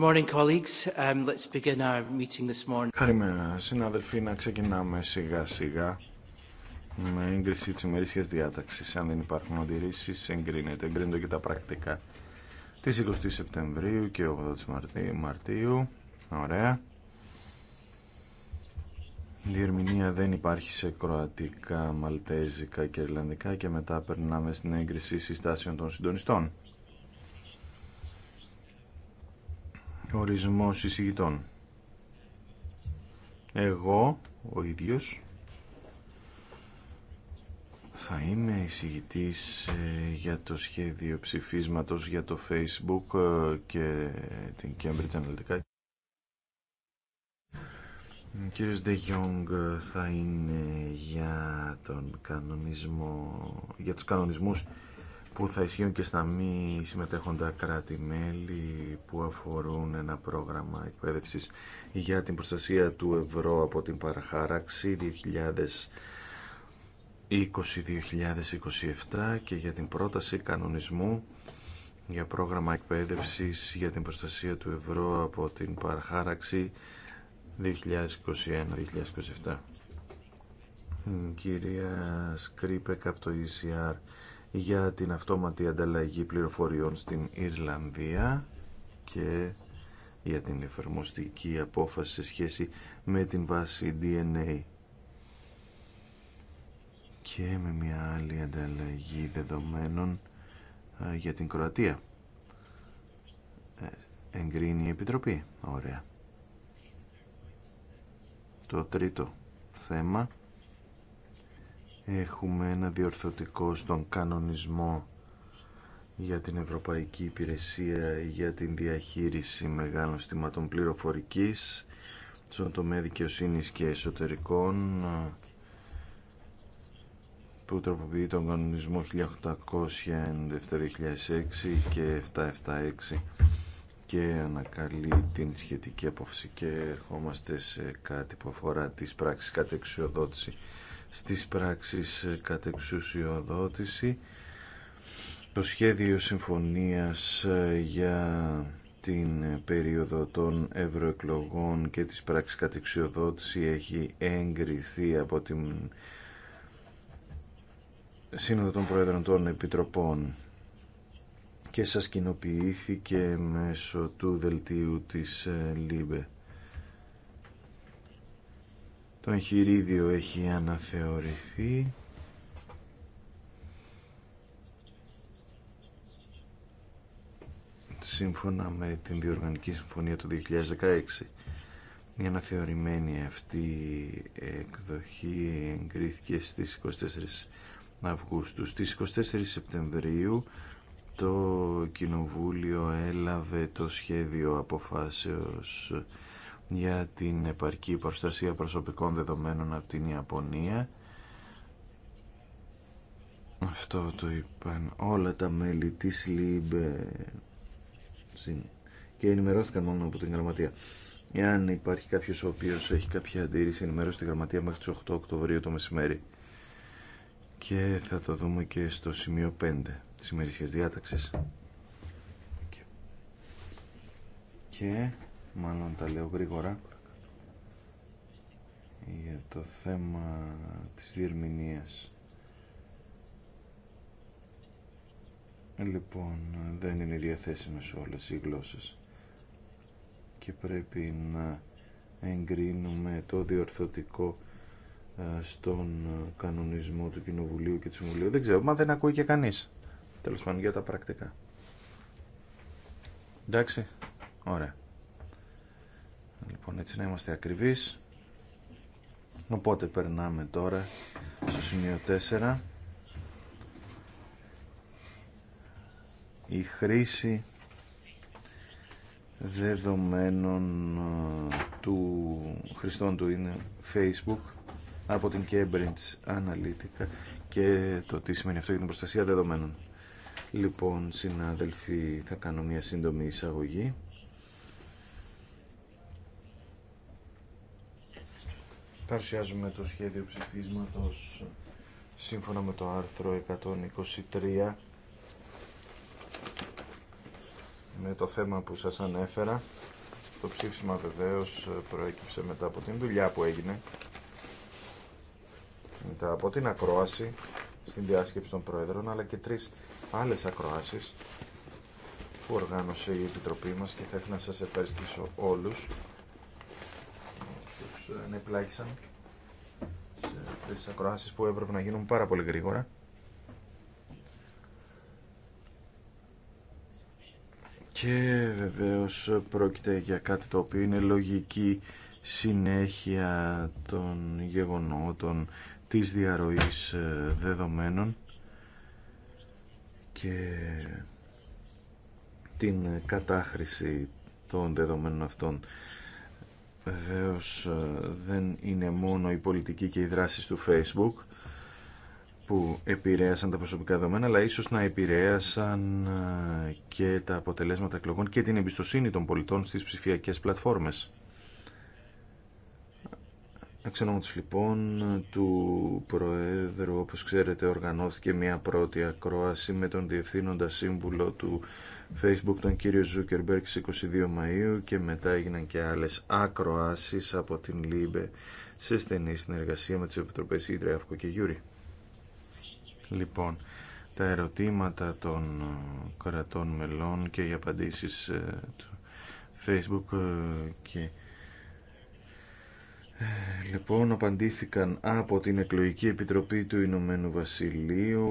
Good um, Καλημέρα, συναδελφοί, να ξεκινάμε σιγά-σιγά με έγκριση τη ημερήσια διάταξη. Αν δεν υπάρχουν αντιρρήσει, εγκρίνεται. Εγκρίνονται και τα πρακτικά τη 20 Σεπτεμβρίου και 8 Μαρτίου. Ωραία. Διερμηνία δεν υπάρχει σε κροατικά, μαλτέζικα και ελληνικά και μετά περνάμε στην έγκριση συστάσεων των συντονιστών. ορισμός εισηγητών. Εγώ, ο ίδιος, θα είμαι εισηγητής ε, για το σχέδιο ψηφίσματος για το Facebook ε, και την Cambridge Analytica. Ο κύριος De ε, θα είναι για, τον κανονισμό, για τους κανονισμούς που θα ισχύουν και στα μη συμμετέχοντα κράτη-μέλη που αφορούν ένα πρόγραμμα εκπαίδευσης για την προστασία του ευρώ από την παραχάραξη 2020-2027 και για την πρόταση κανονισμού για πρόγραμμα εκπαίδευσης για την προστασία του ευρώ από την παραχάραξη 2021-2027. Κυρία Σκρίπεκ από το ECR για την αυτόματη ανταλλαγή πληροφοριών στην Ιρλανδία και για την εφαρμοστική απόφαση σε σχέση με την βάση DNA και με μια άλλη ανταλλαγή δεδομένων ε, για την Κροατία. Ε, εγκρίνει η Επιτροπή. Ωραία. Το τρίτο θέμα έχουμε ένα διορθωτικό στον κανονισμό για την Ευρωπαϊκή Υπηρεσία για την διαχείριση μεγάλων στήματων πληροφορικής στον τομέα δικαιοσύνης και εσωτερικών που τροποποιεί τον κανονισμο 1896 1897-2006 και 776 και ανακαλεί την σχετική απόφαση και ερχόμαστε σε κάτι που αφορά τις πράξεις κατεξιοδότηση στις πράξεις ε, κατ' το σχέδιο συμφωνίας ε, για την περίοδο των ευρωεκλογών και της πράξης κατεξουσιοδότηση έχει εγκριθεί από την Σύνοδο των Πρόεδρων των Επιτροπών και σας κοινοποιήθηκε μέσω του δελτίου της ε, ΛΥΜΠΕ. Το εγχειρίδιο έχει αναθεωρηθεί. Σύμφωνα με την Διοργανική Συμφωνία του 2016. Η αναθεωρημένη αυτή εκδοχή εγκρίθηκε στις 24 Αυγούστου. Στις 24 Σεπτεμβρίου το Κοινοβούλιο έλαβε το σχέδιο αποφάσεως για την επαρκή προστασία προσωπικών δεδομένων από την Ιαπωνία. Αυτό το είπαν όλα τα μέλη της ΛΥΜΠΕ και ενημερώθηκαν μόνο από την γραμματεία. Εάν υπάρχει κάποιος ο οποίος έχει κάποια αντίρρηση, ενημερώσει την γραμματεία μέχρι τις 8 Οκτωβρίου το μεσημέρι. Και θα το δούμε και στο σημείο 5 της ημερησίας διάταξης. Και μάλλον τα λέω γρήγορα, για το θέμα της διερμηνίας. Λοιπόν, δεν είναι διαθέσιμες όλες οι γλώσσες και πρέπει να εγκρίνουμε το διορθωτικό ε, στον ε, κανονισμό του Κοινοβουλίου και του Συμβουλίου. Δεν ξέρω, μα δεν ακούει και κανείς. Τέλος πάντων, για τα πρακτικά. Εντάξει, ωραία. Λοιπόν, έτσι να είμαστε ακριβείς. Οπότε περνάμε τώρα στο σημείο 4. Η χρήση δεδομένων ε, του χρηστών του είναι Facebook από την Cambridge Analytica και το τι σημαίνει αυτό για την προστασία δεδομένων. Λοιπόν, συνάδελφοι, θα κάνω μια σύντομη εισαγωγή. Παρουσιάζουμε το σχέδιο ψηφίσματος σύμφωνα με το άρθρο 123 με το θέμα που σας ανέφερα. Το ψήφισμα βεβαίως προέκυψε μετά από την δουλειά που έγινε μετά από την ακρόαση στην διάσκεψη των Προέδρων αλλά και τρεις άλλες ακροάσεις που οργάνωσε η Επιτροπή μας και θα ήθελα να σας ευχαριστήσω όλους ε, ανεπλάγησαν σε τις ακροάσεις που έπρεπε να γίνουν πάρα πολύ γρήγορα. Και βεβαίως πρόκειται για κάτι το οποίο είναι λογική συνέχεια των γεγονότων της διαρροής ε, δεδομένων και την κατάχρηση των δεδομένων αυτών. Βεβαίω ε, δεν είναι μόνο η πολιτική και οι δράσεις του Facebook που επηρέασαν τα προσωπικά δεδομένα, αλλά ίσως να επηρέασαν ε, και τα αποτελέσματα εκλογών και την εμπιστοσύνη των πολιτών στις ψηφιακές πλατφόρμες. Εξ λοιπόν του Προέδρου, όπως ξέρετε, οργανώθηκε μια πρώτη ακρόαση με τον Διευθύνοντα Σύμβουλο του Facebook, τον κύριο Ζούκερμπερκ, στις 22 Μαΐου και μετά έγιναν και άλλες ακροάσεις από την ΛΥΜΠΕ σε στενή συνεργασία με τις Επιτροπές Ήτρε, και Γιούρι. Λοιπόν, τα ερωτήματα των ε, κρατών μελών και οι απαντήσεις ε, του Facebook ε, και Λοιπόν, απαντήθηκαν από την Εκλογική Επιτροπή του Ηνωμένου Βασιλείου,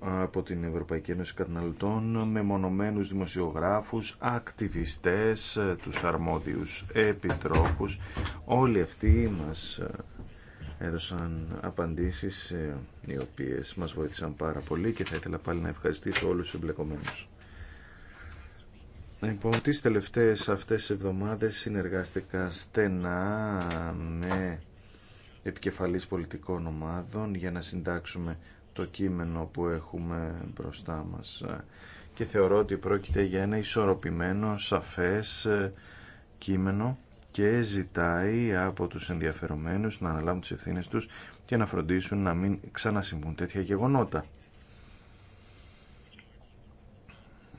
από την Ευρωπαϊκή Ένωση Καταναλωτών, με μονομένους δημοσιογράφους, ακτιβιστές, τους αρμόδιους επιτρόπους. Όλοι αυτοί μας ε, έδωσαν απαντήσεις ε, οι οποίες μας βοήθησαν πάρα πολύ και θα ήθελα πάλι να ευχαριστήσω όλους τους εμπλεκομένους. Λοιπόν, τις τελευταίες αυτές εβδομάδες συνεργάστηκα στενά με επικεφαλής πολιτικών ομάδων για να συντάξουμε το κείμενο που έχουμε μπροστά μας και θεωρώ ότι πρόκειται για ένα ισορροπημένο, σαφές ε, κείμενο και ζητάει από τους ενδιαφερομένους να αναλάβουν τις ευθύνες τους και να φροντίσουν να μην ξανασυμβούν τέτοια γεγονότα.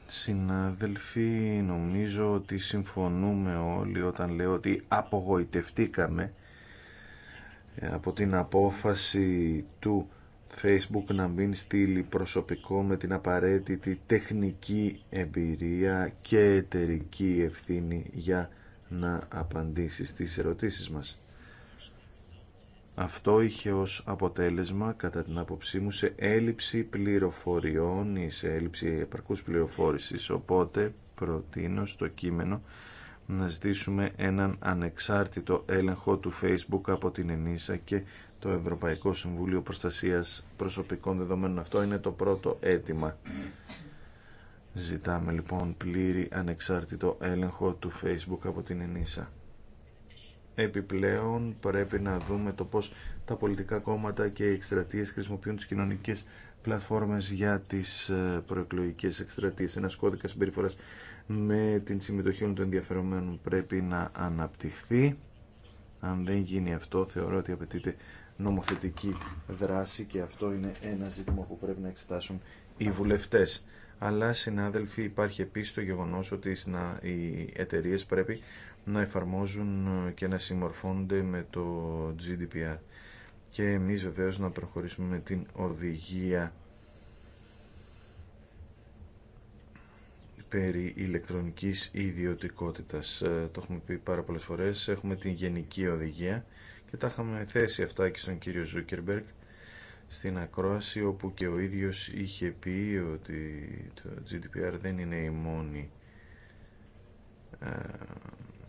Συναδελφοί, νομίζω ότι συμφωνούμε όλοι όταν λέω ότι απογοητευτήκαμε ε, από την απόφαση του Facebook να μην στείλει προσωπικό με την απαραίτητη τεχνική εμπειρία και εταιρική ευθύνη για να απαντήσει στις ερωτήσεις μας. Αυτό είχε ως αποτέλεσμα, κατά την άποψή μου, σε έλλειψη πληροφοριών ή σε έλλειψη επαρκούς πληροφόρησης, οπότε προτείνω στο κείμενο να ζητήσουμε έναν ανεξάρτητο έλεγχο του Facebook από την ΕΝΙΣΑ και το Ευρωπαϊκό Συμβούλιο Προστασίας Προσωπικών Δεδομένων. Αυτό είναι το πρώτο αίτημα. Ζητάμε λοιπόν πλήρη ανεξάρτητο έλεγχο του Facebook από την ΕΝΙΣΑ. Επιπλέον πρέπει να δούμε το πώς τα πολιτικά κόμματα και οι εκστρατείες χρησιμοποιούν τις κοινωνικές πλατφόρμες για τις ε, προεκλογικές εκστρατείες. Ένα κώδικα συμπεριφορά με την συμμετοχή όλων των ενδιαφερομένων πρέπει να αναπτυχθεί. Αν δεν γίνει αυτό θεωρώ ότι απαιτείται νομοθετική δράση και αυτό είναι ένα ζήτημα που πρέπει να εξετάσουν οι βουλευτές. Αλλά συνάδελφοι υπάρχει επίσης το γεγονός ότι οι εταιρείε πρέπει να εφαρμόζουν ε, και να συμμορφώνονται με το GDPR. Και εμείς βεβαίως να προχωρήσουμε με την οδηγία περί ηλεκτρονικής ιδιωτικότητας. Ε, το έχουμε πει πάρα πολλές φορές. Έχουμε την γενική οδηγία και τα είχαμε θέσει αυτά και στον κύριο Ζούκερμπεργκ στην ακρόαση όπου και ο ίδιος είχε πει ότι το GDPR δεν είναι η μόνη ε,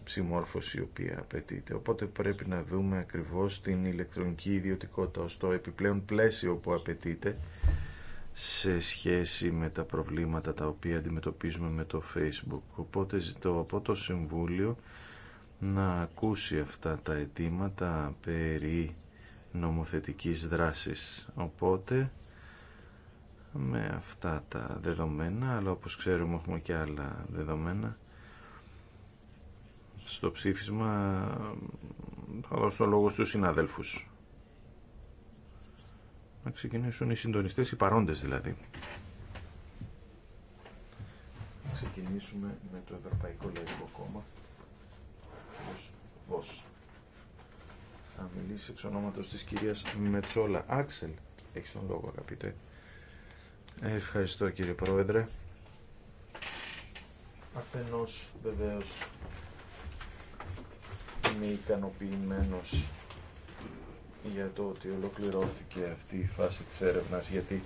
συμμόρφωση η οποία απαιτείται. Οπότε πρέπει να δούμε ακριβώς την ηλεκτρονική ιδιωτικότητα ως το επιπλέον πλαίσιο που απαιτείται σε σχέση με τα προβλήματα τα οποία αντιμετωπίζουμε με το Facebook. Οπότε ζητώ από το Συμβούλιο να ακούσει αυτά τα αιτήματα περί νομοθετικής δράσης. Οπότε με αυτά τα δεδομένα, αλλά όπως ξέρουμε έχουμε και άλλα δεδομένα, στο ψήφισμα θα δώσω το λόγο στους συναδέλφους. Να ξεκινήσουν οι συντονιστές, οι παρόντες δηλαδή. Να ξεκινήσουμε με το Ευρωπαϊκό Λαϊκό Κόμμα. Θα μιλήσει εξ ονόματος της κυρίας Μετσόλα. Άξελ, έχει τον λόγο αγαπητέ. Ευχαριστώ κύριε Πρόεδρε. Απενός βεβαίως είμαι ικανοποιημένος για το ότι ολοκληρώθηκε αυτή η φάση της έρευνας γιατί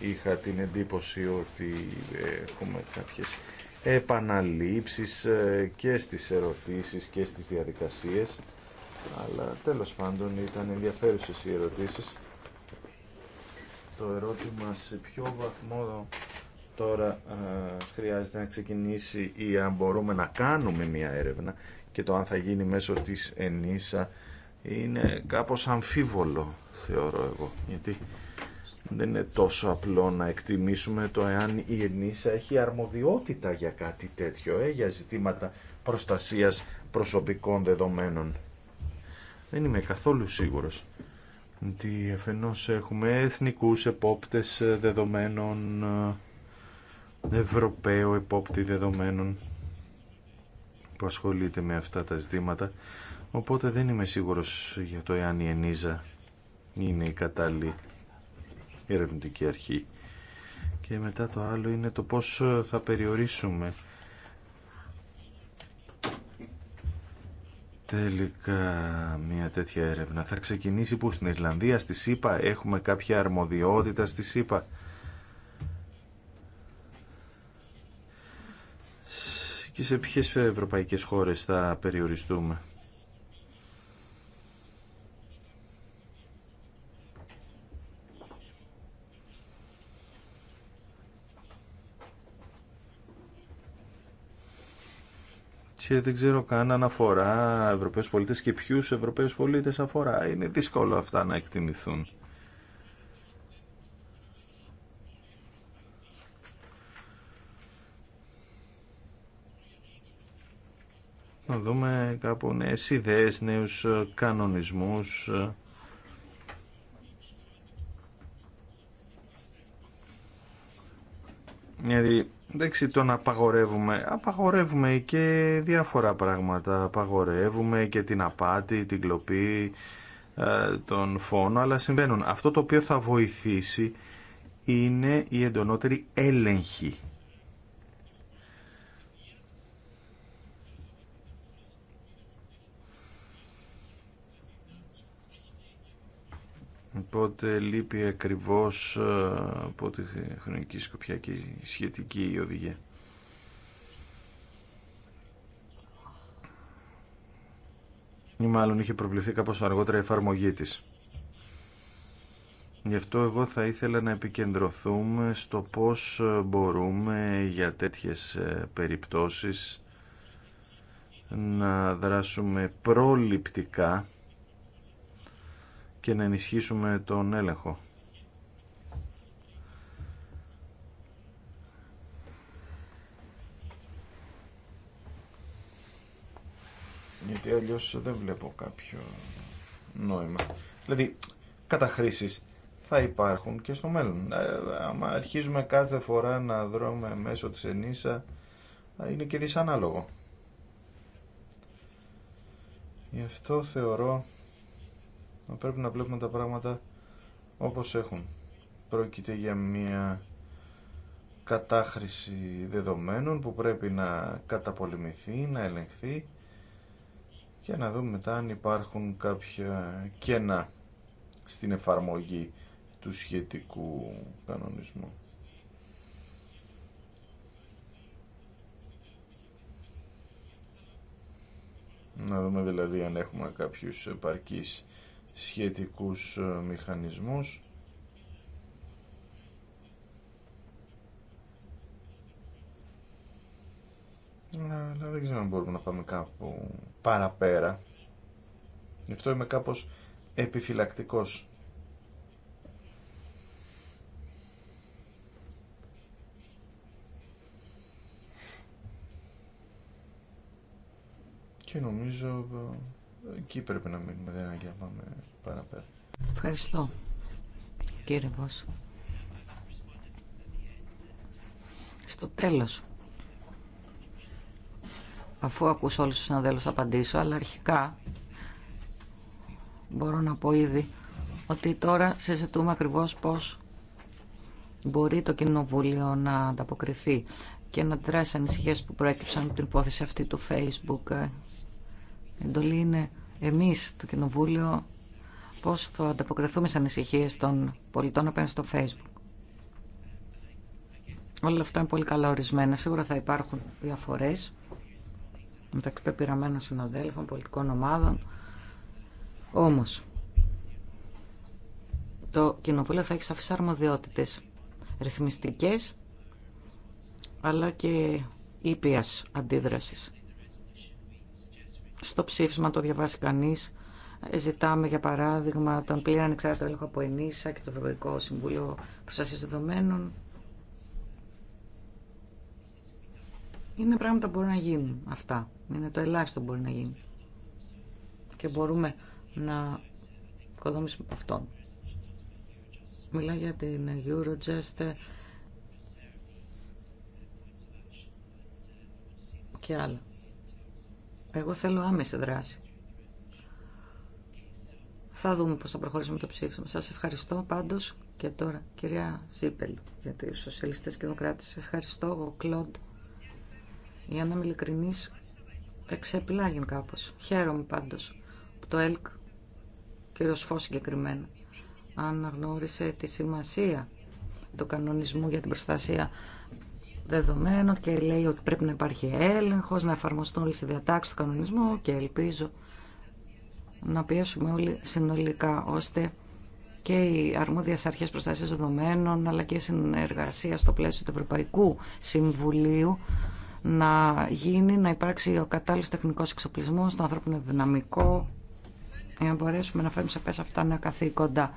είχα την εντύπωση ότι ε, έχουμε κάποιες επαναλήψεις ε, και στις ερωτήσεις και στις διαδικασίες αλλά τέλος πάντων ήταν ενδιαφέρουσες οι ερωτήσεις το ερώτημα σε ποιο βαθμό τώρα ε, χρειάζεται να ξεκινήσει ή αν μπορούμε να κάνουμε μια έρευνα και το αν θα γίνει μέσω της ενίσα είναι κάπως αμφίβολο θεωρώ εγώ γιατί δεν είναι τόσο απλό να εκτιμήσουμε το εάν η ενίσα έχει αρμοδιότητα για κάτι τέτοιο ε, για ζητήματα προστασίας προσωπικών δεδομένων δεν είμαι καθόλου σίγουρος ότι εφενός έχουμε εθνικούς επόπτες δεδομένων ε, Ευρωπαίο επόπτη δεδομένων που ασχολείται με αυτά τα ζητήματα, οπότε δεν είμαι σίγουρος για το εάν η ΕΝΙΖΑ είναι η κατάλληλη ερευνητική αρχή. Και μετά το άλλο είναι το πώς θα περιορίσουμε τελικά μια τέτοια έρευνα. Θα ξεκινήσει που στην Ιρλανδία, στη ΣΥΠΑ, έχουμε κάποια αρμοδιότητα στη ΣΥΠΑ. και σε ποιες ευρωπαϊκές χώρες θα περιοριστούμε. και δεν ξέρω καν αν αφορά Ευρωπαίους πολίτες και ποιους Ευρωπαίους πολίτες αφορά. Είναι δύσκολο αυτά να εκτιμηθούν. από νέες ιδέες, νέους ε, κανονισμούς. Δηλαδή, εντάξει, απαγορεύουμε. Απαγορεύουμε και διάφορα πράγματα. Απαγορεύουμε και την απάτη, την κλοπή, ε, τον φόνο, αλλά συμβαίνουν. Αυτό το οποίο θα βοηθήσει είναι η εντονότερη έλεγχη Οπότε λείπει ακριβώς από ε, τη χρονική σκοπιά και η σχετική οδηγία. Ή μάλλον είχε προβληθεί κάπως αργότερα η εφαρμογή της. Γι' αυτό εγώ θα ήθελα να επικεντρωθούμε στο πώς ε, μπορούμε για τέτοιες ε, περιπτώσεις να δράσουμε προληπτικά και να ενισχύσουμε τον έλεγχο. Γιατί αλλιώ δεν βλέπω κάποιο νόημα. Δηλαδή, καταχρήσεις θα υπάρχουν και στο μέλλον. Ε, Αν αρχίζουμε κάθε φορά να δρώμε μέσω της ενίσα, είναι και δυσανάλογο. Γι' αυτό θεωρώ Πρέπει να βλέπουμε τα πράγματα όπως έχουν. Πρόκειται για μια κατάχρηση δεδομένων που πρέπει να καταπολεμηθεί, να ελεγχθεί και να δούμε μετά αν υπάρχουν κάποια κένα στην εφαρμογή του σχετικού κανονισμού. Να δούμε δηλαδή αν έχουμε κάποιους επαρκείς σχετικούς ε, μηχανισμούς ε, αλλά δεν ξέρω αν μπορούμε να πάμε κάπου παραπέρα γι' αυτό είμαι κάπως επιφυλακτικός και νομίζω ε, εκεί πρέπει να μείνουμε, δεν είναι να πάμε παραπέρα. Ευχαριστώ, κύριε Βόσο. Στο τέλος, αφού ακούσω όλους τους συναδέλους απαντήσω, αλλά αρχικά μπορώ να πω ήδη ότι τώρα συζητούμε ακριβώς πώς μπορεί το Κοινοβούλιο να ανταποκριθεί και να δράσει ανησυχίες που προέκυψαν από την υπόθεση αυτή του Facebook εντολή είναι εμείς το Κοινοβούλιο πώς θα ανταποκριθούμε στις ανησυχίε των πολιτών απέναντι στο Facebook. Όλα αυτά είναι πολύ καλά ορισμένα. Σίγουρα θα υπάρχουν διαφορές μεταξύ πεπειραμένων συναδέλφων, πολιτικών ομάδων. Όμως, το Κοινοβούλιο θα έχει σαφείς αρμοδιότητες ρυθμιστικές αλλά και ήπιας αντίδρασης. Στο ψήφισμα, το διαβάσει κανεί, ζητάμε για παράδειγμα τον πλήρη ανεξάρτητο έλεγχο από ΕΝΗΣΑ και το Ευρωπαϊκό Συμβούλιο Προστασία Δεδομένων. Είναι πράγματα που μπορούν να γίνουν αυτά. Είναι το ελάχιστο που μπορεί να γίνει. Και μπορούμε να οικοδομήσουμε αυτόν. Μιλά για την Eurojust και άλλα. Εγώ θέλω άμεση δράση. Θα δούμε πώς θα προχωρήσουμε το ψήφισμα. Σας ευχαριστώ πάντως και τώρα κυρία Ζίπελ για τους σοσιαλιστές και δημοκράτες. Ευχαριστώ ο Κλοντ. Για να είμαι ειλικρινής, εξεπλάγει κάπως. Χαίρομαι πάντως που το ΕΛΚ, κύριος Φως συγκεκριμένα, αναγνώρισε τη σημασία του κανονισμού για την προστασία και λέει ότι πρέπει να υπάρχει έλεγχος, να εφαρμοστούν όλες οι διατάξεις του κανονισμού και ελπίζω να πιέσουμε όλοι συνολικά ώστε και οι αρμόδιε αρχέ προστασίας δεδομένων αλλά και η συνεργασία στο πλαίσιο του Ευρωπαϊκού Συμβουλίου να γίνει, να υπάρξει ο κατάλληλο τεχνικό εξοπλισμό, το ανθρώπινο δυναμικό για να μπορέσουμε να φέρουμε σε πέσα αυτά νέα καθήκοντα.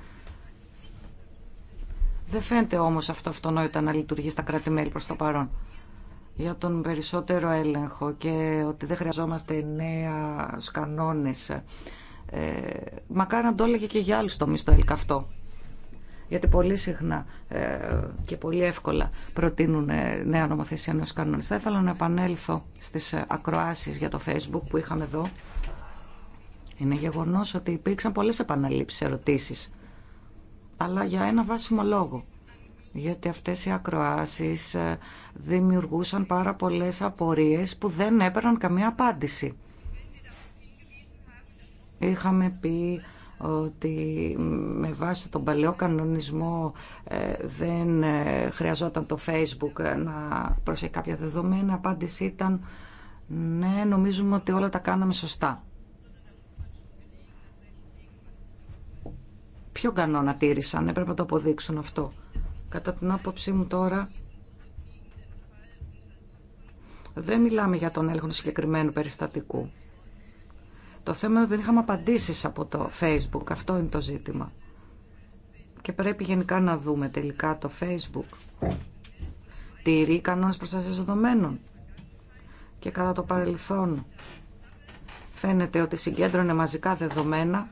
Δεν φαίνεται όμως αυτό αυτονόητα να λειτουργεί στα κράτη-μέλη προς το παρόν. Για τον περισσότερο έλεγχο και ότι δεν χρειαζόμαστε νέα κανόνε. Ε, μακάρι να το έλεγε και για άλλου τομεί το ΕΛΚ αυτό. Γιατί πολύ συχνά ε, και πολύ εύκολα προτείνουν ε, νέα νομοθεσία, νέους κανόνε. Θα ήθελα να επανέλθω στις ε, ακροάσεις για το Facebook που είχαμε εδώ. Είναι γεγονό ότι υπήρξαν πολλές επαναλήψεις ερωτήσει αλλά για ένα βάσιμο λόγο. Γιατί αυτές οι ακροάσεις ε, δημιουργούσαν πάρα πολλές απορίες που δεν έπαιρναν καμία απάντηση. Είχαμε πει ότι με βάση τον παλαιό κανονισμό ε, δεν ε, χρειαζόταν το Facebook να προσέχει κάποια δεδομένα. απάντηση ήταν ναι, νομίζουμε ότι όλα τα κάναμε σωστά. ποιο κανόνα τήρησαν, έπρεπε να το αποδείξουν αυτό. Κατά την άποψή μου τώρα, δεν μιλάμε για τον έλεγχο συγκεκριμένου περιστατικού. Το θέμα είναι ότι δεν είχαμε απαντήσεις από το Facebook, αυτό είναι το ζήτημα. Και πρέπει γενικά να δούμε τελικά το Facebook. Τηρεί κανόνες προστασίας δεδομένων. Και κατά το παρελθόν φαίνεται ότι συγκέντρωνε μαζικά δεδομένα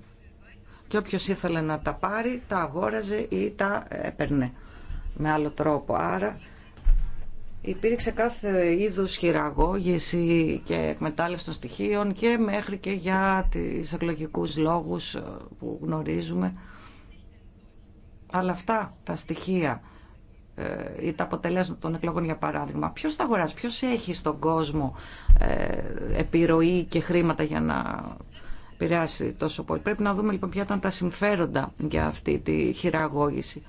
και όποιος ήθελε να τα πάρει τα αγόραζε ή τα έπαιρνε με άλλο τρόπο. Άρα υπήρξε κάθε είδους χειραγώγηση και εκμετάλλευση των στοιχείων και μέχρι και για τις εκλογικούς λόγους ε, που γνωρίζουμε. Αλλά αυτά τα στοιχεία ε, ή τα αποτελέσματα των εκλογών για παράδειγμα. Ποιος τα αγοράζει, ποιος έχει στον κόσμο ε, επιρροή και χρήματα για να επηρεάσει τόσο πολύ. Πρέπει να δούμε λοιπόν ποια ήταν τα συμφέροντα για αυτή τη χειραγώγηση.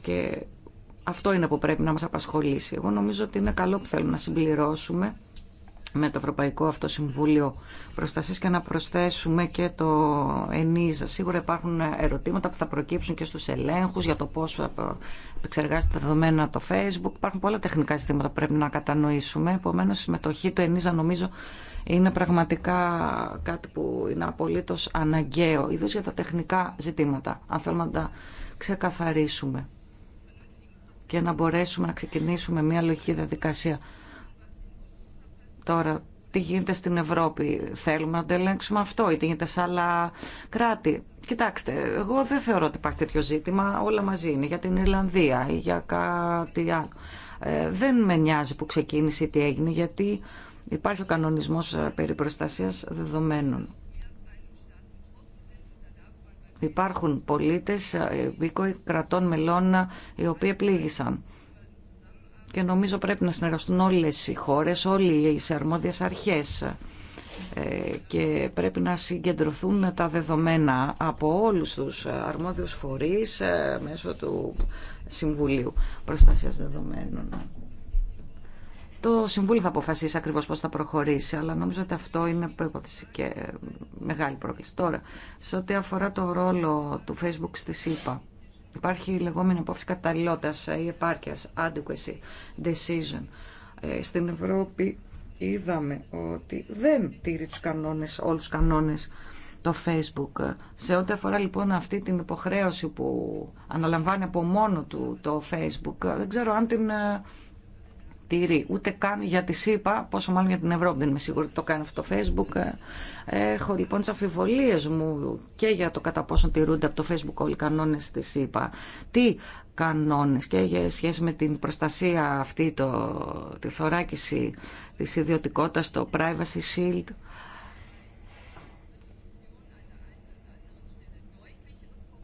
Και αυτό είναι που πρέπει να μας απασχολήσει. Εγώ νομίζω ότι είναι καλό που θέλουμε να συμπληρώσουμε με το Ευρωπαϊκό Αυτό Συμβούλιο Προστασίας και να προσθέσουμε και το ΕΝΙΖΑ. Σίγουρα υπάρχουν ερωτήματα που θα προκύψουν και στους ελέγχους για το πώς θα επεξεργάσει τα δεδομένα το Facebook. Υπάρχουν πολλά τεχνικά ζητήματα που πρέπει να κατανοήσουμε. Επομένως, η συμμετοχή του ΕΝΙΖΑ νομίζω είναι πραγματικά κάτι που είναι απολύτως αναγκαίο, ιδίως για τα τεχνικά ζητήματα, αν θέλουμε να τα ξεκαθαρίσουμε και να μπορέσουμε να ξεκινήσουμε μια λογική διαδικασία. Τώρα, τι γίνεται στην Ευρώπη, θέλουμε να το ελέγξουμε αυτό ή τι γίνεται σε άλλα κράτη. Κοιτάξτε, εγώ δεν θεωρώ ότι υπάρχει τέτοιο ζήτημα, όλα μαζί είναι για την Ιρλανδία ή για κάτι άλλο. Ε, δεν με νοιάζει που ξεκίνησε ή τι έγινε, γιατί Υπάρχει ο κανονισμός ε, περί προστασίας δεδομένων. Υπάρχουν πολίτες, ε, οίκοοι κρατών μελών, ε, οι οποίοι πλήγησαν. Και νομίζω πρέπει να συνεργαστούν όλες οι χώρες, όλοι οι αρμόδιες αρχές και πρέπει να συγκεντρωθούν τα δεδομένα από όλους τους αρμόδιους φορείς μέσω του Συμβουλίου Προστασίας Δεδομένων. Το Συμβούλιο θα αποφασίσει ακριβώ πώ θα προχωρήσει, αλλά νομίζω ότι αυτό είναι προπόθεση και μεγάλη πρόκληση. Τώρα, σε ό,τι αφορά το ρόλο του Facebook στη ΣΥΠΑ, υπάρχει η λεγόμενη απόφαση καταλληλότητα ή επάρκεια, adequacy decision. Ε, στην Ευρώπη είδαμε ότι δεν τήρει του κανόνε, όλου του κανόνε το Facebook. Σε ό,τι αφορά λοιπόν αυτή την υποχρέωση που αναλαμβάνει από μόνο του το Facebook, δεν ξέρω αν την ε, Ούτε καν για τη ΣΥΠΑ, πόσο μάλλον για την Ευρώπη. Δεν είμαι σίγουρη ότι το κάνει αυτό το Facebook. Έχω λοιπόν τι αμφιβολίε μου και για το κατά πόσο τηρούνται από το Facebook όλοι οι κανόνε τη ΣΥΠΑ. Τι κανόνε και για σχέση με την προστασία αυτή, το, τη θωράκιση τη ιδιωτικότητα, το privacy shield.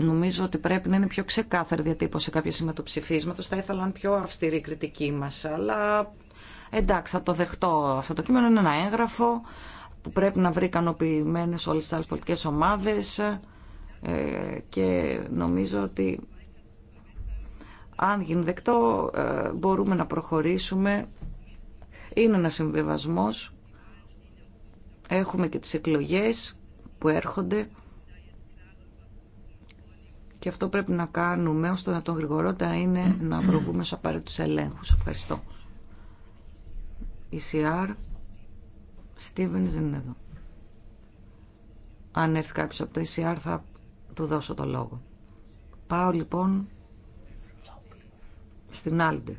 Νομίζω ότι πρέπει να είναι πιο ξεκάθαρη διατύπωση σε κάποια σημεία του ήθελα Θα ήθελαν πιο αυστηρή κριτική μας, αλλά εντάξει θα το δεχτώ. Αυτό το κείμενο είναι ένα έγγραφο που πρέπει να βρει ικανοποιημένε όλες τις άλλες πολιτικές ομάδες ε, και νομίζω ότι αν γίνει δεκτό ε, μπορούμε να προχωρήσουμε. Είναι ένα συμβιβασμός. Έχουμε και τις εκλογές που έρχονται. Και αυτό πρέπει να κάνουμε ώστε να τον γρηγορότερα είναι να προβούμε σε απαραίτητου ελέγχου. Ευχαριστώ. Η CR Στίβεν δεν είναι εδώ. Αν έρθει κάποιο από το ECR θα του δώσω το λόγο. Πάω λοιπόν στην Άλντε.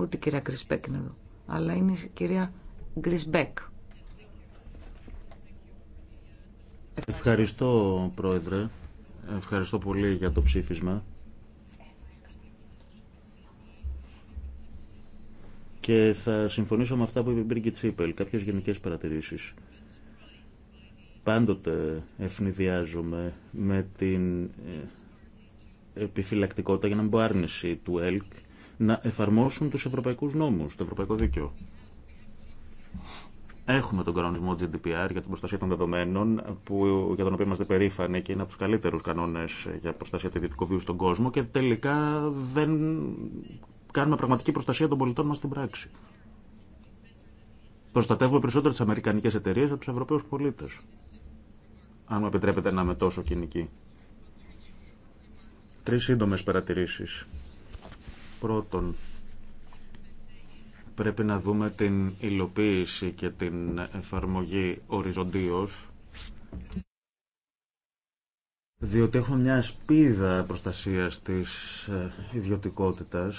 Ούτε η κυρία Γκρισμπέκ είναι εδώ. Αλλά είναι η κυρία Γκρισμπέκ. Ευχαριστώ, Πρόεδρε. Ευχαριστώ πολύ για το ψήφισμα. Και θα συμφωνήσω με αυτά που είπε η Μπρίγκη Τσίπελ, κάποιες γενικές παρατηρήσεις. Πάντοτε ευνηδιάζομαι με την ε, επιφυλακτικότητα, για να μην πω άρνηση του ΕΛΚ, να εφαρμόσουν τους ευρωπαϊκούς νόμους, το ευρωπαϊκό δίκαιο. Έχουμε τον κανονισμό GDPR για την προστασία των δεδομένων, που, για τον οποίο είμαστε περήφανοι και είναι από του καλύτερου κανόνε για προστασία του ιδιωτικού βίου στον κόσμο και τελικά δεν κάνουμε πραγματική προστασία των πολιτών μα στην πράξη. Προστατεύουμε περισσότερο τι αμερικανικέ εταιρείε από του Ευρωπαίου πολίτε. Αν μου επιτρέπετε να είμαι τόσο κοινική. Τρει σύντομε παρατηρήσει. Πρώτον, πρέπει να δούμε την υλοποίηση και την εφαρμογή οριζοντίως διότι έχουμε μια σπίδα προστασίας της ε, ιδιωτικότητας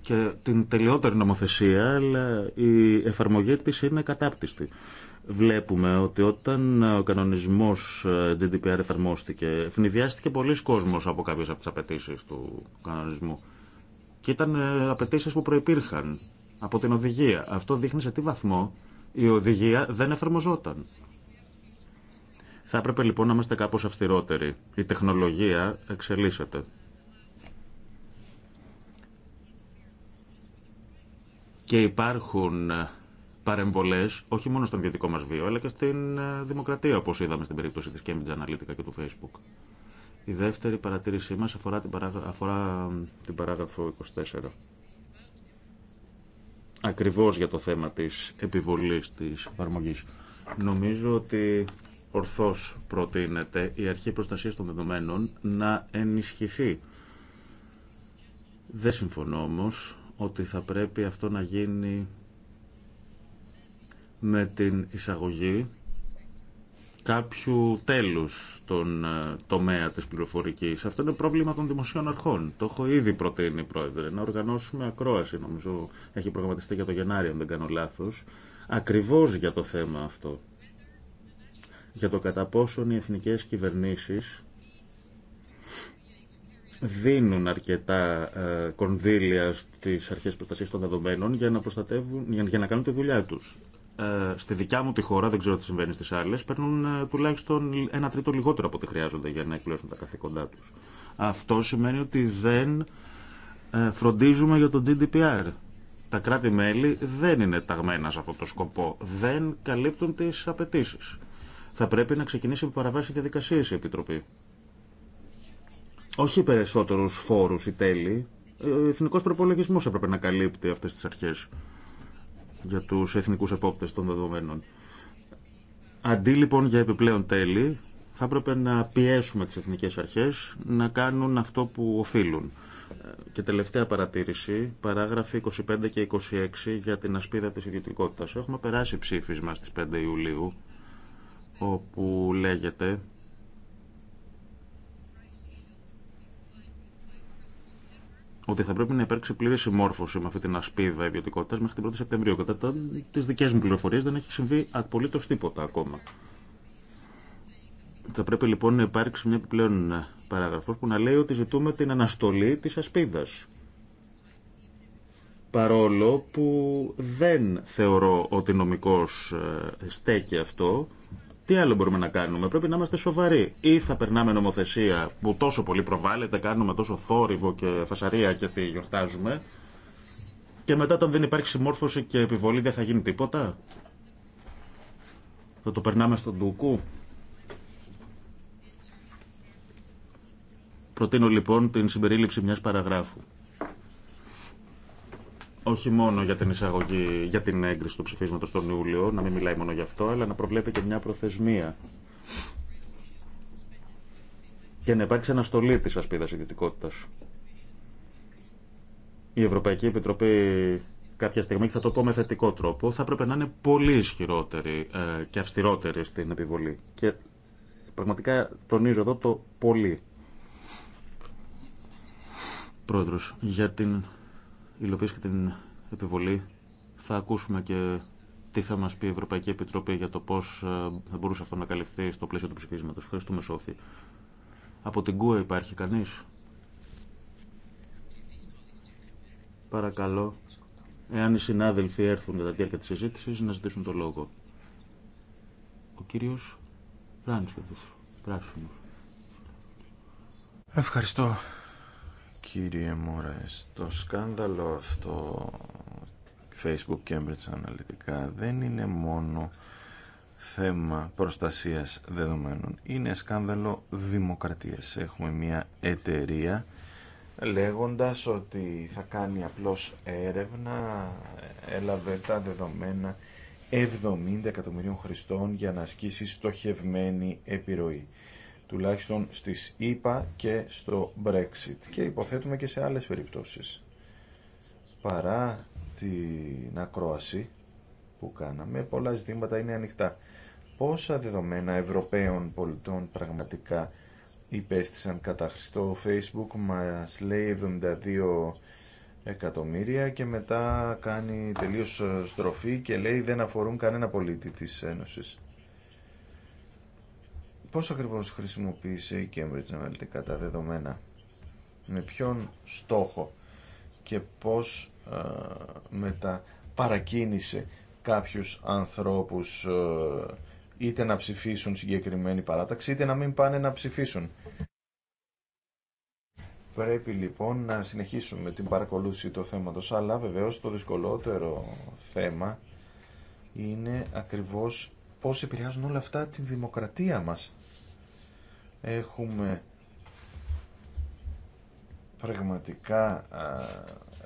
και την τελειότερη νομοθεσία, αλλά η εφαρμογή της είναι κατάπτυστη. Βλέπουμε ότι όταν ε, ο κανονισμός ε, GDPR εφαρμόστηκε, φνηδιάστηκε πολλοί κόσμος από κάποιες από τις απαιτήσει του κανονισμού. Και ήταν απαιτήσει που προϋπήρχαν από την οδηγία. Αυτό δείχνει σε τι βαθμό η οδηγία δεν εφαρμοζόταν. Θα έπρεπε λοιπόν να είμαστε κάπως αυστηρότεροι. Η τεχνολογία εξελίσσεται. Και υπάρχουν παρεμβολές, όχι μόνο στον ιδιωτικό μας βίο, αλλά και στην ε, δημοκρατία, όπως είδαμε στην περίπτωση της Cambridge Analytica και του Facebook. Η δεύτερη παρατήρησή μας αφορά την, αφορά την παράγραφο 24 ακριβώς για το θέμα της επιβολής της εφαρμογής. Νομίζω ότι ορθώς προτείνεται η αρχή προστασίας των δεδομένων να ενισχυθεί. Δεν συμφωνώ όμως ότι θα πρέπει αυτό να γίνει με την εισαγωγή κάποιου τέλους στον ε, τομέα της πληροφορικής. Αυτό είναι πρόβλημα των δημοσίων αρχών. Το έχω ήδη προτείνει, Πρόεδρε, να οργανώσουμε ακρόαση, νομίζω έχει προγραμματιστεί για το Γενάρη, αν δεν κάνω λάθος, ακριβώς για το θέμα αυτό. Για το κατά πόσον οι εθνικές κυβερνήσεις δίνουν αρκετά ε, κονδύλια στις αρχές προστασίας των δεδομένων για να, προστατεύουν, για, να κάνουν τη δουλειά τους. Ε, στη δικιά μου τη χώρα, δεν ξέρω τι συμβαίνει στι άλλε, παίρνουν ε, τουλάχιστον ένα τρίτο λιγότερο από ό,τι χρειάζονται για να εκπληρώσουν τα καθήκοντά του. Αυτό σημαίνει ότι δεν ε, φροντίζουμε για το GDPR. Τα κράτη-μέλη δεν είναι ταγμένα σε αυτό το σκοπό. Δεν καλύπτουν τι απαιτήσει. Θα πρέπει να ξεκινήσει με παραβάση διαδικασίε η Επιτροπή. Όχι περισσότερου φόρου ή τέλη. Ο εθνικό προπολογισμό έπρεπε να καλύπτει αυτέ τι αρχέ για τους εθνικούς επόπτες των δεδομένων. Αντί λοιπόν για επιπλέον τέλη, θα έπρεπε να πιέσουμε τις εθνικές αρχές να κάνουν αυτό που οφείλουν. Και τελευταία παρατήρηση, παράγραφοι 25 και 26 για την ασπίδα της ιδιωτικότητας. Έχουμε περάσει ψήφισμα στις 5 Ιουλίου, όπου λέγεται ότι θα πρέπει να υπάρξει πλήρη συμμόρφωση με αυτή την ασπίδα ιδιωτικότητα μέχρι την 1η Σεπτεμβρίου. Κατά τι δικέ μου πληροφορίε δεν έχει συμβεί απολύτω τίποτα ακόμα. Θα πρέπει λοιπόν να υπάρξει μια επιπλέον παραγραφό που να λέει ότι ζητούμε την αναστολή τη ασπίδα. Παρόλο που δεν θεωρώ ότι νομικός ε, στέκει αυτό, τι άλλο μπορούμε να κάνουμε, πρέπει να είμαστε σοβαροί. Ή θα περνάμε νομοθεσία που τόσο πολύ προβάλλεται, κάνουμε τόσο θόρυβο και φασαρία και τι γιορτάζουμε. Και μετά όταν δεν υπάρχει συμμόρφωση και επιβολή δεν θα γίνει τίποτα. Θα το περνάμε στον τούκου. Προτείνω λοιπόν την συμπερίληψη μιας παραγράφου όχι μόνο για την εισαγωγή, για την έγκριση του ψηφίσματος τον Ιούλιο, να μην μιλάει μόνο γι' αυτό, αλλά να προβλέπει και μια προθεσμία. Και να υπάρξει αναστολή της ασπίδας ιδιωτικότητας. Η Ευρωπαϊκή Επιτροπή κάποια στιγμή, και θα το πω με θετικό τρόπο, θα πρέπει να είναι πολύ ισχυρότερη ε, και αυστηρότερη στην επιβολή. Και πραγματικά τονίζω εδώ το πολύ. Πρόεδρος, για την υλοποίηση και την επιβολή θα ακούσουμε και τι θα μας πει η Ευρωπαϊκή Επιτροπή για το πώς ε, θα μπορούσε αυτό να καλυφθεί στο πλαίσιο του ψηφίσματος. Ευχαριστούμε Σόφη. Από την ΚΟΕ υπάρχει κανείς. Παρακαλώ, εάν οι συνάδελφοι έρθουν κατά τη διάρκεια της συζήτησης, να ζητήσουν το λόγο. Ο κύριος Ράνης του Ευχαριστώ κύριε Μωρές. Το σκάνδαλο αυτό Facebook Cambridge Analytica δεν είναι μόνο θέμα προστασίας δεδομένων. Είναι σκάνδαλο δημοκρατίας. Έχουμε μια εταιρεία λέγοντας ότι θα κάνει απλώς έρευνα, έλαβε τα δεδομένα 70 εκατομμυρίων χρηστών για να ασκήσει στοχευμένη επιρροή τουλάχιστον στις ΗΠΑ και στο Brexit και υποθέτουμε και σε άλλες περιπτώσεις. Παρά την ακρόαση που κάναμε, πολλά ζητήματα είναι ανοιχτά. Πόσα δεδομένα Ευρωπαίων πολιτών πραγματικά υπέστησαν καταχριστό Το Facebook μας λέει 72 εκατομμύρια και μετά κάνει τελείως στροφή και λέει δεν αφορούν κανένα πολίτη της Ένωσης. Πώς ακριβώς χρησιμοποίησε η Cambridge Analytica τα δεδομένα, με ποιον στόχο και πώς α, ε, μετά παρακίνησε κάποιους ανθρώπους ε, είτε να ψηφίσουν συγκεκριμένη παράταξη είτε να μην πάνε να ψηφίσουν. Πρέπει λοιπόν να συνεχίσουμε την παρακολούθηση του θέματος, αλλά βεβαίως το δυσκολότερο θέμα είναι ακριβώς πώς επηρεάζουν όλα αυτά την δημοκρατία μας. Έχουμε πραγματικά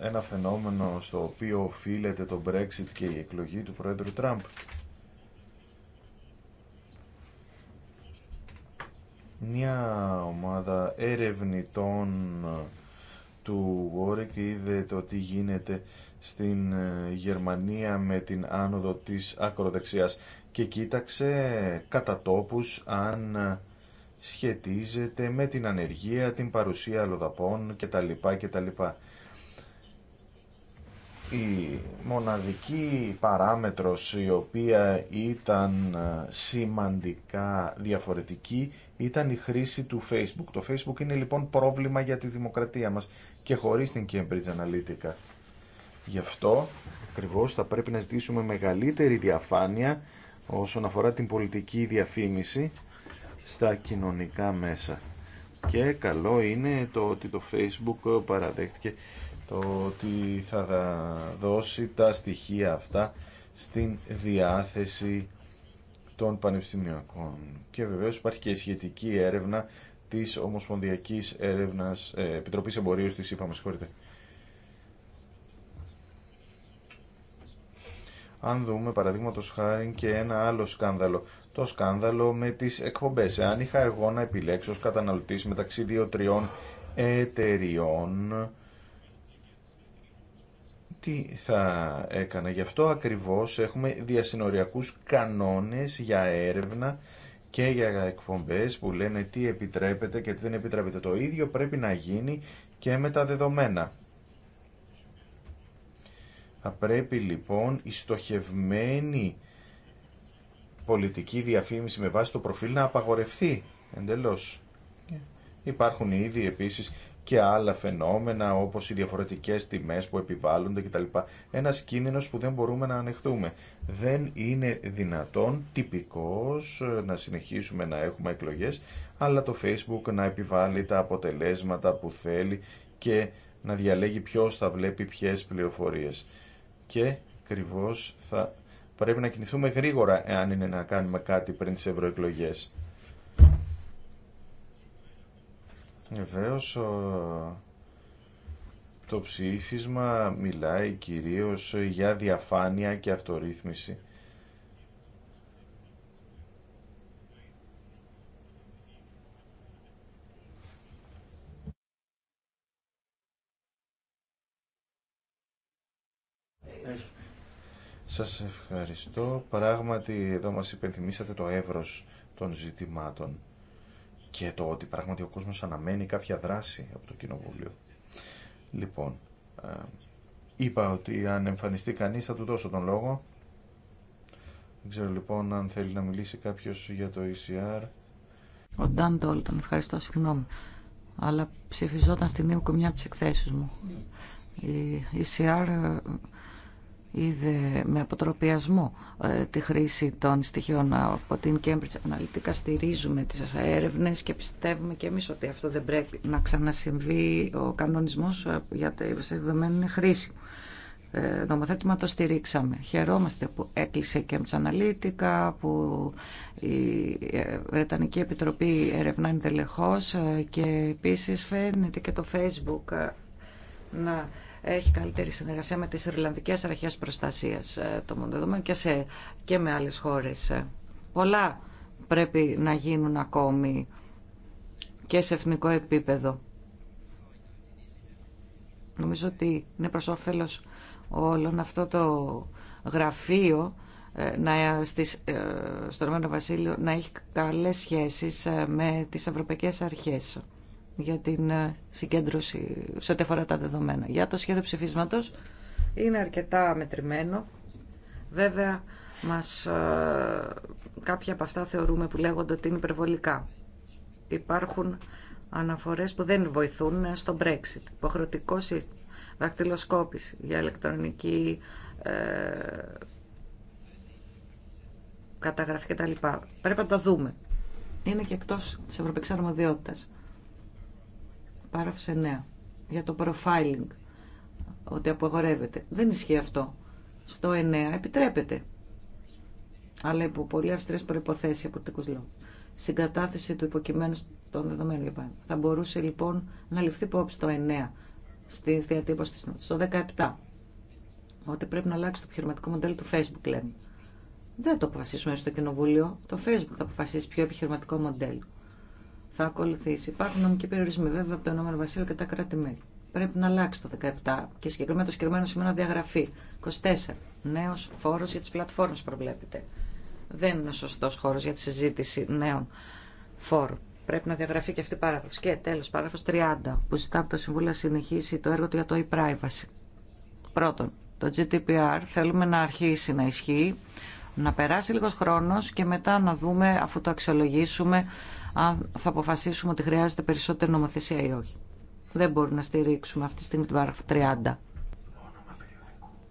ένα φαινόμενο στο οποίο οφείλεται το Brexit και η εκλογή του Πρόεδρου Τραμπ. Μια ομάδα ερευνητών του Warwick είδε το τι γίνεται στην ε, Γερμανία με την άνοδο της ακροδεξιάς και κοίταξε κατά τόπους αν σχετίζεται με την ανεργία, την παρουσία αλλοδαπών κτλ. κτλ. Η μοναδική παράμετρος η οποία ήταν σημαντικά διαφορετική ήταν η χρήση του Facebook. Το Facebook είναι λοιπόν πρόβλημα για τη δημοκρατία μας και χωρίς την Cambridge Analytica. Γι' αυτό ακριβώ θα πρέπει να ζητήσουμε μεγαλύτερη διαφάνεια όσον αφορά την πολιτική διαφήμιση στα κοινωνικά μέσα. Και καλό είναι το ότι το Facebook παραδέχτηκε το ότι θα δώσει τα στοιχεία αυτά στην διάθεση των πανεπιστημιακών. Και βεβαίως υπάρχει και σχετική έρευνα της Ομοσπονδιακής έρευνας, ε, Επιτροπής Εμπορίου της είπαμε συγχωρείτε. αν δούμε παραδείγματο χάρη και ένα άλλο σκάνδαλο, το σκάνδαλο με τις εκπομπέ. Εάν είχα εγώ να επιλέξω ω καταναλωτή μεταξυ μεταξύ δύο-τριών εταιριών, τι θα έκανα. Γι' αυτό ακριβώς έχουμε διασυνοριακούς κανόνες για έρευνα και για εκπομπές που λένε τι επιτρέπεται και τι δεν επιτρέπεται. Το ίδιο πρέπει να γίνει και με τα δεδομένα. Θα πρέπει λοιπόν η στοχευμένη πολιτική διαφήμιση με βάση το προφίλ να απαγορευτεί εντελώς. Ναι. Υπάρχουν ήδη επίσης και άλλα φαινόμενα όπως οι διαφορετικές τιμές που επιβάλλονται κτλ. ένα κίνδυνος που δεν μπορούμε να ανεχτούμε. Δεν είναι δυνατόν τυπικός να συνεχίσουμε να έχουμε εκλογές αλλά το facebook να επιβάλλει τα αποτελέσματα που θέλει και να διαλέγει ποιος θα βλέπει ποιες πληροφορίες και ακριβώ θα πρέπει να κινηθούμε γρήγορα εάν είναι να κάνουμε κάτι πριν τις ευρωεκλογέ. Βεβαίω το ψήφισμα μιλάει κυρίως για διαφάνεια και αυτορύθμιση Σας ευχαριστώ. Πράγματι εδώ μας υπενθυμίσατε το εύρος των ζητημάτων και το ότι πράγματι ο κόσμος αναμένει κάποια δράση από το Κοινοβούλιο. Λοιπόν, ε, είπα ότι αν εμφανιστεί κανείς θα του δώσω τον λόγο. Δεν ξέρω λοιπόν αν θέλει να μιλήσει κάποιος για το ECR. Ο Νταν Τόλτον, ευχαριστώ, συγγνώμη. Αλλά ψηφιζόταν στην ΕΜΚΟ μια από μου. Η ECR ε, είδε με αποτροπιασμό ε, τη χρήση των στοιχείων από την Cambridge Analytica. Στηρίζουμε τις έρευνες και πιστεύουμε και εμείς ότι αυτό δεν πρέπει να ξανασυμβεί. Ο κανονισμός ε, για τα δεδομένα είναι χρήση. Ε, νομοθέτημα το στηρίξαμε. Χαιρόμαστε που έκλεισε και Analytica, που η Βρετανική Επιτροπή ερευνά εντελεχώς ε, και επίσης φαίνεται και το Facebook να έχει καλύτερη συνεργασία με τις Ιρλανδικές Αρχές Προστασίας ε, των και, και με άλλες χώρες. Ε, πολλά πρέπει να γίνουν ακόμη και σε εθνικό επίπεδο. Νομίζω ότι είναι προς όφελος όλων αυτό το γραφείο ε, να, στις, στο Βασίλειο να έχει καλές σχέσεις με τις ευρωπαϊκές αρχές για την ε, συγκέντρωση σε ό,τι αφορά τα δεδομένα. Για το σχέδιο ψηφίσματος είναι αρκετά μετρημένο. Βέβαια, μας, ε, κάποια από αυτά θεωρούμε που λέγονται ότι είναι υπερβολικά. Υπάρχουν αναφορές που δεν βοηθούν ε, στο Brexit. Υποχρεωτικό σύστημα, δακτυλοσκόπηση για ηλεκτρονική ε, καταγραφή κτλ. Πρέπει να τα δούμε. Είναι και εκτός της Ευρωπαϊκής Αρμοδιότητας. Πάραφος νέα Για το profiling. Ότι απογορεύεται. Δεν ισχύει αυτό. Στο 9 επιτρέπεται. Αλλά υπό πολύ αυστηρές προϋποθέσεις από το λόγου. Συγκατάθεση του υποκειμένου των δεδομένων πάνω. Θα μπορούσε λοιπόν να ληφθεί υπόψη το 9 στη διατύπωση Στο 17. Ότι πρέπει να αλλάξει το επιχειρηματικό μοντέλο του Facebook λένε. Δεν το αποφασίσουμε στο κοινοβούλιο. Το Facebook θα αποφασίσει ποιο επιχειρηματικό μοντέλο θα ακολουθήσει. Υπάρχουν νομικοί περιορισμοί βέβαια από το Ηνωμένο Βασίλειο και τα κράτη-μέλη. Πρέπει να αλλάξει το 17 και συγκεκριμένα το συγκεκριμένο σημείο διαγραφή. 24. Νέο φόρο για τι πλατφόρμε προβλέπεται. Δεν είναι σωστό χώρο για τη συζήτηση νέων φόρων. Πρέπει να διαγραφεί και αυτή η παράγραφο. Και τέλο, παράγραφο 30, που ζητά από το Συμβούλιο να συνεχίσει το έργο του για το e-privacy. Πρώτον, το GDPR θέλουμε να αρχίσει να ισχύει, να περάσει λίγο χρόνο και μετά να δούμε, αφού το αξιολογήσουμε, αν θα αποφασίσουμε ότι χρειάζεται περισσότερη νομοθεσία ή όχι. Δεν μπορούμε να στηρίξουμε αυτή τη στιγμή την παράγραφο 30.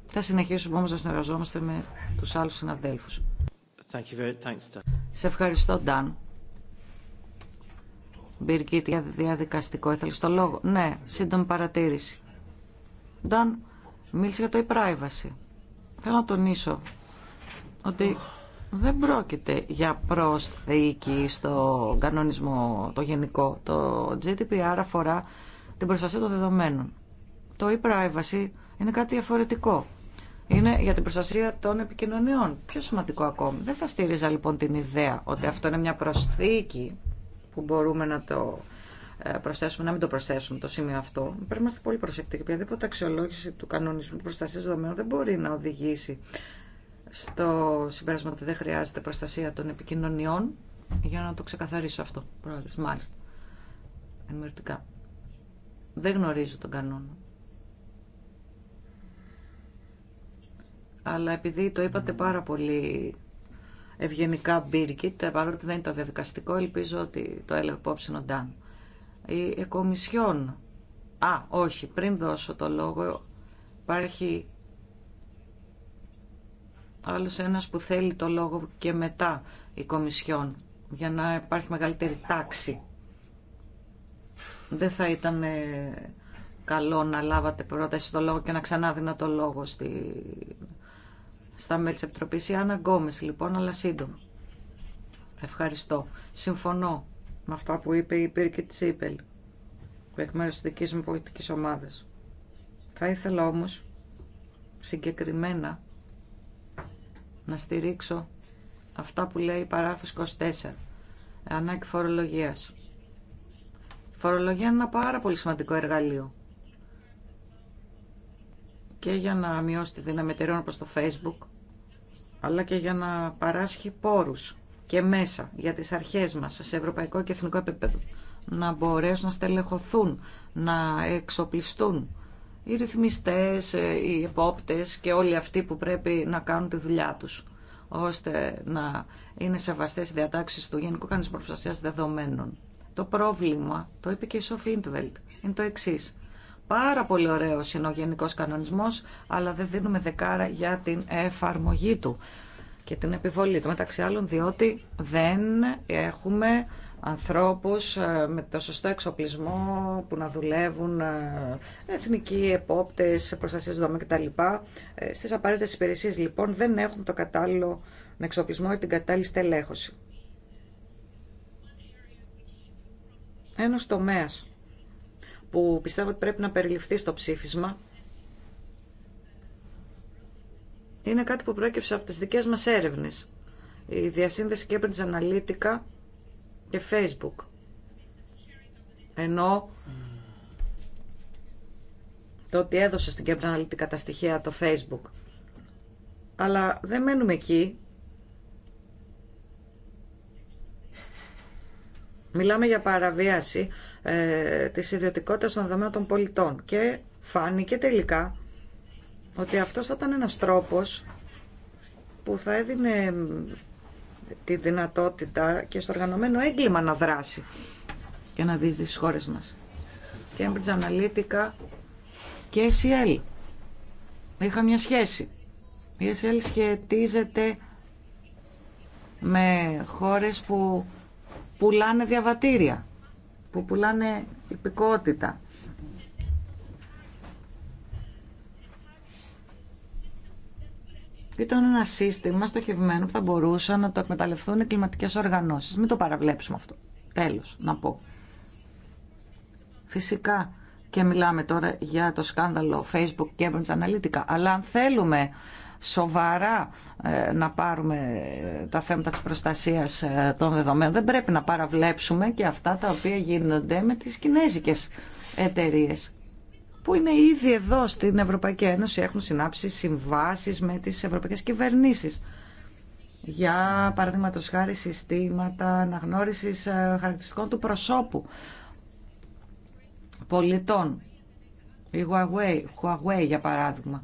Θα συνεχίσουμε όμως να συνεργαζόμαστε με τους άλλους συναδέλφους. Thank you thanks, Σε ευχαριστώ, Νταν. Μπυρκίτ, για διαδικαστικό. Έθελες το λόγο. Ναι, σύντομη παρατήρηση. Νταν, μίλησε για το e-privacy. Θέλω να τονίσω ότι δεν πρόκειται για προσθήκη στο κανονισμό το γενικό. Το GDPR αφορά την προστασία των δεδομένων. Το e-privacy είναι κάτι διαφορετικό. Είναι για την προστασία των επικοινωνιών. Πιο σημαντικό ακόμη. Δεν θα στήριζα λοιπόν την ιδέα ότι αυτό είναι μια προσθήκη που μπορούμε να το ε, προσθέσουμε, να μην το προσθέσουμε το σημείο αυτό. Πρέπει να είμαστε πολύ προσεκτικοί. Οποιαδήποτε αξιολόγηση του κανονισμού προστασία δεδομένων δεν μπορεί να οδηγήσει στο συμπέρασμα ότι δεν χρειάζεται προστασία των επικοινωνιών. Για να το ξεκαθαρίσω αυτό, πρόεδρος. Μάλιστα. Ενημερωτικά. Δεν γνωρίζω τον κανόνα. Αλλά επειδή το είπατε πάρα πολύ ευγενικά, Μπίρκιτ, παρότι δεν το διαδικαστικό, ελπίζω ότι το έλεγε υπόψη ο Ντάν. Η Εκομισιόν. Α, όχι, πριν δώσω το λόγο, υπάρχει άλλος ένας που θέλει το λόγο και μετά η Κομισιόν για να υπάρχει μεγαλύτερη τάξη. Δεν θα ήταν ε, καλό να λάβατε πρόταση το λόγο και να ξανάδινα το λόγο στη, στα μέλη της Επιτροπής. Η Άννα Γκόμες λοιπόν, αλλά σύντομα. Ευχαριστώ. Συμφωνώ με αυτά που είπε η Πύρκη Τσίπελ, που εκ μέρου τη δική μου πολιτική ομάδα. Θα ήθελα όμω. συγκεκριμένα να στηρίξω αυτά που λέει η 24, ανάγκη φορολογίας. Η φορολογία είναι ένα πάρα πολύ σημαντικό εργαλείο και για να μειώσει τη δύναμη εταιρεών όπως το Facebook, αλλά και για να παράσχει πόρους και μέσα για τις αρχές μας σε ευρωπαϊκό και εθνικό επίπεδο να μπορέσουν να στελεχωθούν, να εξοπλιστούν οι ρυθμιστές, ε, οι επόπτες και όλοι αυτοί που πρέπει να κάνουν τη δουλειά τους ώστε να είναι σεβαστές οι διατάξεις του Γενικού Κανονισμού Προστασίας Δεδομένων. Το πρόβλημα, το είπε και η Σοφ είναι το εξή. Πάρα πολύ ωραίο είναι ο Γενικό Κανονισμό, αλλά δεν δίνουμε δεκάρα για την εφαρμογή του και την επιβολή του. Μεταξύ άλλων, διότι δεν έχουμε ανθρώπους ε, με το σωστό εξοπλισμό που να δουλεύουν ε, εθνικοί επόπτες, προστασίες δομών κτλ. Ε, στις απαραίτητες υπηρεσίες λοιπόν δεν έχουν το κατάλληλο εξοπλισμό ή την κατάλληλη στελέχωση. Ένας τομέας που πιστεύω ότι πρέπει να περιληφθεί στο ψήφισμα είναι κάτι που προέκυψε από τις δικές μας έρευνες. Η διασύνδεση Cambridge αναλυτικά και Facebook. Ενώ το ότι έδωσε στην Cambridge Analytica τα στοιχεία το Facebook. Αλλά δεν μένουμε εκεί. Μιλάμε για παραβίαση ε, της ιδιωτικότητας των δεδομένων των πολιτών και φάνηκε τελικά ότι αυτός θα ήταν ένας τρόπος που θα έδινε τη δυνατότητα και στο οργανωμένο έγκλημα να δράσει και να δει στις χώρες μας. Cambridge Analytica και SEL. Είχα μια σχέση. Η SEL σχετίζεται με χώρες που πουλάνε διαβατήρια, που πουλάνε υπηκότητα. ήταν ένα σύστημα στοχευμένο που θα μπορούσαν να το εκμεταλλευτούν οι κλιματικές οργανώσεις. Μην το παραβλέψουμε αυτό. Τέλος, να πω. Φυσικά και μιλάμε τώρα για το σκάνδαλο Facebook και Cambridge Analytica, αλλά αν θέλουμε σοβαρά ε, να πάρουμε ε, τα θέματα της προστασίας ε, των δεδομένων, δεν πρέπει να παραβλέψουμε και αυτά τα οποία γίνονται με τις κινέζικες εταιρείες που είναι ήδη εδώ στην Ευρωπαϊκή Ένωση, έχουν συνάψει συμβάσεις με τις ευρωπαϊκές κυβερνήσεις για το χάρη συστήματα αναγνώριση ε, χαρακτηριστικών του προσώπου πολιτών. Η Huawei, Huawei για παράδειγμα.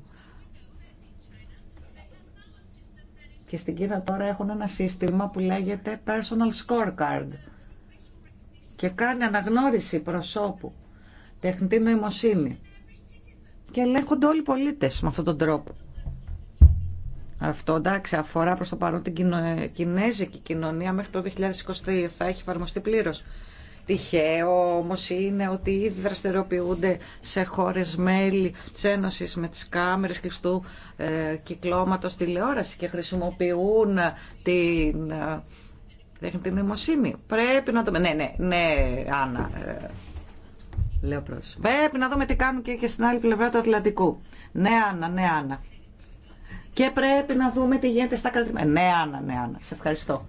Και στην Κίνα τώρα έχουν ένα σύστημα που λέγεται Personal Scorecard και κάνει αναγνώριση προσώπου, τεχνητή νοημοσύνη και ελέγχονται όλοι οι πολίτες με αυτόν τον τρόπο. Αυτό εντάξει αφορά προς το παρόν την κινέζικη κοινωνία μέχρι το 2023 θα έχει εφαρμοστεί πλήρω. Τυχαίο όμως είναι ότι ήδη δραστηριοποιούνται σε χώρε μέλη τη Ένωση με τις κάμερες κλειστού ε, κυκλώματος τηλεόραση και χρησιμοποιούν την ε, την νοημοσύνη. Πρέπει να το... Ναι, ναι, ναι, Άννα, ε, Λέω πρόσωπο. Πρέπει να δούμε τι κάνουν και, και στην άλλη πλευρά του Ατλαντικού. Ναι, Άννα, ναι, Άννα. Και πρέπει να δούμε τι γίνεται στα κρατημέρια. Ναι, Άννα, ναι, Άννα. Σε ευχαριστώ.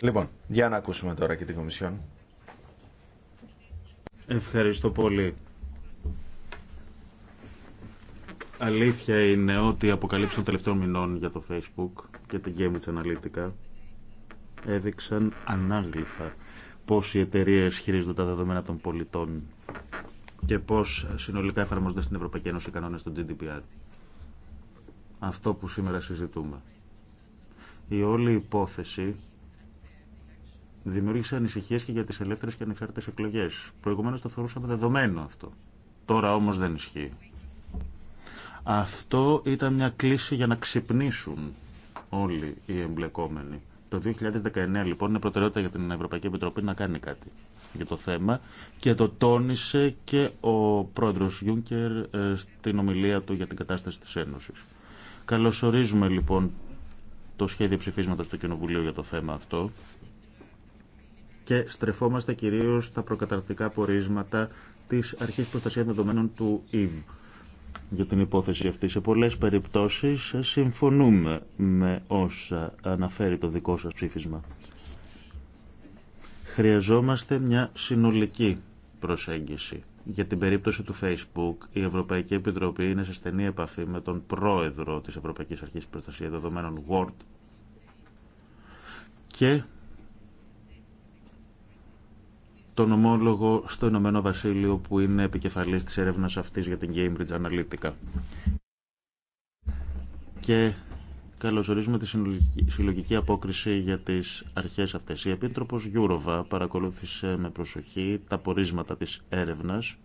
Λοιπόν, για να ακούσουμε τώρα και την Κομισιόν. Ευχαριστώ πολύ. Αλήθεια είναι ότι οι των τελευταίων μηνών για το Facebook και την Cambridge Analytica έδειξαν ανάγλυφα πώς οι εταιρείε χειρίζονται τα δεδομένα των πολιτών και πώς συνολικά εφαρμόζονται στην Ευρωπαϊκή Ένωση οι κανόνες του GDPR. Αυτό που σήμερα συζητούμε. Η όλη υπόθεση δημιούργησε ανησυχίες και για τις ελεύθερες και ανεξάρτητες εκλογές. Προηγουμένως το θεωρούσαμε δεδομένο αυτό. Τώρα όμως δεν ισχύει. Αυτό ήταν μια κλίση για να ξυπνήσουν όλοι οι εμπλεκόμενοι. Το 2019 λοιπόν είναι προτεραιότητα για την Ευρωπαϊκή Επιτροπή να κάνει κάτι για το θέμα και το τόνισε και ο πρόεδρος Γιούνκερ ε, στην ομιλία του για την κατάσταση της Ένωσης. Καλωσορίζουμε λοιπόν το σχέδιο ψηφίσματος του Κοινοβουλίου για το θέμα αυτό και στρεφόμαστε κυρίως στα προκαταρκτικά πορίσματα της Αρχής Προστασίας Δεδομένων του ΙΒ για την υπόθεση αυτή. Σε πολλές περιπτώσεις ε, συμφωνούμε με όσα αναφέρει το δικό σας ψήφισμα. Χρειαζόμαστε μια συνολική προσέγγιση. Για την περίπτωση του Facebook, η Ευρωπαϊκή Επιτροπή είναι σε στενή επαφή με τον πρόεδρο της Ευρωπαϊκής Αρχής Προστασία Δεδομένων, Word, και τον ομόλογο στο Ηνωμένο Βασίλειο που είναι επικεφαλής της έρευνας αυτής για την Cambridge Analytica. Και καλωσορίζουμε τη συλλογική απόκριση για τις αρχές αυτές. Η Επίτροπος Γιούροβα παρακολούθησε με προσοχή τα πορίσματα της έρευνας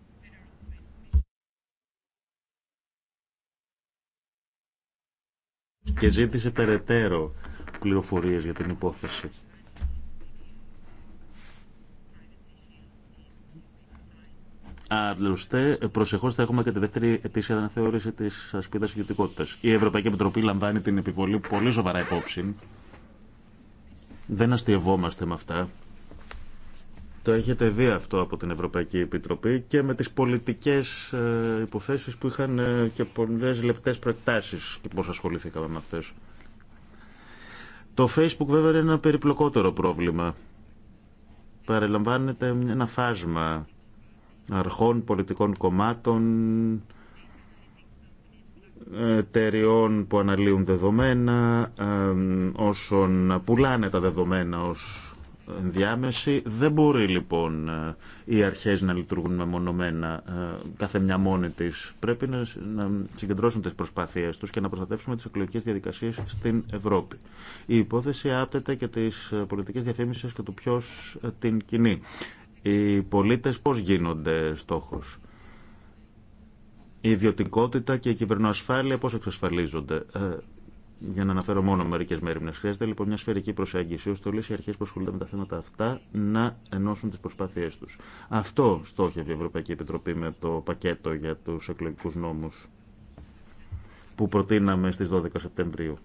και ζήτησε περαιτέρω πληροφορίες για την υπόθεση. Άλλωστε, προσεχώ θα έχουμε και τη δεύτερη ετήσια αναθεώρηση τη ασπίδα ιδιωτικότητα. Η Ευρωπαϊκή Επιτροπή λαμβάνει την επιβολή πολύ σοβαρά υπόψη. Δεν αστειευόμαστε με αυτά. Το έχετε δει αυτό από την Ευρωπαϊκή Επιτροπή και με τις πολιτικές ε, υποθέσεις που είχαν ε, και πολλές λεπτές προεκτάσεις και πώς ασχοληθήκαμε με αυτές. Το Facebook βέβαια είναι ένα περιπλοκότερο πρόβλημα. Παρελαμβάνεται ένα φάσμα αρχών, πολιτικών κομμάτων, εταιριών που αναλύουν δεδομένα, όσων πουλάνε τα δεδομένα ως ενδιάμεση. Δεν μπορεί λοιπόν ε, οι αρχές να λειτουργούν μεμονωμένα ε, κάθε μια μόνη της. Πρέπει να συγκεντρώσουν τις προσπάθειές τους και να προστατεύσουμε τις εκλογικέ διαδικασίες στην Ευρώπη. Η υπόθεση άπτεται και της ε, πολιτικής διαφήμισης και του ποιο την κοινή. Οι πολίτες πώς γίνονται στόχος. Η ιδιωτικότητα και η κυβερνοασφάλεια πώς εξασφαλίζονται. Ε, για να αναφέρω μόνο μερικέ μέρημνε. Χρειάζεται λοιπόν μια σφαιρική προσέγγιση, ώστε όλε οι αρχέ που ασχολούνται με τα θέματα αυτά να ενώσουν τι προσπάθειέ του. Αυτό στόχευε η Ευρωπαϊκή Επιτροπή με το πακέτο για του εκλογικού νόμου που προτείναμε στι 12 Σεπτεμβρίου.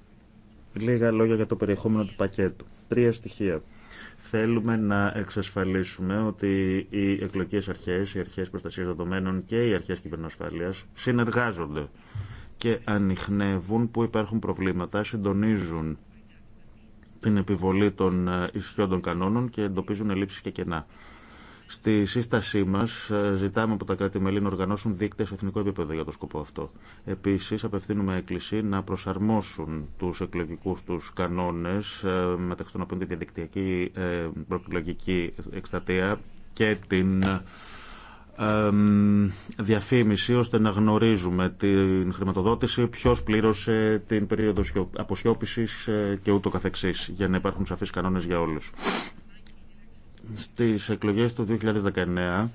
Λίγα λόγια για το περιεχόμενο του πακέτου. Τρία στοιχεία Θέλουμε να εξασφαλίσουμε ότι οι εκλογικές αρχές, οι αρχές προστασία δεδομένων και οι αρχές κυβερνοασφάλεια συνεργάζονται και ανοιχνεύουν που υπάρχουν προβλήματα, συντονίζουν την επιβολή των ισχυρών των κανόνων και εντοπίζουν ελλείψεις και κενά. Στη σύστασή μα ε, ζητάμε από τα κράτη-μέλη να οργανώσουν δείκτε σε εθνικό επίπεδο για το σκοπό αυτό. Επίση, απευθύνουμε έκκληση να προσαρμόσουν του εκλογικού του κανόνε, ε, μεταξύ των οποίων τη διαδικτυακή ε, προεκλογική εκστατεία και την διαφήμιση ώστε να γνωρίζουμε την χρηματοδότηση, ποιο πλήρωσε την περίοδο αποσιώπηση και ούτω καθεξής για να υπάρχουν σαφεί κανόνε για όλου στις εκλογές του 2019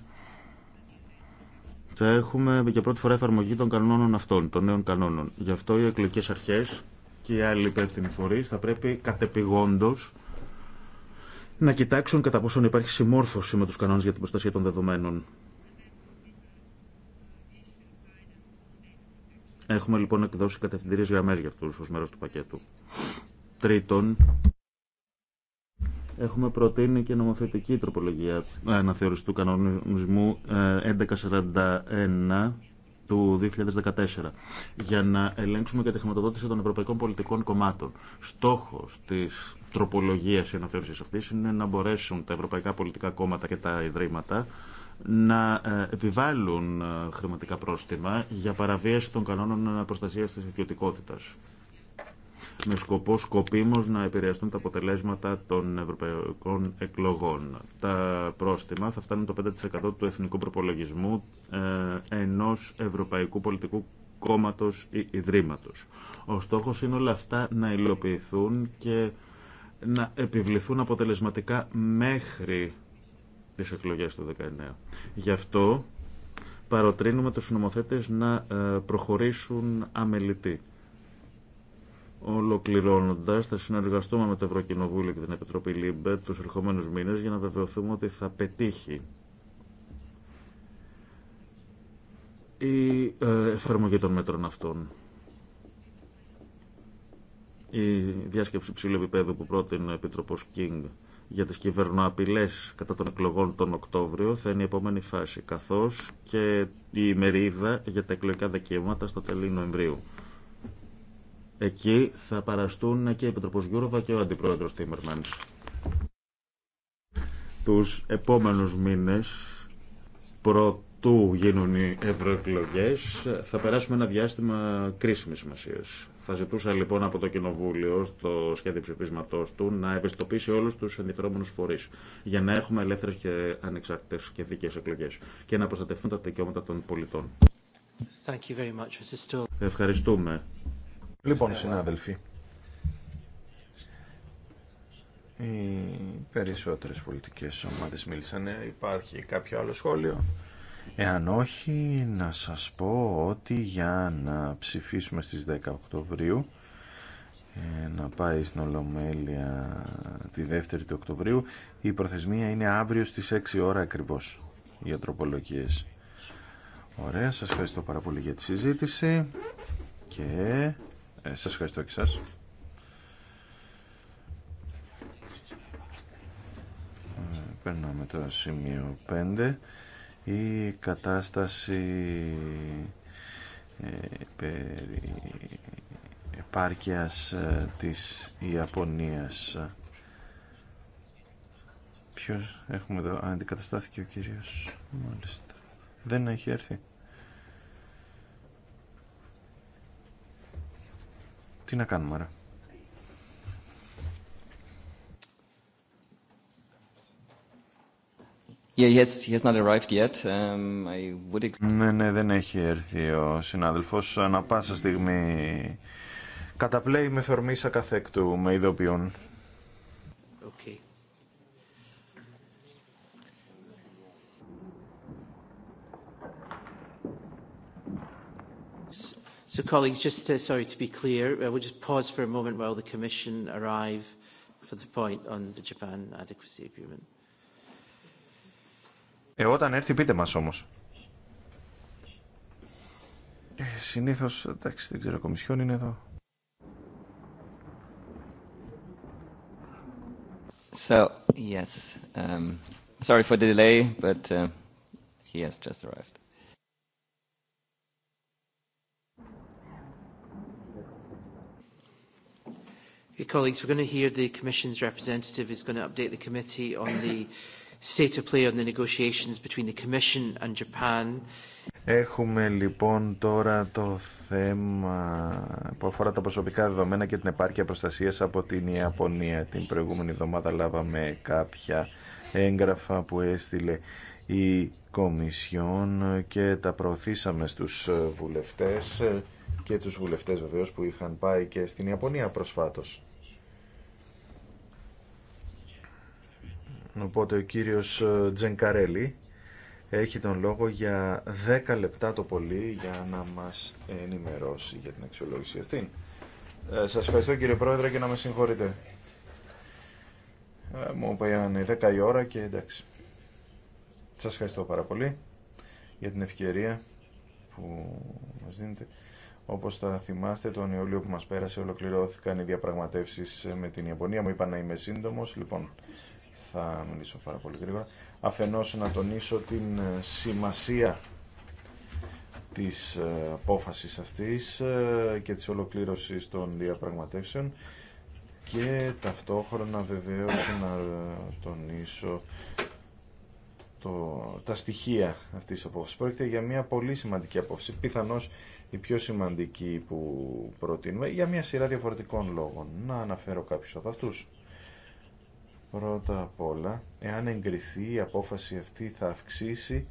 θα έχουμε για πρώτη φορά εφαρμογή των κανόνων αυτών, των νέων κανόνων. Γι' αυτό οι εκλογικές αρχές και οι άλλοι υπεύθυνοι φορείς θα πρέπει κατεπηγόντως να κοιτάξουν κατά πόσον υπάρχει συμμόρφωση με τους κανόνες για την προστασία των δεδομένων. Έχουμε λοιπόν εκδώσει κατευθυντήριες γραμμές για αυτούς ως μέρος του πακέτου. Τρίτον, Έχουμε προτείνει και νομοθετική τροπολογία αναθεώρηση ε, του κανονισμού 1141 ε, του 2014 για να ελέγξουμε και τη χρηματοδότηση των ευρωπαϊκών πολιτικών κομμάτων. Στόχος της τροπολογίας ή αυτή είναι να μπορέσουν τα ευρωπαϊκά πολιτικά κόμματα και τα ιδρύματα να ε, επιβάλλουν χρηματικά πρόστιμα για παραβίαση των κανόνων προστασίας της ιδιωτικότητας με σκοπό σκοπίμως να επηρεαστούν τα αποτελέσματα των ευρωπαϊκών εκλογών. Τα πρόστιμα θα φτάνουν το 5% του εθνικού προπολογισμού ε, ενός ευρωπαϊκού πολιτικού κόμματος ή ιδρύματος. Ο στόχος είναι όλα αυτά να υλοποιηθούν και να επιβληθούν αποτελεσματικά μέχρι τις εκλογές του 19. Γι' αυτό παροτρύνουμε τους νομοθέτες να ε, προχωρήσουν αμελητή. Ολοκληρώνοντα, θα συνεργαστούμε με το Ευρωκοινοβούλιο και την Επιτροπή ΛΥΜΠΕ του ερχόμενου μήνε για να βεβαιωθούμε ότι θα πετύχει η ε, εφαρμογή των μέτρων αυτών. Η διάσκεψη ψηλού επίπεδου που πρότεινε ο Επίτροπο Κίνγκ για τις κυβερνοαπειλές κατά των εκλογών τον Οκτώβριο θα είναι η επόμενη φάση, καθώ και η μερίδα για τα εκλογικά δικαιώματα στο τέλη Νοεμβρίου. Εκεί θα παραστούν και η Επιτροπή Γιούροβα και ο Αντιπρόεδρος Τίμερμαν. Τους επόμενους μήνες πρωτού γίνουν οι ευρωεκλογέ, θα περάσουμε ένα διάστημα κρίσιμη σημασία. Θα ζητούσα λοιπόν από το Κοινοβούλιο στο σχέδιο ψηφίσματό του να ευαισθητοποιήσει όλου του ενδιαφερόμενου φορεί για να έχουμε ελεύθερε και ανεξάρτητε και δίκαιε εκλογέ και να προστατευτούν τα δικαιώματα των πολιτών. Thank you very much. Still... Ευχαριστούμε. Λοιπόν, συνάδελφοι, οι περισσότερες πολιτικές ομάδες μίλησαν. Ε, υπάρχει κάποιο άλλο σχόλιο. Εάν όχι, να σας πω ότι για να ψηφίσουμε στις 10 Οκτωβρίου, ε, να πάει στην Ολομέλεια τη 2η του Οκτωβρίου, η προθεσμία είναι αύριο στις 6 ώρα ακριβώς για τροπολογίες. Ωραία, σας ευχαριστώ πάρα πολύ για τη συζήτηση και ε, σας ευχαριστώ και σας. Ε, περνάμε τώρα σημείο 5. Η κατάσταση ε, περί επάρκειας ε, της Ιαπωνίας. Ποιος έχουμε εδώ, αντικαταστάθηκε ο κύριος, μάλιστα. Δεν έχει έρθει. Τι να κάνουμε, ρε. Um, ναι, ναι, δεν έχει έρθει ο συνάδελφος. Ανά πάσα στιγμή καταπλέει με θορμίσα καθέκτου, με ειδοποιούν. Okay. So colleagues, just to, sorry to be clear, we'll just pause for a moment while the Commission arrive for the point on the Japan adequacy agreement. Ε, όταν έρθει πείτε μας όμως. Ε, συνήθως, εντάξει, δεν ξέρω, κομισιόν είναι εδώ. So, yes, um, sorry for the delay, but uh, he has just arrived. Colleagues, we're going to hear the Commission's representative is going to update the committee on the state of play on the negotiations between the Commission and Japan. Έχουμε λοιπόν τώρα το θέμα που αφορά τα προσωπικά δεδομένα και την επάρκεια προστασίας από την Ιαπωνία. Την προηγούμενη εβδομάδα λάβαμε κάποια έγγραφα που έστειλε η Κομισιόν και τα προωθήσαμε στους βουλευτές και τους βουλευτές βεβαίως που είχαν πάει και στην Ιαπωνία προσφάτως. Οπότε ο κύριος Τζενκαρέλη έχει τον λόγο για 10 λεπτά το πολύ για να μας ενημερώσει για την αξιολόγηση αυτή. Ε, σας ευχαριστώ κύριε Πρόεδρε και να με συγχωρείτε. Ε, μου παίρνει 10 η ώρα και εντάξει. Σας ευχαριστώ πάρα πολύ για την ευκαιρία που μας δίνετε. Όπως θα θυμάστε, τον Ιούλιο που μας πέρασε ολοκληρώθηκαν οι διαπραγματεύσεις με την Ιαπωνία. Μου είπα να είμαι σύντομος, λοιπόν θα μιλήσω πάρα πολύ γρήγορα. Αφενός να τονίσω την ε, σημασία της ε, απόφασης αυτής ε, και της ολοκλήρωσης των διαπραγματεύσεων και ταυτόχρονα βεβαίως να τονίσω το, τα στοιχεία αυτής της απόφασης. Πρόκειται για μια πολύ σημαντική απόφαση, πιθανώς η πιο σημαντική που προτείνουμε, για μια σειρά διαφορετικών λόγων. Να αναφέρω κάποιους από αυτούς. Πρώτα απ' όλα, εάν εγκριθεί η απόφαση αυτή θα αυξήσει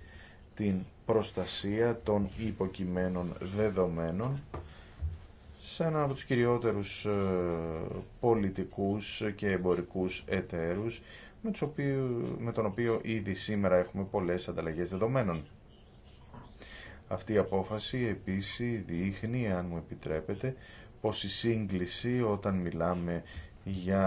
την προστασία των υποκειμένων δεδομένων σε έναν από τους κυριότερους ε, πολιτικούς και εμπορικούς εταίρους με, τον οποίο ήδη σήμερα έχουμε πολλές ανταλλαγές δεδομένων. Αυτή η απόφαση επίση δείχνει, αν μου επιτρέπετε, πως η σύγκληση όταν μιλάμε για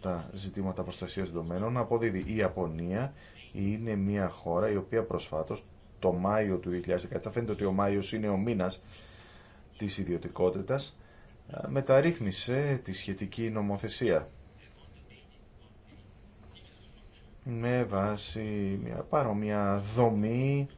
τα ζητήματα προστασίας δεδομένων αποδίδει. Η Ιαπωνία είναι μια χώρα η οποία προσφάτως το Μάιο του 2017, φαίνεται ότι ο Μάιος είναι ο μήνας της ιδιωτικότητας, μεταρρύθμισε τη σχετική νομοθεσία. με βάση μια παρόμοια δομή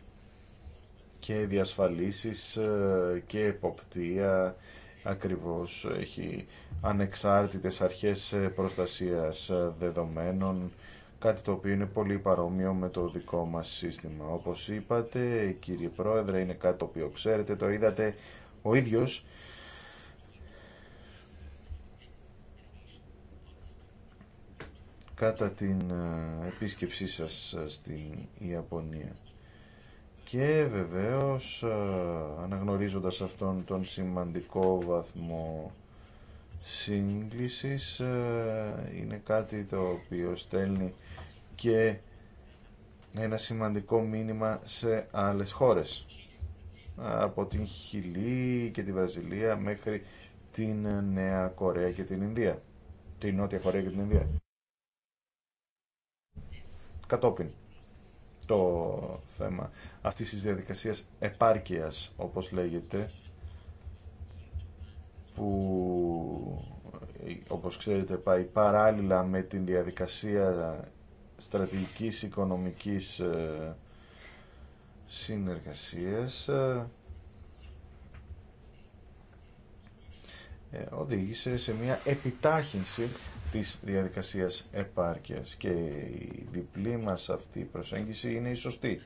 και διασφαλίσεις ε, και εποπτεία ακριβώς έχει ανεξάρτητες αρχές ε, προστασίας ε, δεδομένων κάτι το οποίο είναι πολύ παρόμοιο με το δικό μας σύστημα. Όπως είπατε, κύριε Πρόεδρε, είναι κάτι το οποίο ξέρετε, το είδατε ο ίδιος κατά την ε, επίσκεψή σας ε, στην Ιαπωνία. Και βεβαίως ε, αναγνωρίζοντας αυτόν τον σημαντικό βαθμό σύγκλησης είναι κάτι το οποίο στέλνει και ένα σημαντικό μήνυμα σε άλλες χώρες από την Χιλή και τη Βραζιλία μέχρι την Νέα Κορέα και την Ινδία την Νότια Κορέα και την Ινδία κατόπιν το θέμα αυτής της διαδικασίας επάρκειας, όπως λέγεται, που όπως ξέρετε πάει παράλληλα με την διαδικασία στρατηγικής οικονομικής ε, συνεργασίας ε, ε, οδήγησε σε μια επιτάχυνση της διαδικασίας επάρκειας και η διπλή μας αυτή προσέγγιση είναι η σωστή.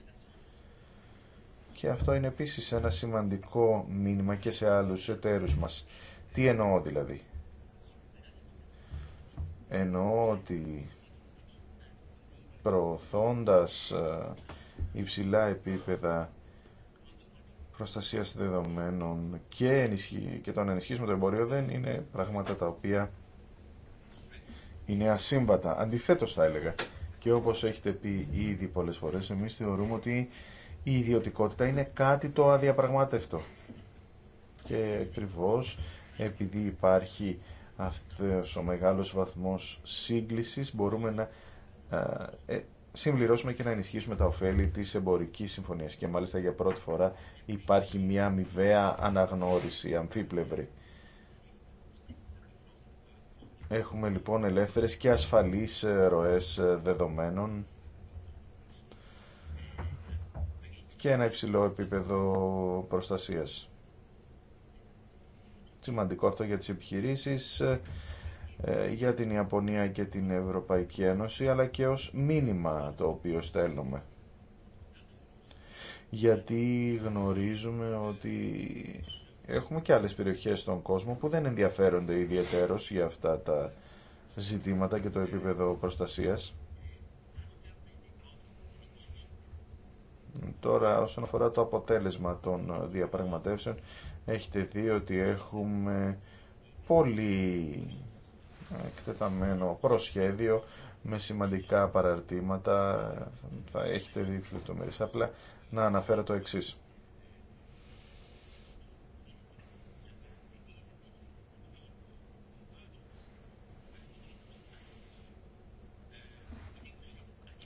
Και αυτό είναι επίσης ένα σημαντικό μήνυμα και σε άλλους εταίρους μας. Τι εννοώ δηλαδή. Εννοώ ότι προωθώντας ε, υψηλά επίπεδα προστασίας δεδομένων και, ενισχύ, και το να ενισχύσουμε το εμπόριο δεν είναι πράγματα τα οποία είναι ασύμβατα. Αντιθέτως θα έλεγα. Και όπως έχετε πει ήδη πολλές φορές, εμείς θεωρούμε ότι η ιδιωτικότητα είναι κάτι το αδιαπραγμάτευτο. Και ακριβώ επειδή υπάρχει αυτός ο μεγάλος βαθμός σύγκλησης, μπορούμε να ε, συμπληρώσουμε και να ενισχύσουμε τα ωφέλη της εμπορικής συμφωνίας. Και μάλιστα για πρώτη φορά υπάρχει μια αμοιβαία αναγνώριση αμφίπλευρη. Έχουμε λοιπόν ελεύθερες και ασφαλείς ε, ροές ε, δεδομένων και ένα υψηλό επίπεδο προστασίας. Σημαντικό αυτό για τις επιχειρήσεις, ε, για την Ιαπωνία και την Ευρωπαϊκή Ένωση, αλλά και ως μήνυμα το οποίο στέλνουμε. Γιατί γνωρίζουμε ότι έχουμε και άλλες περιοχές στον κόσμο που δεν ενδιαφέρονται ιδιαίτερως για αυτά τα ζητήματα και το επίπεδο προστασίας. Τώρα όσον αφορά το αποτέλεσμα των διαπραγματεύσεων έχετε δει ότι έχουμε πολύ εκτεταμένο προσχέδιο με σημαντικά παραρτήματα θα έχετε δει τις λεπτομέρειες απλά να αναφέρω το εξής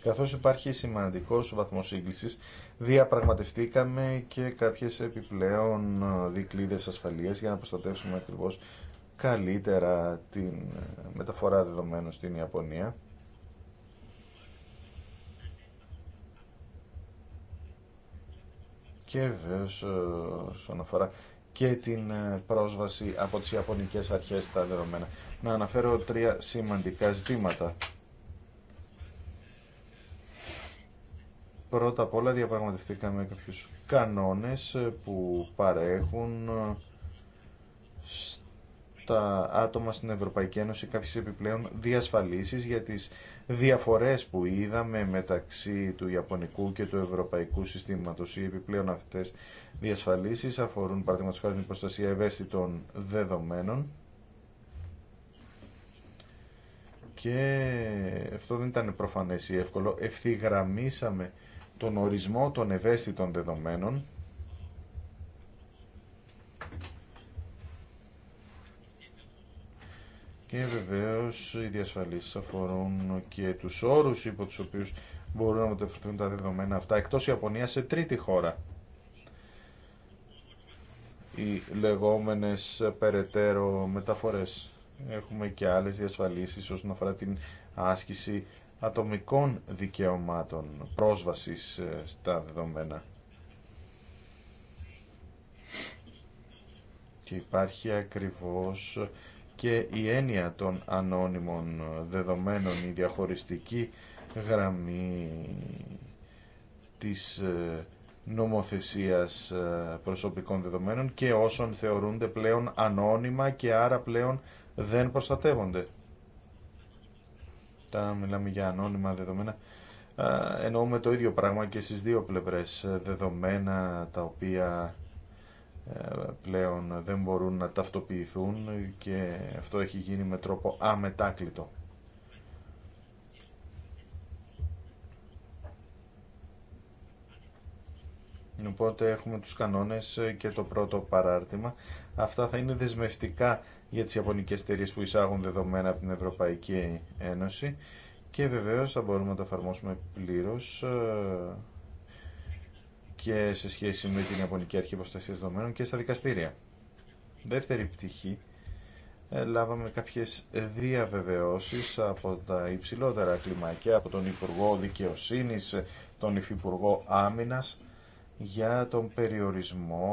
Καθώς υπάρχει σημαντικός βαθμός σύγκλησης, διαπραγματευτήκαμε και κάποιες επιπλέον δικλείδες ασφαλείας για να προστατεύσουμε ακριβώς καλύτερα την μεταφορά δεδομένων στην Ιαπωνία. Και βέβαια, ε, όσον αφορά και την ε, πρόσβαση από τις Ιαπωνικές αρχές στα δεδομένα. Να αναφέρω τρία σημαντικά ζητήματα Πρώτα απ' όλα διαπραγματευτήκαμε κάποιους κανόνες που παρέχουν ε, στα άτομα στην Ευρωπαϊκή Ένωση κάποιες επιπλέον διασφαλίσεις για τις διαφορές που είδαμε μεταξύ του Ιαπωνικού και του Ευρωπαϊκού συστήματος. Οι επιπλέον αυτές διασφαλίσεις αφορούν παραδείγματος χάρη την προστασία ευαίσθητων δεδομένων και αυτό δεν ήταν προφανές ή εύκολο. Ευθυγραμμίσαμε τον ορισμό των ευαίσθητων δεδομένων και βεβαίως οι διασφαλίσεις αφορούν και τους όρους υπό τους οποίους μπορούν να μεταφερθούν τα δεδομένα αυτά εκτός Ιαπωνία σε τρίτη χώρα οι λεγόμενες περαιτέρω μεταφορές. Έχουμε και άλλες διασφαλίσεις όσον αφορά την άσκηση ατομικών δικαιωμάτων πρόσβασης ε, στα δεδομένα. Και υπάρχει ακριβώς και η έννοια των ανώνυμων δεδομένων, η διαχωριστική γραμμή της ε, νομοθεσίας ε, προσωπικών δεδομένων και όσων θεωρούνται πλέον ανώνυμα και άρα πλέον δεν προστατεύονται αυτά μιλάμε για ανώνυμα δεδομένα, εννοούμε το ίδιο πράγμα και στις δύο πλευρές. Ε, δεδομένα τα οποία ε, πλέον δεν μπορούν να ταυτοποιηθούν και αυτό έχει γίνει με τρόπο αμετάκλητο. Οπότε έχουμε τους κανόνες και το πρώτο παράρτημα. Αυτά θα είναι δεσμευτικά για τις ιαπωνικές εταιρείε που εισάγουν δεδομένα από την Ευρωπαϊκή Ένωση και βεβαίως θα μπορούμε να τα εφαρμόσουμε πλήρως ε, και σε σχέση με την Ιαπωνική Αρχή Προστασίας Δεδομένων και στα δικαστήρια. Δεύτερη πτυχή, ε, λάβαμε κάποιες διαβεβαιώσεις από τα υψηλότερα κλιμακιά, από τον Υπουργό Δικαιοσύνης, τον Υφυπουργό Άμυνας για τον περιορισμό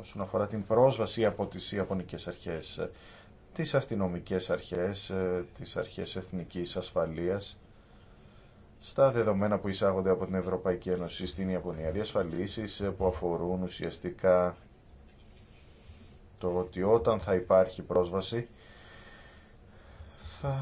όσον αφορά την πρόσβαση από τις Ιαπωνικές αρχές, τις αστυνομικές αρχές, ε, τις αρχές εθνικής ασφαλείας, στα δεδομένα που εισάγονται από την Ευρωπαϊκή Ένωση στην Ιαπωνία, διασφαλίσεις ε, που αφορούν ουσιαστικά το ότι όταν θα υπάρχει πρόσβαση θα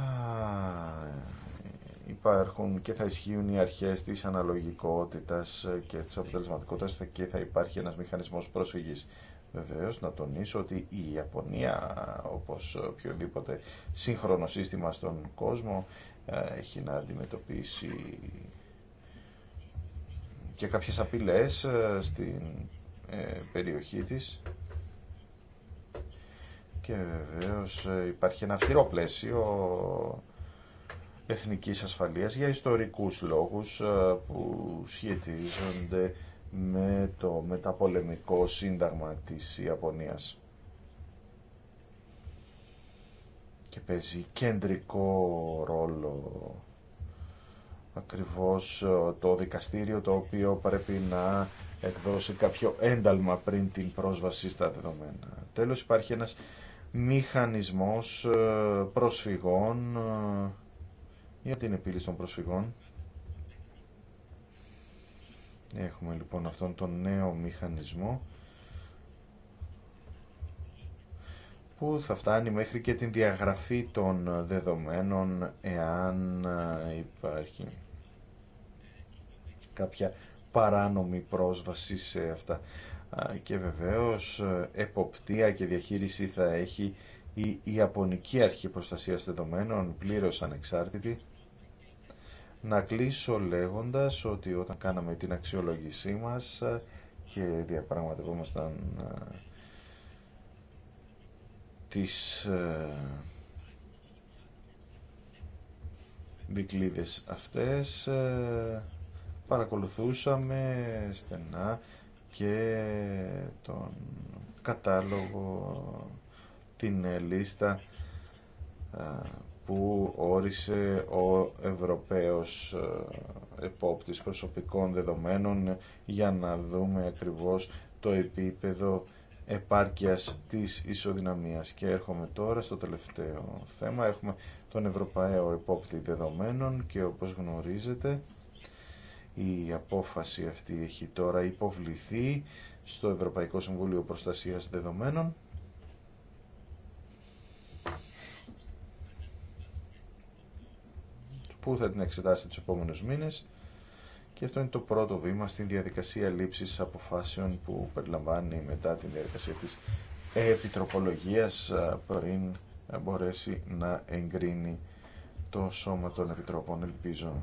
υπάρχουν και θα ισχύουν οι αρχές της αναλογικότητας και της αποτελεσματικότητας και θα υπάρχει ένας μηχανισμός πρόσφυγης. Βεβαίως να τονίσω ότι η Ιαπωνία όπως οποιοδήποτε σύγχρονο σύστημα στον κόσμο ε, έχει να αντιμετωπίσει και κάποιες απειλές ε, στην ε, περιοχή της και βεβαίως υπάρχει ένα αυστηρό πλαίσιο εθνικής ασφαλείας για ιστορικούς λόγους ε, που σχετίζονται με το μεταπολεμικό σύνταγμα της Ιαπωνίας. Και παίζει κεντρικό ρόλο ακριβώς ε, το δικαστήριο το οποίο πρέπει να εκδώσει κάποιο ένταλμα πριν την πρόσβαση στα δεδομένα. Τέλος υπάρχει ένας μηχανισμός ε, προσφυγών για την επίλυση των προσφυγών. Έχουμε λοιπόν αυτόν τον νέο μηχανισμό που θα φτάνει μέχρι και την διαγραφή των δεδομένων εάν ε, υπάρχει κάποια παράνομη πρόσβαση σε αυτά. Και βεβαίως ε, εποπτεία και διαχείριση θα έχει η Ιαπωνική Αρχή Προστασίας Δεδομένων πλήρως ανεξάρτητη. Να κλείσω λέγοντας ότι όταν κάναμε την αξιολόγησή μας και διαπραγματευόμασταν ε, τις ε, δικλίδες αυτές ε, παρακολουθούσαμε στενά και τον κατάλογο την ε, λίστα ε, που όρισε ο Ευρωπαίος ε, επόπτης προσωπικών δεδομένων για να δούμε ακριβώς το επίπεδο επάρκειας της ισοδυναμίας. Και έρχομαι τώρα στο τελευταίο θέμα. Έχουμε τον Ευρωπαίο Επόπτη Δεδομένων και όπως γνωρίζετε η απόφαση αυτή έχει τώρα υποβληθεί στο Ευρωπαϊκό Συμβούλιο Προστασίας Δεδομένων που θα την εξετάσει τους επόμενους μήνες και αυτό είναι το πρώτο βήμα στην διαδικασία λήψης αποφάσεων που περιλαμβάνει μετά την διαδικασία της επιτροπολογίας πριν μπορέσει να εγκρίνει το σώμα των επιτροπών. Ελπίζω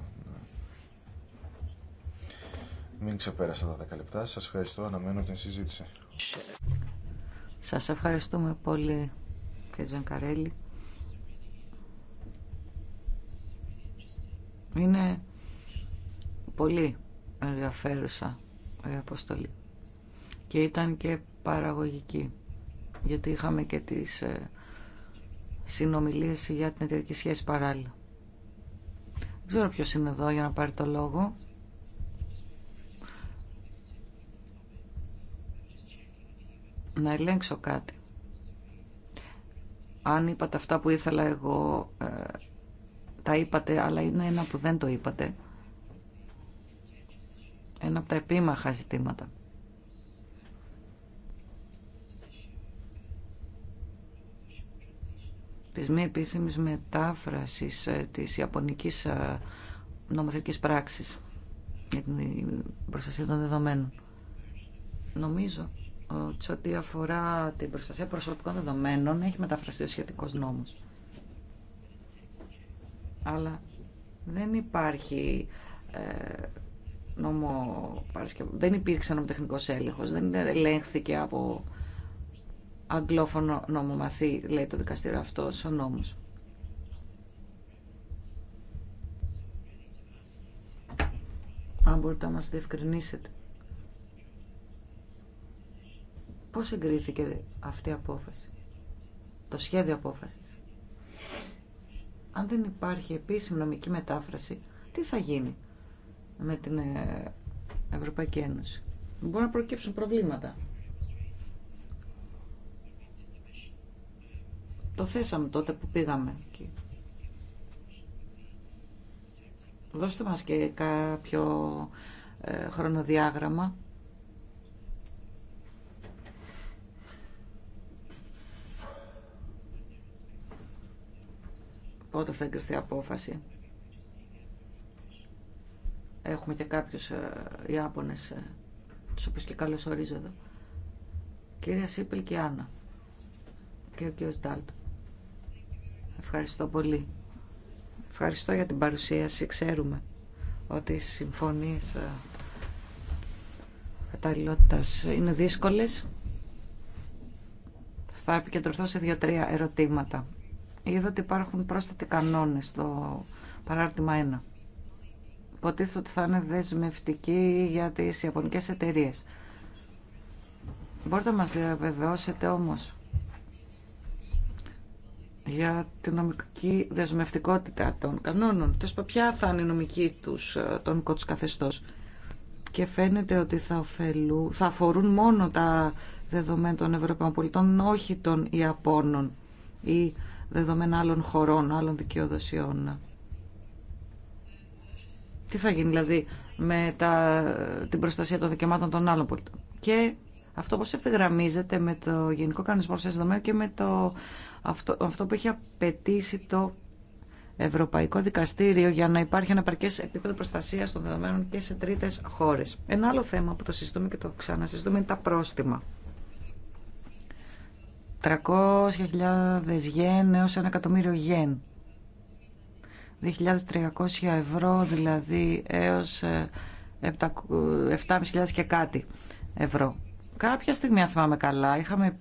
μην ξεπέρασα τα 10 λεπτά. Σας ευχαριστώ. Αναμένω την συζήτηση. Σας ευχαριστούμε πολύ, και Τζανκαρέλη. Είναι πολύ ενδιαφέρουσα η αποστολή. Και ήταν και παραγωγική, γιατί είχαμε και τις ε, συνομιλίες για την εταιρική σχέση παράλληλα. Δεν ξέρω ποιος είναι εδώ για να πάρει το λόγο. Να ελέγξω κάτι. Αν είπατε αυτά που ήθελα εγώ ε, τα είπατε, αλλά είναι ένα που δεν το είπατε. Ένα από τα επίμαχα ζητήματα. της μη επίσημης μετάφρασης ε, της ιαπωνικής ε, νομοθετικής πράξης για την προστασία των δεδομένων. Νομίζω ότι ό,τι αφορά την προστασία προσωπικών δεδομένων έχει μεταφραστεί ο σχετικός νόμος αλλά δεν υπάρχει ε, νομο... δεν υπήρξε νομοτεχνικός έλεγχος, δεν ελέγχθηκε από αγγλόφωνο νομομαθή, λέει το δικαστήριο αυτό, ο νόμος. Αν μπορείτε να μας διευκρινίσετε. Πώς εγκρίθηκε αυτή η απόφαση, το σχέδιο απόφασης. Αν δεν υπάρχει επίσημη νομική μετάφραση, τι θα γίνει με την ε, Ευρωπαϊκή Ένωση. Μπορεί να προκύψουν προβλήματα. Το θέσαμε τότε που πήγαμε εκεί. Δώστε μας και κάποιο ε, χρονοδιάγραμμα όταν θα εγκριθεί απόφαση. Έχουμε και κάποιους ε, Ιάπωνες, ε, τους οποίους και καλώς εδώ. Κυρία Σίπελ και Άννα και ο κύριος Ντάλτ. Ευχαριστώ πολύ. Ευχαριστώ για την παρουσίαση. Ξέρουμε ότι οι συμφωνίες ε, καταλληλότητας είναι δύσκολες. Θα επικεντρωθώ σε δύο-τρία ερωτήματα είδα ότι υπάρχουν πρόσθετοι κανόνες στο παράρτημα 1. Υποτίθεται ότι θα είναι δεσμευτικοί για τι ιαπωνικέ εταιρείε. Μπορείτε να μας διαβεβαιώσετε όμως για τη νομική δεσμευτικότητα των κανόνων. Τέλο ποια θα είναι η νομική του ε, το νομικό καθεστώς. Και φαίνεται ότι θα, θα αφορούν μόνο τα δεδομένα των ευρωπαϊκών πολιτών, όχι των Ιαπώνων ή δεδομένα άλλων χωρών, άλλων δικαιοδοσιών. Τι θα γίνει δηλαδή με τα, την προστασία των δικαιωμάτων των άλλων πολιτών. Και αυτό πώς ευθυγραμμίζεται με το Γενικό Κανονισμό Προστασίας Δεδομένων και με το, αυτό, αυτό που έχει απαιτήσει το Ευρωπαϊκό Δικαστήριο για να υπάρχει ένα επαρκέ επίπεδο προστασία των δεδομένων και σε τρίτε χώρε. Ένα άλλο θέμα που το συζητούμε και το ξανασυζητούμε είναι τα πρόστιμα. 300.000 γεν έως 1 εκατομμύριο γεν. 2.300 ευρώ δηλαδή έως 7.500 ε, και κάτι ευρώ. Κάποια στιγμή, αν θυμάμαι καλά, είχαμε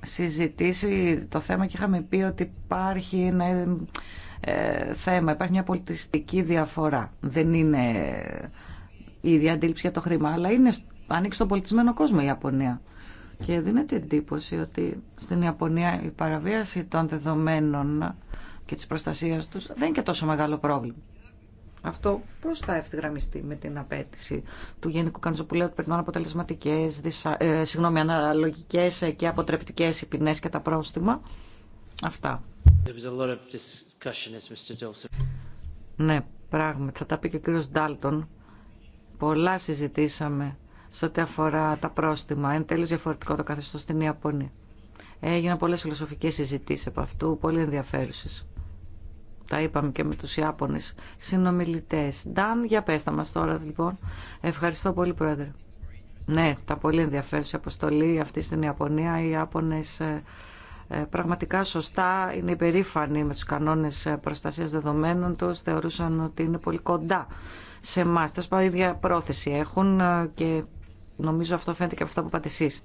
συζητήσει το θέμα και είχαμε πει ότι υπάρχει ένα ε, ε, θέμα, υπάρχει μια πολιτιστική διαφορά. Δεν είναι η ίδια για το χρήμα, αλλά είναι ανοίξει στον πολιτισμένο κόσμο η Ιαπωνία. Και δίνεται εντύπωση ότι στην Ιαπωνία η παραβίαση των δεδομένων και της προστασίας τους δεν είναι και τόσο μεγάλο πρόβλημα. Αυτό πώ θα ευθυγραμμιστεί με την απέτηση του Γενικού Κανονισμού ότι περνάνε αποτελεσματικέ, ε, συγγνώμη, αναλογικέ και αποτρεπτικέ οι ποινέ και τα πρόστιμα. Αυτά. Ναι, πράγματι, θα τα πει και ο κύριο Ντάλτον. Πολλά συζητήσαμε σε ό,τι αφορά τα πρόστιμα. Είναι τέλειως διαφορετικό το καθεστώς στην Ιαπωνία. Έγιναν πολλές φιλοσοφικές συζητήσεις από αυτού, πολύ ενδιαφέρουσες. Τα είπαμε και με τους Ιάπωνες συνομιλητές. Νταν, για πέστα μας τώρα λοιπόν. Ευχαριστώ πολύ Πρόεδρε. Ναι, τα πολύ ενδιαφέρουσα αποστολή αυτή στην Ιαπωνία. Οι Ιάπωνες ε, ε, πραγματικά σωστά είναι υπερήφανοι με τους κανόνες ε, προστασίας δεδομένων τους. Θεωρούσαν ότι είναι πολύ κοντά σε εμά. Τα ίδια πρόθεση έχουν και Νομίζω αυτό φαίνεται και από αυτά που είπατε εσείς.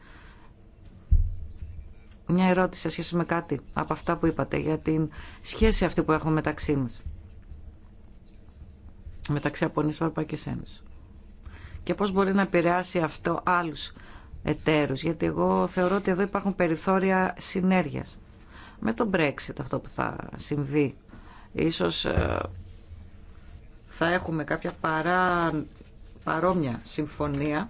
Μια ερώτηση σε σχέση με κάτι από αυτά που είπατε για την σχέση αυτή που έχουμε μεταξύ μας. Μεταξύ Απονής και Σένους. Και πώς μπορεί να επηρεάσει αυτό άλλους εταίρους. Γιατί εγώ θεωρώ ότι εδώ υπάρχουν περιθώρια συνέργειας. Με το Brexit αυτό που θα συμβεί. Ίσως ε, θα έχουμε κάποια παρά, παρόμοια συμφωνία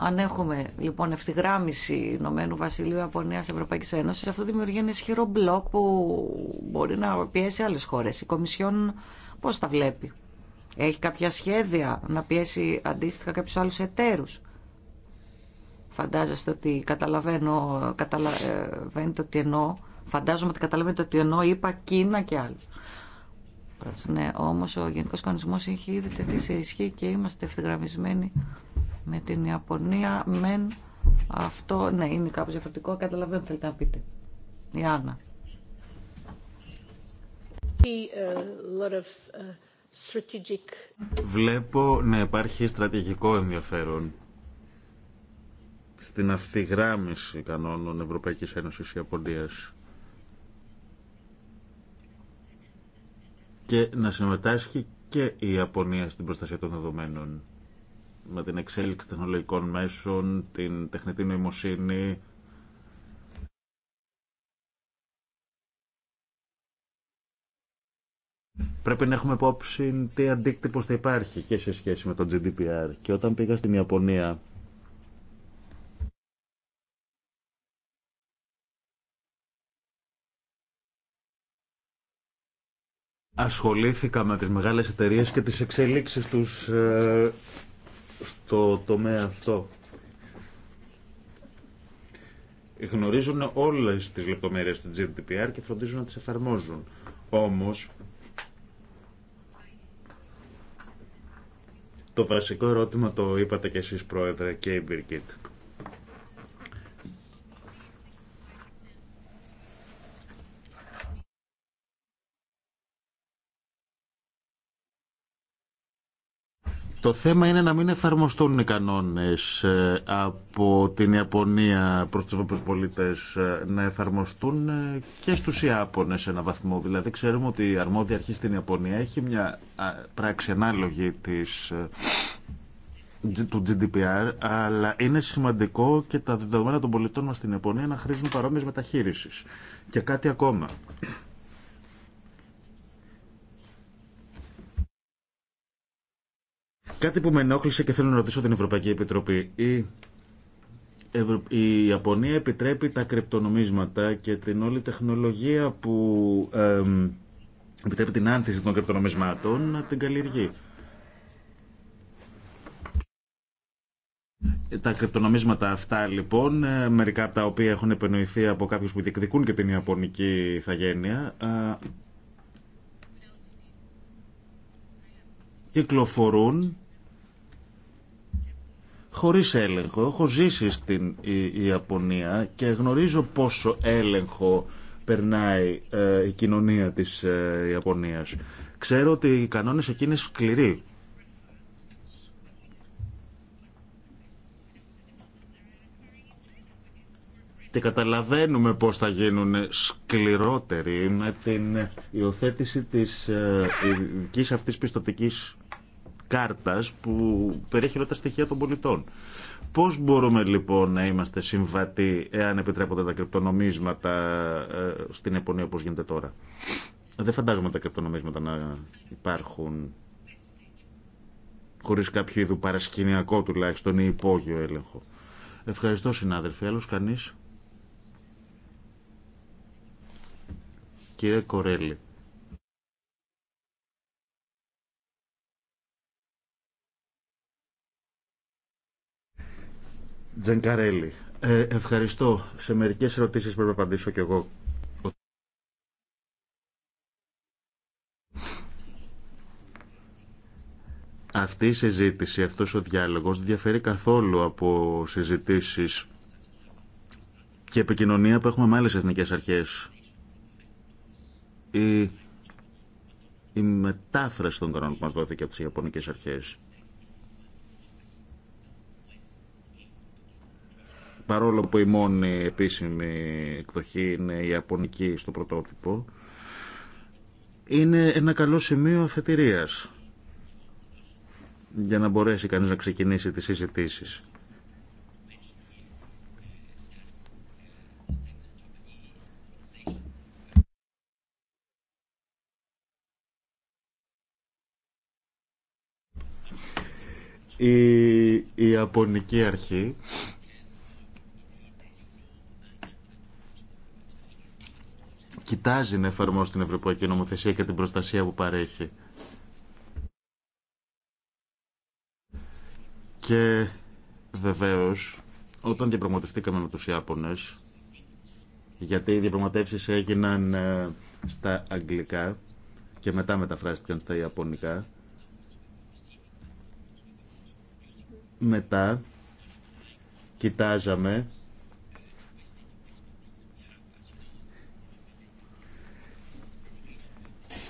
αν έχουμε λοιπόν ευθυγράμμιση Ηνωμένου Βασιλείου από Νέα Ευρωπαϊκή Ένωση, αυτό δημιουργεί ένα ισχυρό μπλοκ που μπορεί να πιέσει άλλε χώρε. Η Κομισιόν πώ τα βλέπει, Έχει κάποια σχέδια να πιέσει αντίστοιχα κάποιου άλλου εταίρου. Φαντάζεστε ότι καταλαβαίνω, καταλαβαίνετε ε, ότι εννοώ, φαντάζομαι ότι καταλαβαίνετε ότι εννοώ, είπα Κίνα και άλλου. Ναι, όμω ο Γενικό Κανονισμό έχει ήδη τεθεί σε ισχύ και είμαστε ευθυγραμμισμένοι με την Ιαπωνία, μεν αυτό, ναι, είναι κάπως διαφορετικό, καταλαβαίνω θέλετε να πείτε. Η Άννα. Ε, ε, Βλέπω να υπάρχει στρατηγικό ενδιαφέρον στην αυθυγράμμιση κανόνων Ευρωπαϊκής Ένωσης Ιαπωνίας και να συμμετάσχει και η Ιαπωνία στην προστασία των δεδομένων με την εξέλιξη τεχνολογικών μέσων, την τεχνητή νοημοσύνη, πρέπει να έχουμε υπόψη τι αντίκτυπος θα υπάρχει και σε σχέση με το GDPR. Και όταν πήγα στην Ιαπωνία, ασχολήθηκα με τις μεγάλες εταιρείες και τις εξελίξεις τους ε, στο τομέα αυτό. Γνωρίζουν όλες τις λεπτομέρειες του GDPR και φροντίζουν να τις εφαρμόζουν. Όμως, το βασικό ερώτημα το είπατε και εσείς πρόεδρε και η Μπυρκίτ. Το θέμα είναι να μην εφαρμοστούν οι κανόνες ε, από την Ιαπωνία προς τους Ευρωπαίου πολίτες, ε, να εφαρμοστούν ε, και στους Ιάπωνες σε ένα βαθμό. Δηλαδή ξέρουμε ότι η αρμόδια αρχή στην Ιαπωνία έχει μια πράξη ανάλογη της του GDPR, αλλά είναι σημαντικό και τα δεδομένα των πολιτών μας στην Ιαπωνία να χρήζουν παρόμοιες μεταχείρισεις. Και κάτι ακόμα. Κάτι που με ενόχλησε και θέλω να ρωτήσω την Ευρωπαϊκή Επιτροπή. Η, η Ιαπωνία επιτρέπει τα κρυπτονομίσματα και την όλη τεχνολογία που επιτρέπει την άνθηση των κρυπτονομισμάτων να την καλλιεργεί. Τα κρυπτονομίσματα αυτά λοιπόν, ε, μερικά από τα οποία έχουν επενοηθεί από κάποιους που διεκδικούν και την Ιαπωνική ηθαγένεια, ε, κυκλοφορούν χωρίς έλεγχο. Έχω ζήσει στην Ιαπωνία και γνωρίζω πόσο έλεγχο περνάει ε, η κοινωνία της ε, Ιαπωνίας. Ξέρω ότι οι κανόνες εκεί είναι σκληροί. Και καταλαβαίνουμε πώς θα γίνουν σκληρότεροι με την υιοθέτηση της ε, ειδική αυτής πιστοτικής που περιέχει όλα τα στοιχεία των πολιτών. Πώς μπορούμε λοιπόν να είμαστε συμβατοί εάν επιτρέπονται τα κρυπτονομίσματα ε, στην επωνία όπως γίνεται τώρα. Δεν φαντάζομαι τα κρυπτονομίσματα να υπάρχουν χωρί κάποιο είδου παρασκηνιακό τουλάχιστον ή υπόγειο έλεγχο. Ευχαριστώ συνάδελφοι. Άλλο κανεί. Κύριε Κορέλη. Τζενκαρέλη. Ε, ευχαριστώ. Σε μερικές ερωτήσεις πρέπει να απαντήσω κι εγώ. Αυτή η συζήτηση, αυτός ο διάλογος διαφέρει καθόλου από συζητήσεις και επικοινωνία που έχουμε με άλλες εθνικές αρχές. Η, η μετάφραση των κανόνων που μας δόθηκε από τις Ιαπωνικές αρχές παρόλο που η μόνη επίσημη εκδοχή είναι η Ιαπωνική στο πρωτότυπο, είναι ένα καλό σημείο αφετηρίας για να μπορέσει κανείς να ξεκινήσει τις συζητήσεις. Η Ιαπωνική αρχή κοιτάζει να εφαρμόσει την Ευρωπαϊκή Νομοθεσία και την προστασία που παρέχει. Και βεβαίως, όταν διαπραγματευτήκαμε με τους Ιάπωνες, γιατί οι διαπραγματεύσεις έγιναν ε, στα αγγλικά και μετά μεταφράστηκαν στα ιαπωνικά, μετά κοιτάζαμε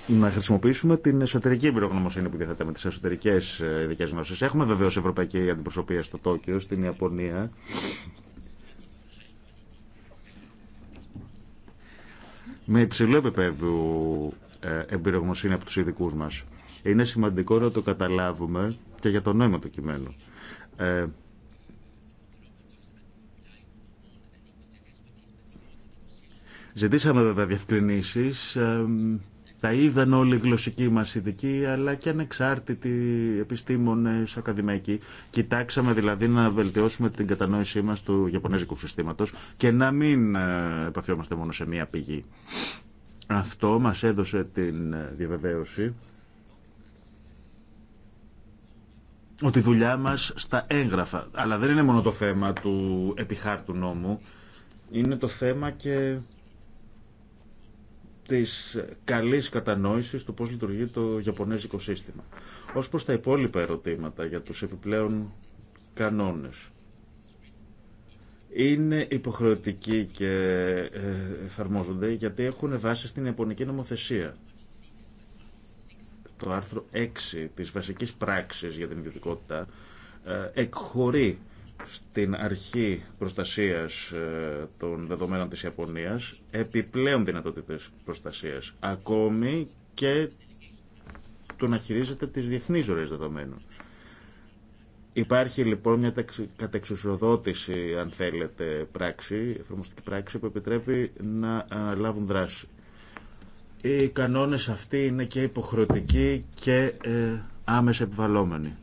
να χρησιμοποιήσουμε την εσωτερική εμπειρογνωμοσύνη που διαθέτουμε, τι εσωτερικέ ε, ειδικέ γνώσει. Έχουμε βεβαίω ευρωπαϊκή αντιπροσωπεία στο Τόκιο, στην Ιαπωνία. Με υψηλό επίπεδο ε, εμπειρογνωμοσύνη από του ειδικού μα. Είναι σημαντικό να το καταλάβουμε και για το νόημα του κειμένου. Ε, ζητήσαμε βέβαια διευκρινήσεις ε, τα είδαν όλοι οι γλωσσικοί μας ειδικοί, αλλά και ανεξάρτητοι επιστήμονες, ακαδημαϊκοί. Κοιτάξαμε δηλαδή να βελτιώσουμε την κατανόησή μας του Ιαπωνέζικου συστήματος και να μην ε, επαφιόμαστε μόνο σε μία πηγή. Αυτό μας έδωσε την ε, διαβεβαίωση ότι η δουλειά μας στα έγγραφα, αλλά δεν είναι μόνο το θέμα του επιχάρτου νόμου, είναι το θέμα και της καλής κατανόησης του πώς λειτουργεί το Ιαπωνέζικο σύστημα. Ως προς τα υπόλοιπα ερωτήματα για τους επιπλέον κανόνες. Είναι υποχρεωτικοί και ε, εφαρμόζονται γιατί έχουν βάση στην Ιαπωνική νομοθεσία. Το άρθρο 6 της βασικής πράξης για την ιδιωτικότητα ε, εκχωρεί στην αρχή προστασίας ε, των δεδομένων της Ιαπωνίας επιπλέον δυνατότητες προστασίας, ακόμη και το να χειρίζεται τις διεθνείς ζωέ δεδομένων. Υπάρχει λοιπόν μια κατεξουσιοδότηση, αν θέλετε, πράξη, εφαρμοστική πράξη που επιτρέπει να λάβουν δράση. Οι κανόνες αυτοί είναι και υποχρεωτικοί και ε, άμεσα επιβαλλόμενοι.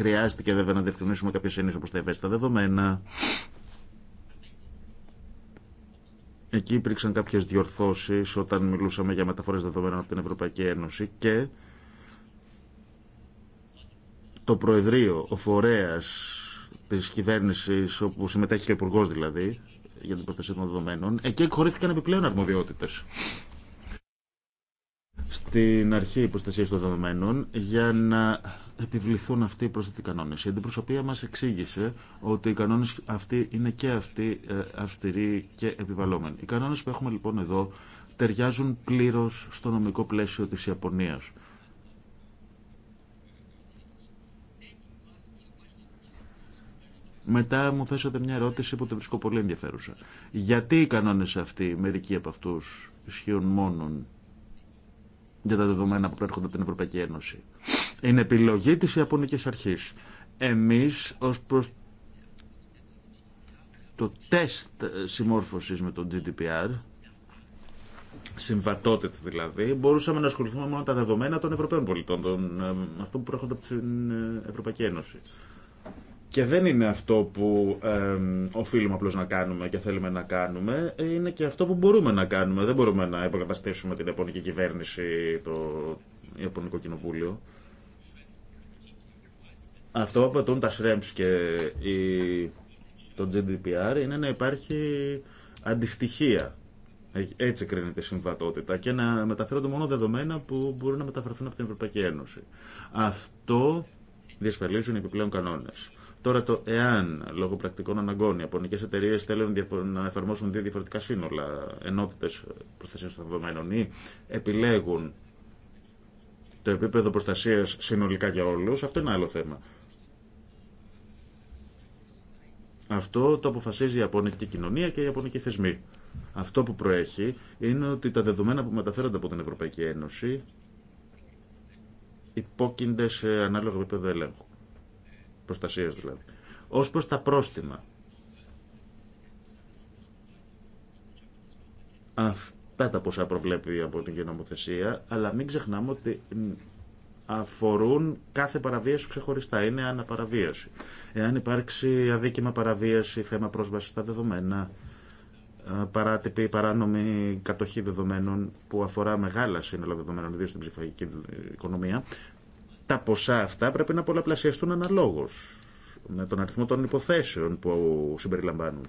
Χρειάστηκε βέβαια να διευκρινίσουμε κάποιες έννοιες όπως τα ευαίσθητα δεδομένα. Εκεί υπήρξαν κάποιες διορθώσεις όταν μιλούσαμε για μεταφορές δεδομένων από την Ευρωπαϊκή Ένωση και το Προεδρείο, ο Φορέας τη κυβέρνηση, όπου συμμετέχει και ο Υπουργό δηλαδή, για την προστασία των δεδομένων, εκεί εκχωρήθηκαν επιπλέον αρμοδιότητε στην αρχή υποστασία των δεδομένων για να επιβληθούν αυτοί οι πρόσθετοι κανόνε. Η αντιπροσωπεία μα εξήγησε ότι οι κανόνε αυτοί είναι και αυτοί ε, αυστηροί και επιβαλλόμενοι. Οι κανόνε που έχουμε λοιπόν εδώ ταιριάζουν πλήρω στο νομικό πλαίσιο τη Ιαπωνία. Μετά μου θέσατε μια ερώτηση που το βρίσκω πολύ ενδιαφέρουσα. Γιατί οι κανόνες αυτοί, μερικοί από αυτούς, ισχύουν μόνον για τα δεδομένα που προέρχονται από την Ευρωπαϊκή Ένωση. Είναι επιλογή της Ιαπωνικής Αρχής. Εμείς ως προς το τεστ συμμόρφωσης με τον GDPR, συμβατότητα δηλαδή, μπορούσαμε να ασχοληθούμε μόνο με τα δεδομένα των Ευρωπαίων πολιτών, των, ε, αυτό που προέρχονται από την ε, Ευρωπαϊκή Ένωση. Και δεν είναι αυτό που ε, οφείλουμε απλώς να κάνουμε και θέλουμε να κάνουμε, είναι και αυτό που μπορούμε να κάνουμε. Δεν μπορούμε να υποκαταστήσουμε την Ιαπωνική κυβέρνηση, το Ιαπωνικό Κοινοβούλιο. Αυτό που απαιτούν τα ΣΡΕΜΣ και η, το GDPR είναι να υπάρχει αντιστοιχεία. Έτσι κρίνεται η συμβατότητα και να μεταφέρονται μόνο δεδομένα που μπορούν να μεταφερθούν από την Ευρωπαϊκή Ένωση. Αυτό διασφαλίζουν οι επιπλέον κανόνες. Τώρα το εάν λόγω πρακτικών αναγκών οι Ιαπωνικέ εταιρείε θέλουν να εφαρμόσουν δύο διαφορετικά σύνολα ενότητε προστασία των δεδομένων ή επιλέγουν το επίπεδο προστασία συνολικά για όλου, αυτό είναι άλλο θέμα. Αυτό το αποφασίζει η Ιαπωνική κοινωνία και οι Ιαπωνικοί θεσμοί. Αυτό που προέχει είναι ότι τα δεδομένα που μεταφέρονται από την Ευρωπαϊκή Ένωση υπόκεινται σε ανάλογο επίπεδο ελέγχου προστασίας δηλαδή. Ως προς τα πρόστιμα. Αυτά τα ποσά προβλέπει από την κοινομοθεσία, αλλά μην ξεχνάμε ότι αφορούν κάθε παραβίαση ξεχωριστά. Είναι αναπαραβίαση. Εάν υπάρξει αδίκημα παραβίαση, θέμα πρόσβαση στα δεδομένα, ε, παράτυπη παράνομη κατοχή δεδομένων που αφορά μεγάλα σύνολα δεδομένων, ιδίω στην ψηφιακή οικονομία, τα ποσά αυτά πρέπει να πολλαπλασιαστούν αναλόγως με τον αριθμό των υποθέσεων που συμπεριλαμβάνουν.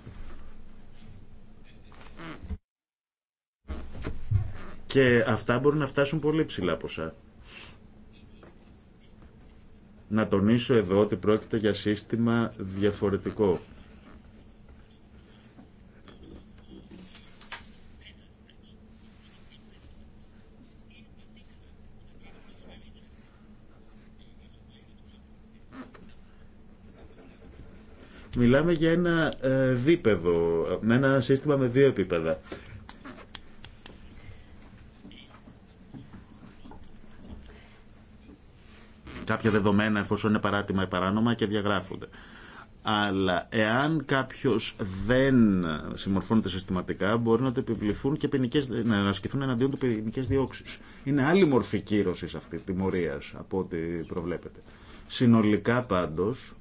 Και αυτά μπορούν να φτάσουν πολύ ψηλά ποσά. Να τονίσω εδώ ότι πρόκειται για σύστημα διαφορετικό Μιλάμε για ένα ε, δίπεδο, ένα σύστημα με δύο επίπεδα. Κάποια δεδομένα εφόσον είναι παράτημα ή παράνομα και διαγράφονται. Αλλά εάν κάποιο δεν συμμορφώνεται συστηματικά, μπορεί να το επιβληθούν και ποινικές, να ασκηθούν εναντίον του ποινικέ διώξει. Είναι άλλη μορφή κύρωση αυτή τιμωρία από ό,τι προβλέπετε. Συνολικά πάντως,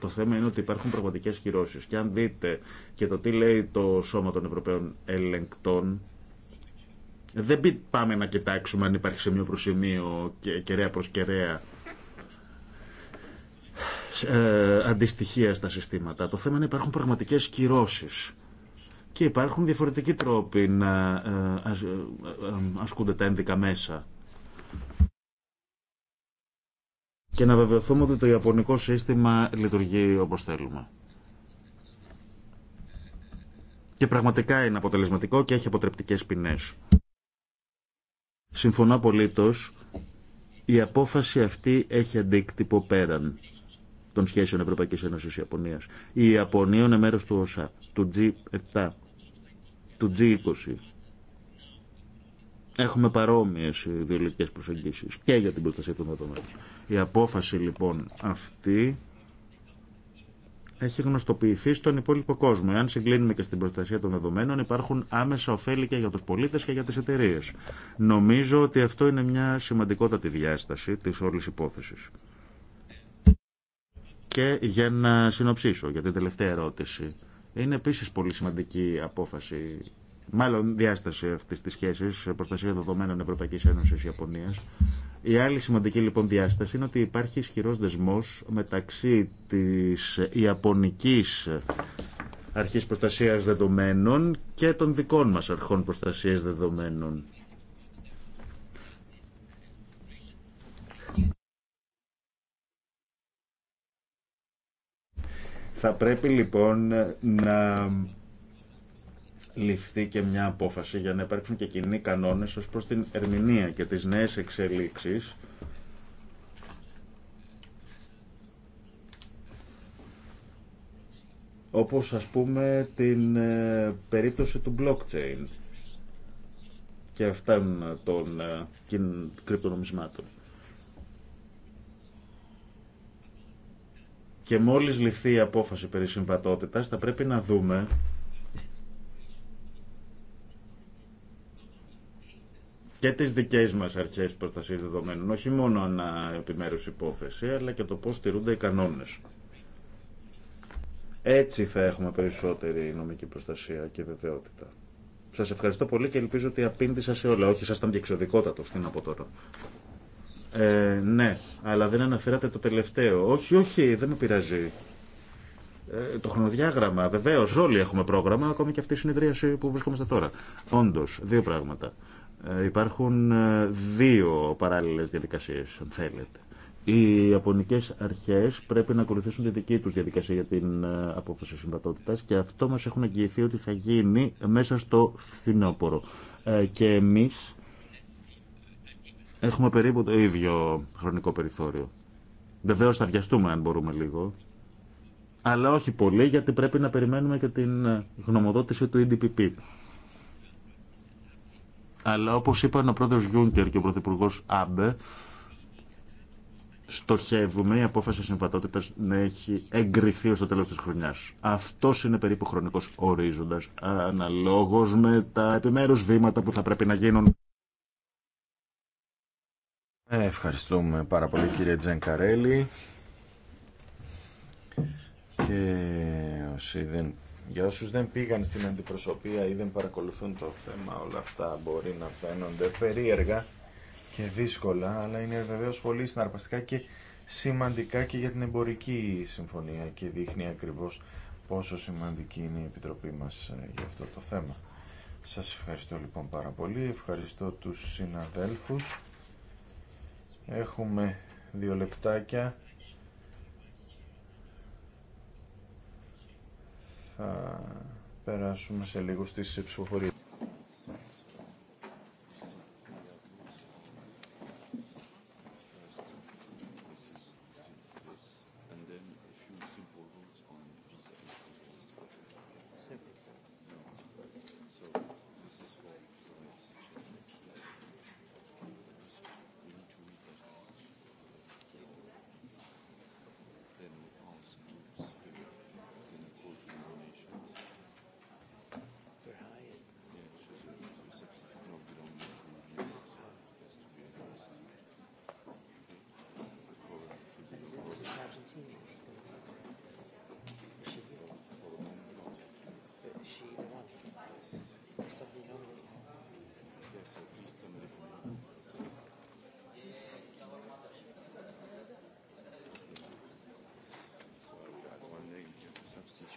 Το θέμα είναι ότι υπάρχουν πραγματικές κυρώσεις. Και αν δείτε και το τι λέει το Σώμα των Ευρωπαίων Ελεγκτών, δεν πάμε να κοιτάξουμε αν υπάρχει σε μία προσημείο και κεραία προς κεραία ε, αντιστοιχεία στα συστήματα. Το θέμα είναι ότι υπάρχουν πραγματικές κυρώσεις. Και υπάρχουν διαφορετικοί τρόποι να ε, ε, ε, ασκούνται τα ένδικα μέσα και να βεβαιωθούμε ότι το Ιαπωνικό σύστημα λειτουργεί όπως θέλουμε. Και πραγματικά είναι αποτελεσματικό και έχει αποτρεπτικές ποινές. Συμφωνώ απολύτως, η απόφαση αυτή έχει αντίκτυπο πέραν των σχέσεων Ευρωπαϊκής Ένωσης Ιαπωνίας. Η Ιαπωνία είναι μέρος του ΩΣΑ, του G7, του G20. Έχουμε παρόμοιες ιδεολογικές προσεγγίσεις και για την προστασία των δεδομένων. Η απόφαση λοιπόν αυτή έχει γνωστοποιηθεί στον υπόλοιπο κόσμο. Εάν συγκλίνουμε και στην προστασία των δεδομένων, υπάρχουν άμεσα ωφέλη και για του πολίτε και για τι εταιρείε. Νομίζω ότι αυτό είναι μια σημαντικότατη διάσταση τη όλη υπόθεση. Και για να συνοψίσω για την τελευταία ερώτηση. Είναι επίση πολύ σημαντική απόφαση, μάλλον διάσταση αυτή τη σχέση προστασία δεδομένων Ευρωπαϊκή Ένωση-Ιαπωνία η άλλη σημαντική λοιπόν διάσταση είναι ότι υπάρχει ισχυρός δεσμός μεταξύ της ιαπωνικής αρχής προστασίας δεδομένων και των δικών μας αρχών προστασίας δεδομένων. Θα πρέπει λοιπόν να ληφθεί και μια απόφαση για να υπάρξουν και κοινοί κανόνες ως προς την ερμηνεία και τις νέες εξελίξεις όπως ας πούμε την ε, περίπτωση του blockchain και αυτών των ε, κρυπτονομισμάτων. Και μόλις ληφθεί η απόφαση περί συμβατότητας θα πρέπει να δούμε και τις δικές μας αρχές προστασίας δεδομένων, όχι μόνο ανά επιμέρους υπόθεση, αλλά και το πώς στηρούνται οι κανόνες. Έτσι θα έχουμε περισσότερη νομική προστασία και βεβαιότητα. Σας ευχαριστώ πολύ και ελπίζω ότι απήντησα σε όλα. Όχι, ήσασταν διεξοδικότατος, τι να πω τώρα. Ε, ναι, αλλά δεν αναφέρατε το τελευταίο. Όχι, όχι, δεν με πειράζει. Ε, το χρονοδιάγραμμα, βεβαίω, όλοι έχουμε πρόγραμμα, ακόμη και αυτή η συνεδρίαση που βρισκόμαστε τώρα. Όντω, δύο πράγματα. Ε, υπάρχουν ε, δύο παράλληλες διαδικασίες, αν θέλετε. Οι Ιαπωνικές αρχές πρέπει να ακολουθήσουν τη δική τους διαδικασία για την ε, απόφαση συμβατότητας και αυτό μας έχουν εγγυηθεί ότι θα γίνει μέσα στο φθινόπωρο. Και εμείς έχουμε περίπου το ίδιο χρονικό περιθώριο. Βεβαίω θα βιαστούμε αν μπορούμε λίγο, αλλά όχι πολύ γιατί πρέπει να περιμένουμε και την γνωμοδότηση του EDPP. Αλλά όπως είπαν ο πρόεδρος Γιούνκερ και ο πρωθυπουργό Άμπε, στοχεύουμε η απόφαση συμβατότητας να έχει εγκριθεί ως το τέλος της χρονιάς. Αυτό είναι περίπου χρονικός ορίζοντας, αναλόγως με τα επιμέρους βήματα που θα πρέπει να γίνουν. Ε, ευχαριστούμε πάρα πολύ κύριε Τζενκαρέλη και όσοι δεν για όσους δεν πήγαν στην αντιπροσωπεία ή δεν παρακολουθούν το θέμα, όλα αυτά μπορεί να φαίνονται περίεργα και δύσκολα, αλλά είναι βεβαίω πολύ συναρπαστικά και σημαντικά και για την εμπορική συμφωνία και δείχνει ακριβώς πόσο σημαντική είναι η Επιτροπή μας ε, για αυτό το θέμα. Σας ευχαριστώ λοιπόν πάρα πολύ, ευχαριστώ τους συναδέλφους. Έχουμε δύο λεπτάκια θα περάσουμε σε λίγο στις ψηφοφορίες.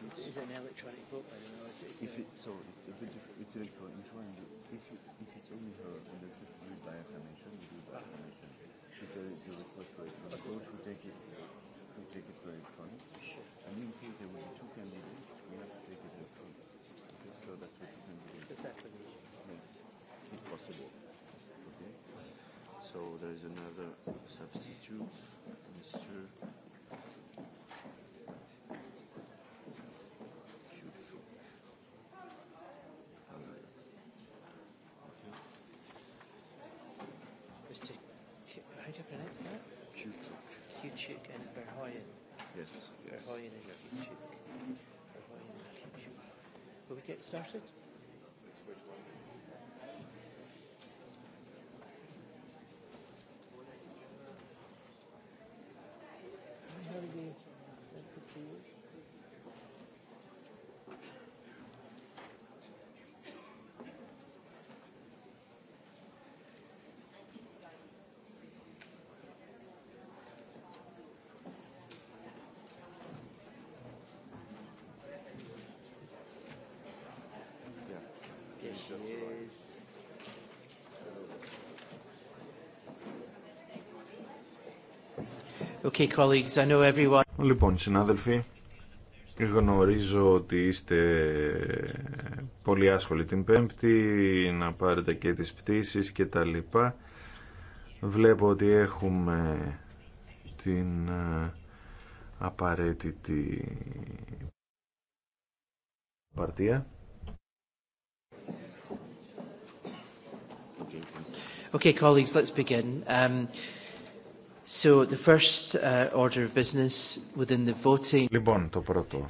is an electronic book, It's, if a electronic. If, it's only request for take it. We take it for electronic. And in there will be two candidates, we have to take it So that's what you possible. Okay. So there is another substitute, Mr. get started. Λοιπόν, συνάδελφοι, γνωρίζω ότι είστε πολύ άσχολοι την Πέμπτη, να πάρετε και τις πτήσεις και τα λοιπά. Βλέπω ότι έχουμε την ε, απαραίτητη παρτία. Okay, colleagues, let's begin. Um, so the first uh, order of business within the voting. Λοιπόν, το πρώτο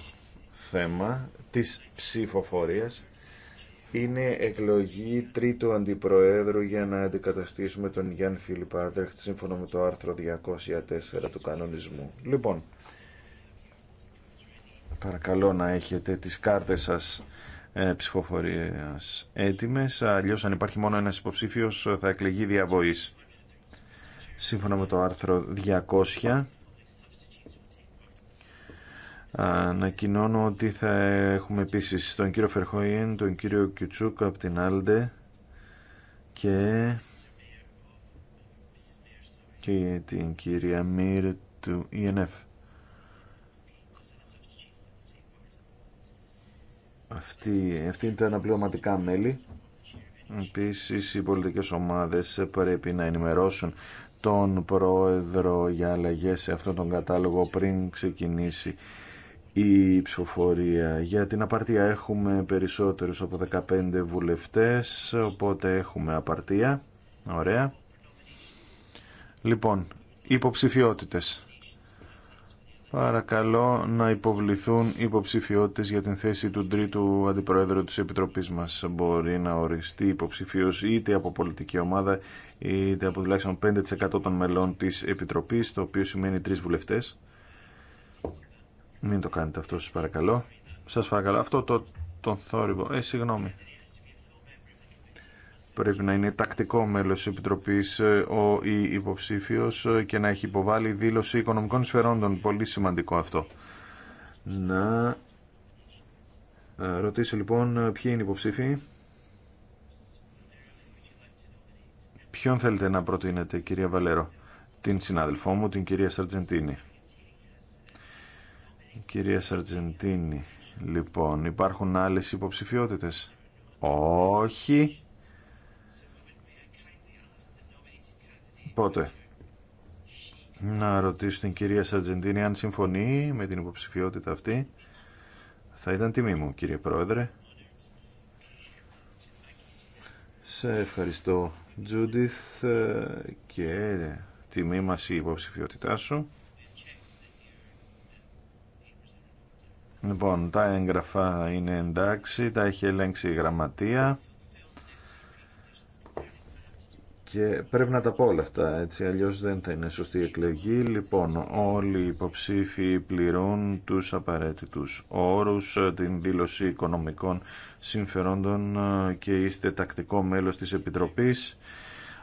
θέμα της ψηφοφορίας είναι εκλογή τρίτου αντιπροέδρου για να αντικαταστήσουμε τον Γιάννη Φίλιπ Άρντρεχτ σύμφωνα με το άρθρο 204 του κανονισμού. Λοιπόν, παρακαλώ να έχετε τις κάρτες σας ε, ψηφοφορίας έτοιμες, αλλιώς αν υπάρχει μόνο ένας υποψήφιος θα εκλεγεί διαβοής. Σύμφωνα με το άρθρο 200, ανακοινώνω ότι θα έχουμε επίσης τον κύριο Φερχόιν, τον κύριο Κιουτσούκ από την Άλντε και, την κυρία Μύρ του ΙΕΝΕΦ. E Αυτή, είναι τα αναπληρωματικά μέλη. Επίση, οι πολιτικέ ομάδε πρέπει να ενημερώσουν τον Πρόεδρο για αλλαγέ σε αυτόν τον κατάλογο πριν ξεκινήσει η ψηφοφορία. Για την απαρτία έχουμε περισσότερους από 15 βουλευτές, οπότε έχουμε απαρτία. Ωραία. Λοιπόν, υποψηφιότητες. Παρακαλώ να υποβληθούν υποψηφιότητες για την θέση του τρίτου αντιπροέδρου της Επιτροπής μας. Μπορεί να οριστεί υποψηφίος είτε από πολιτική ομάδα είτε από τουλάχιστον 5% των μελών της Επιτροπής, το οποίο σημαίνει τρεις βουλευτές. Μην το κάνετε αυτό σας παρακαλώ. Σας παρακαλώ αυτό το, τον θόρυβο. Ε, συγγνώμη πρέπει να είναι τακτικό μέλος της Επιτροπής ε, ο ή υποψήφιος ε, και να έχει υποβάλει δήλωση οικονομικών σφαιρόντων. Πολύ σημαντικό αυτό. Να ε, ρωτήσω λοιπόν ποιοι είναι οι υποψήφοι. Ποιον θέλετε να προτείνετε κυρία Βαλέρο. Την συνάδελφό μου, την κυρία Σαρτζεντίνη. Κυρία Σαρτζεντίνη, λοιπόν, υπάρχουν άλλες υποψηφιότητες. Όχι. Οπότε, να ρωτήσω την κυρία Σατζεντίνη αν συμφωνεί με την υποψηφιότητα αυτή. Θα ήταν τιμή μου, κύριε Πρόεδρε. Σε ευχαριστώ, Τζούντιθ, ε, και τιμή μας η υποψηφιότητά σου. Λοιπόν, τα έγγραφα είναι εντάξει, τα έχει ελέγξει η γραμματεία και πρέπει να τα πω όλα αυτά, έτσι αλλιώς δεν θα είναι σωστή εκλογή. Λοιπόν, όλοι οι υποψήφοι πληρούν τους απαραίτητους όρους, την δήλωση οικονομικών συμφερόντων ε, και είστε τακτικό μέλος της Επιτροπής.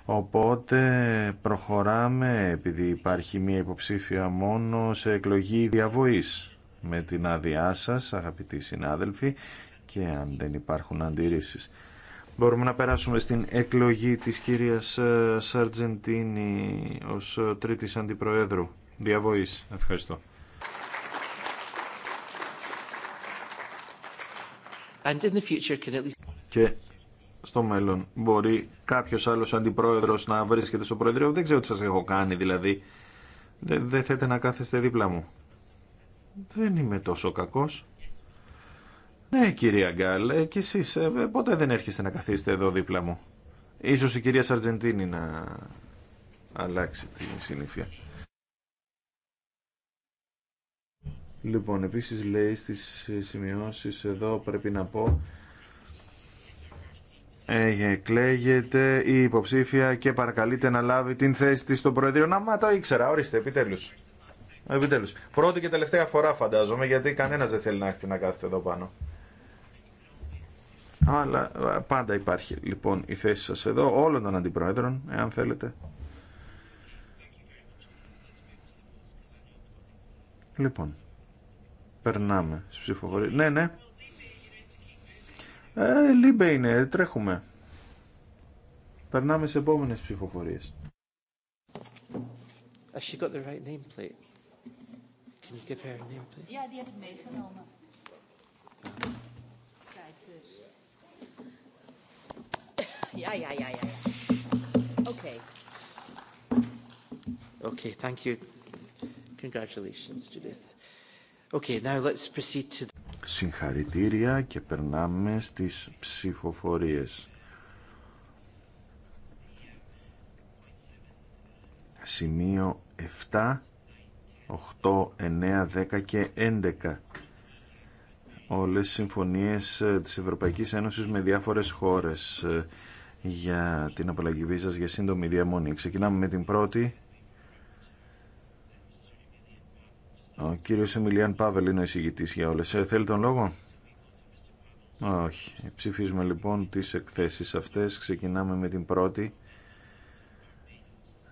Οπότε προχωράμε, επειδή υπάρχει μία υποψήφια μόνο, σε εκλογή διαβοής. Με την άδειά σας, αγαπητοί συνάδελφοι, και αν δεν υπάρχουν αντιρρήσεις. Μπορούμε να περάσουμε στην εκλογή της κυρίας ε, Σαρτζεντίνη ως ε, τρίτης αντιπροέδρου. Διαβοής. Ευχαριστώ. in the future can at least... Και στο μέλλον μπορεί κάποιος άλλος αντιπρόεδρος να βρίσκεται στο Προεδρείο. Δεν ξέρω τι σας έχω κάνει δηλαδή. Δεν δε να κάθεστε δίπλα μου. Δεν είμαι τόσο κακός. Ναι, κυρία Γκάλ, ε, και εσείς ε, ε, ποτέ δεν έρχεστε να καθίσετε εδώ δίπλα μου. Ίσως η κυρία Σαρτζεντίνη να αλλάξει τη συνήθεια. Λοιπόν, επίση λέει στις σημειώσει εδώ πρέπει να πω εκλέγεται η υποψήφια και παρακαλείται να λάβει την θέση της στο Προεδρείο. Να, μα το ήξερα, ορίστε, επιτέλους. Επιτέλους. Πρώτη και τελευταία φορά φαντάζομαι, γιατί κανένας δεν θέλει να έρθει να κάθεται εδώ πάνω αλλά πάντα υπάρχει λοιπόν η θέση σας εδώ όλων των αντιπρόεδρων εάν θέλετε λοιπόν περνάμε στις ψηφοφορίες ναι ναι ε, λίμπε είναι τρέχουμε περνάμε σε επόμενες ψηφοφορίες Has she got the right nameplate? Can you give her a nameplate? Yeah, die heb ik meegenomen. Ja, ja, ja, ja. Okay. Okay, thank you. Congratulations, Judith. Okay, now let's proceed to... Συγχαρητήρια και περνάμε στις ψηφοφορίες. Σημείο 7, 8, 9, 10 και 11 όλες οι συμφωνίες ε, της Ευρωπαϊκής Ένωσης με διάφορες χώρες για την απαλλαγή βίζας για σύντομη διαμονή. Ξεκινάμε με την πρώτη. Ο κύριος Εμιλιάν Πάβελ είναι ο εισηγητής για όλες. Ε, θέλει τον λόγο? Όχι. Ψηφίζουμε λοιπόν τις εκθέσεις αυτές. Ξεκινάμε με την πρώτη.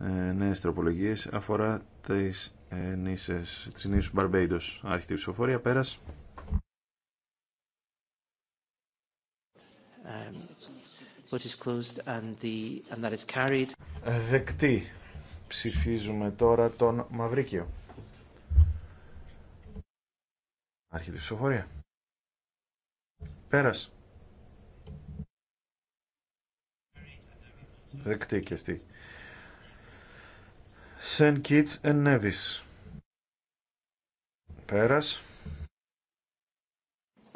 Ε, νέες τροπολογίες αφορά τις ε, νήσες, της νήσους Μπαρμπέιντος. Άρχιτη ψηφοφορία. Πέρας. Ε, what is closed and, the, and that is carried. Δεκτή. Ψηφίζουμε τώρα τον Μαυρίκιο. Άρχεται ψηφοφορία. Πέρας. Δεκτή και αυτή. Σεν Κίτς εν Νέβης. Πέρας.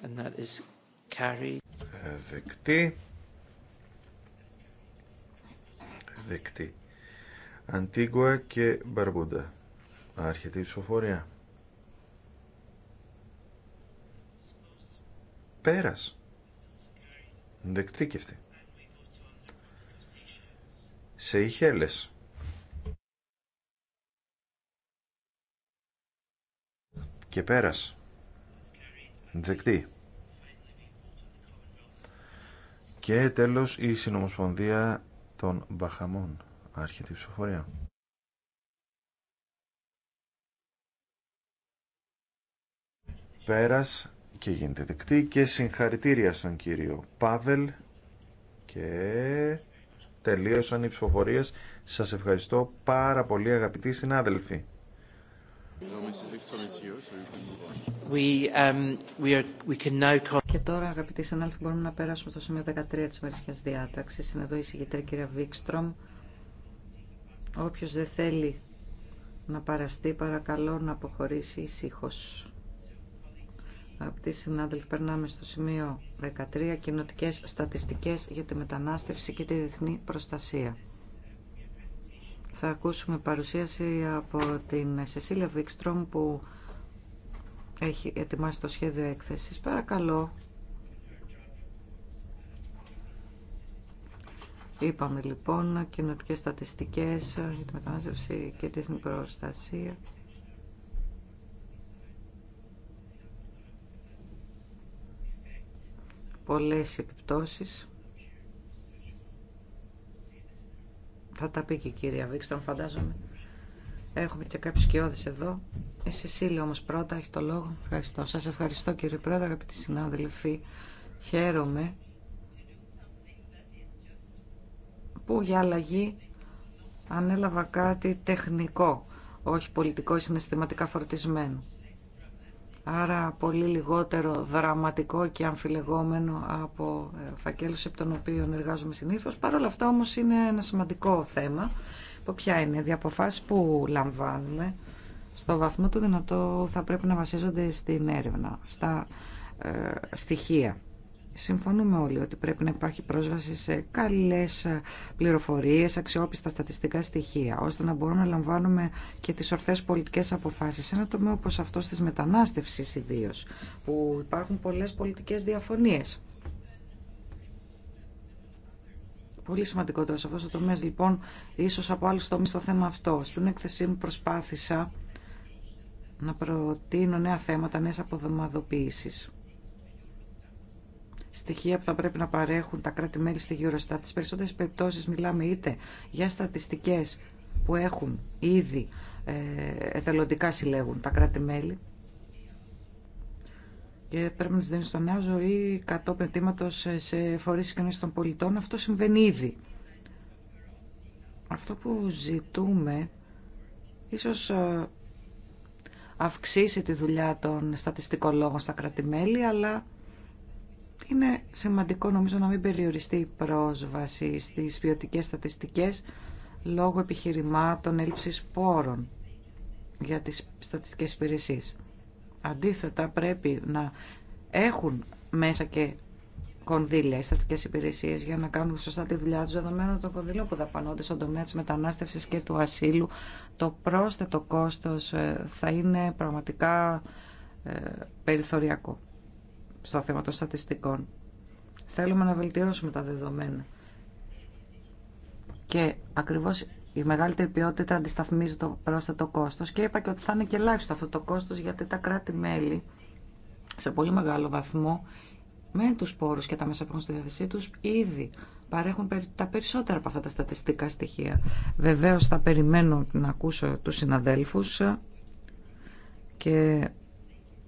And that is carried. Ε, δεκτή. δεκτή. Αντίγκουα και Μπαρμπούντα. Άρχεται η ψηφοφορία. Πέρας. Δεκτή και αυτή. Σε ηχέλες. Και πέρας. Δεκτή. Και τέλος η Συνομοσπονδία των Μπαχαμών. Άρχεται η ψηφοφορία. Πέρας και γίνεται δεκτή και συγχαρητήρια στον κύριο Πάβελ και τελείωσαν οι ψηφοφορίες. Σας ευχαριστώ πάρα πολύ αγαπητοί συνάδελφοι. Um, και τώρα, αγαπητοί συνάδελφοι, μπορούμε να περάσουμε στο σημείο 13 τη Μαρισιάς διάταξη. Είναι εδώ η συγκεκριμένη κυρία Βίκστρομ. Όποιος δεν θέλει να παραστεί, παρακαλώ να αποχωρήσει ησύχως. Αγαπητοί συνάδελφοι, περνάμε στο σημείο 13, κοινοτικές στατιστικές για τη μετανάστευση και τη διεθνή προστασία. Θα ακούσουμε παρουσίαση από την Σεσίλια Βίξτρομ που έχει ετοιμάσει το σχέδιο έκθεσης. Παρακαλώ. Είπαμε λοιπόν κοινωτικές στατιστικές για τη μετανάστευση και την προστασία. Πολλές επιπτώσεις. Θα τα πει και η κυρία Βίξτον, φαντάζομαι. Έχουμε και κάποιου σκιώδε εδώ. Η Σεσίλη όμω πρώτα έχει το λόγο. Ευχαριστώ. Σα ευχαριστώ κύριε Πρόεδρε, αγαπητοί συνάδελφοι. Χαίρομαι που για αλλαγή ανέλαβα κάτι τεχνικό, όχι πολιτικό ή συναισθηματικά φορτισμένο άρα πολύ λιγότερο δραματικό και αμφιλεγόμενο από ε, φακέλους από τον οποίο εργάζομαι συνήθως. Παρ' όλα αυτά όμως είναι ένα σημαντικό θέμα. Ποια είναι, οι αποφάσεις που λαμβάνουμε στο βαθμό του δυνατό θα πρέπει να βασίζονται στην έρευνα, στα ε, στοιχεία. Συμφωνούμε όλοι ότι πρέπει να υπάρχει πρόσβαση σε καλές πληροφορίες, αξιόπιστα στατιστικά στοιχεία, ώστε να μπορούμε να λαμβάνουμε και τις ορθές πολιτικές αποφάσεις. ένα τομέα όπως αυτό της μετανάστευση ιδίω, που υπάρχουν πολλές πολιτικές διαφωνίες. Πολύ σημαντικότερο σε αυτό το τομέα, λοιπόν, ίσως από άλλους τομείς το θέμα αυτό. Στην έκθεσή μου προσπάθησα να προτείνω νέα θέματα, νέες αποδομαδοποιήσεις στοιχεία που θα πρέπει να παρέχουν τα κράτη-μέλη στη Eurostat. Στις περισσότερες περιπτώσεις μιλάμε είτε για στατιστικές που έχουν ήδη ε, εθελοντικά συλλέγουν τα κράτη-μέλη και πρέπει να τις δίνουν στον νέο ζωή κατόπιν τίματο ε, σε φορείς κοινωνίας των πολιτών. Αυτό συμβαίνει ήδη. Αυτό που ζητούμε ίσως ε, αυξήσει τη δουλειά των στατιστικολόγων στα κράτη-μέλη, αλλά είναι σημαντικό νομίζω να μην περιοριστεί η πρόσβαση στις ποιοτικέ στατιστικές λόγω επιχειρημάτων έλλειψης πόρων για τις στατιστικές υπηρεσίες. Αντίθετα πρέπει να έχουν μέσα και κονδύλια οι στατιστικές υπηρεσίες για να κάνουν σωστά τη δουλειά τους δεδομένου το που δαπανώνται στον τομέα της μετανάστευσης και του ασύλου. Το πρόσθετο κόστος ε, θα είναι πραγματικά ε, περιθωριακό στο θέμα των στατιστικών. Θέλουμε να βελτιώσουμε τα δεδομένα. Και ακριβώς η μεγαλύτερη ποιότητα αντισταθμίζει το πρόσθετο κόστος και είπα και ότι θα είναι και ελάχιστο αυτό το κόστος γιατί τα κράτη-μέλη σε πολύ μεγάλο βαθμό με τους πόρους και τα μέσα που έχουν στη διάθεσή τους ήδη παρέχουν τα περισσότερα από αυτά τα στατιστικά στοιχεία. Βεβαίως θα περιμένω να ακούσω τους συναδέλφους και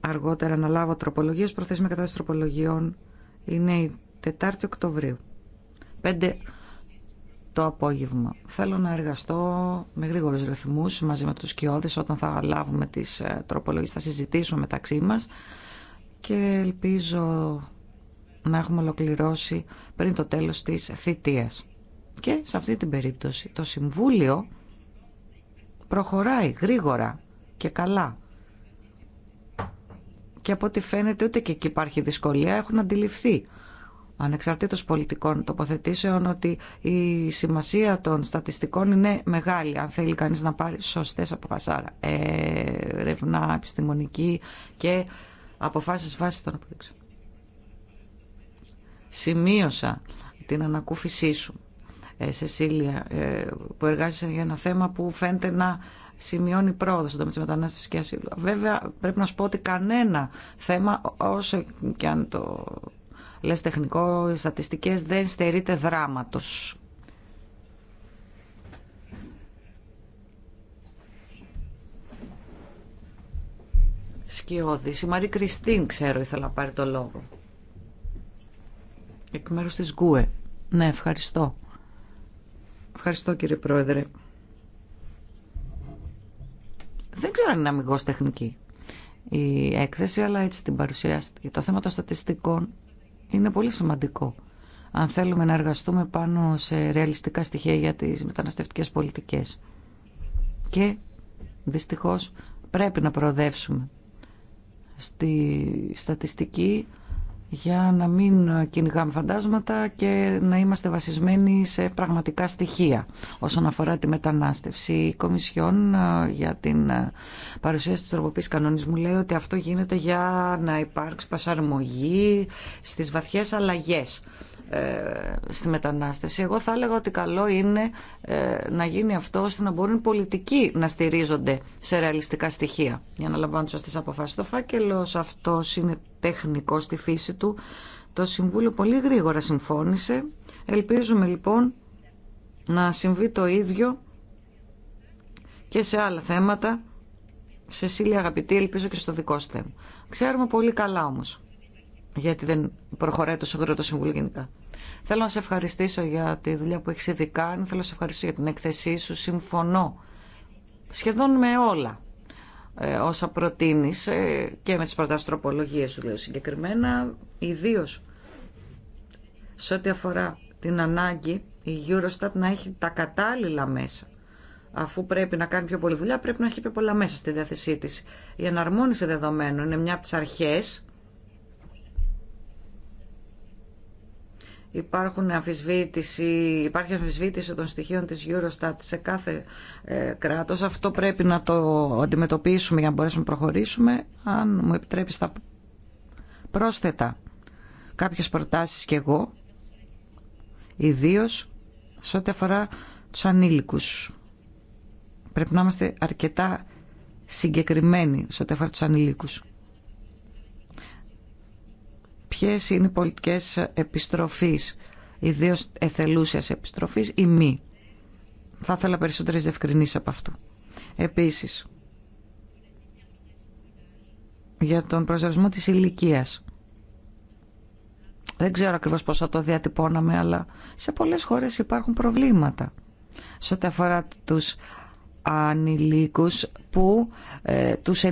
αργότερα να λάβω τροπολογίες. με κατάσταση τροπολογιών είναι η 4η Οκτωβρίου. 5 το απόγευμα. Θέλω να εργαστώ με γρήγορου ρυθμού μαζί με του σκιώδε όταν θα λάβουμε τι ε, τροπολογίε, θα συζητήσουμε μεταξύ μα και ελπίζω να έχουμε ολοκληρώσει πριν το τέλος της θητείας. Και σε αυτή την περίπτωση το Συμβούλιο προχωράει γρήγορα και καλά και από ό,τι φαίνεται ούτε και εκεί υπάρχει δυσκολία. Έχουν αντιληφθεί ανεξαρτήτως πολιτικών τοποθετήσεων ότι η σημασία των στατιστικών είναι μεγάλη αν θέλει κανείς να πάρει σωστές αποφάσεις έρευνα επιστημονική και αποφάσεις βάσει των αποδείξεων. Σημείωσα την ανακούφισή σου, ε, Σεσίλια, ε, που εργάζεσαι για ένα θέμα που φαίνεται να σημειώνει πρόοδο στον τομέα τη μετανάστευση και ασύλου. Βέβαια, πρέπει να σου πω ότι κανένα θέμα, όσο και αν το λες τεχνικό, οι στατιστικέ δεν στερείται δράματος. Σκιώδης. Η Μαρή Κριστίν, ξέρω, ήθελα να πάρει το λόγο. Εκ μέρους της Γκουε. Ναι, ευχαριστώ. Ευχαριστώ κύριε Πρόεδρε. Δεν ξέρω αν είναι αμυγό τεχνική η έκθεση, αλλά έτσι την παρουσιάστηκε. Το θέμα των στατιστικών είναι πολύ σημαντικό. Αν θέλουμε να εργαστούμε πάνω σε ρεαλιστικά στοιχεία για τις μεταναστευτικές πολιτικές. Και δυστυχώς πρέπει να προοδεύσουμε στη στατιστική για να μην κυνηγάμε φαντάσματα και να είμαστε βασισμένοι σε πραγματικά στοιχεία όσον αφορά τη μετανάστευση. Η Κομισιόν ε, για την ε, παρουσίαση της τροποποίησης κανονισμού λέει ότι αυτό γίνεται για να υπάρξει πασαρμογή στις βαθιές αλλαγές ε, στη μετανάστευση. Εγώ θα έλεγα ότι καλό είναι ε, να γίνει αυτό ώστε να μπορούν οι πολιτικοί να στηρίζονται σε ρεαλιστικά στοιχεία για να λαμβάνουν σωστέ αποφάσει. Το φάκελο αυτό είναι τεχνικό στη φύση του. Το Συμβούλιο πολύ γρήγορα συμφώνησε. Ελπίζουμε λοιπόν να συμβεί το ίδιο και σε άλλα θέματα. Σε σύλλη αγαπητή, ελπίζω και στο δικό σου θέμα. Ξέρουμε πολύ καλά όμως γιατί δεν προχωράει τόσο γρήγορα το Συμβούλιο γενικά. Θέλω να σε ευχαριστήσω για τη δουλειά που έχει ήδη κάνει, θέλω να σε ευχαριστήσω για την έκθεσή σου, συμφωνώ σχεδόν με όλα ε, όσα προτείνει ε, και με τις προτάσει σου λέω συγκεκριμένα, ιδίως σε ό,τι αφορά την ανάγκη η Eurostat να έχει τα κατάλληλα μέσα. Αφού πρέπει να κάνει πιο πολλή δουλειά, πρέπει να έχει πιο πολλά μέσα στη διάθεσή τη. Η εναρμόνιση δεδομένων είναι μια από τι αρχέ. Υπάρχουν υπάρχει αμφισβήτηση των στοιχείων της Eurostat σε κάθε ε, κράτος. Αυτό πρέπει να το αντιμετωπίσουμε για να μπορέσουμε να προχωρήσουμε. Αν μου επιτρέπεις θα πρόσθετα κάποιες προτάσεις και εγώ, ιδίως σε ό,τι αφορά τους ανήλικους. Πρέπει να είμαστε αρκετά συγκεκριμένοι σε ό,τι αφορά τους ανήλικους ποιες είναι οι πολιτικές επιστροφής, ιδίως εθελούσιας επιστροφής ή μη. Θα ήθελα περισσότερες διευκρινήσεις από αυτού. Επίσης, για τον προσδιορισμό της ηλικίας. Δεν ξέρω ακριβώς πώς θα το διατυπώναμε, αλλά σε πολλές χώρες υπάρχουν προβλήματα. Σε ό,τι αφορά τους ανηλίκους που ε, τους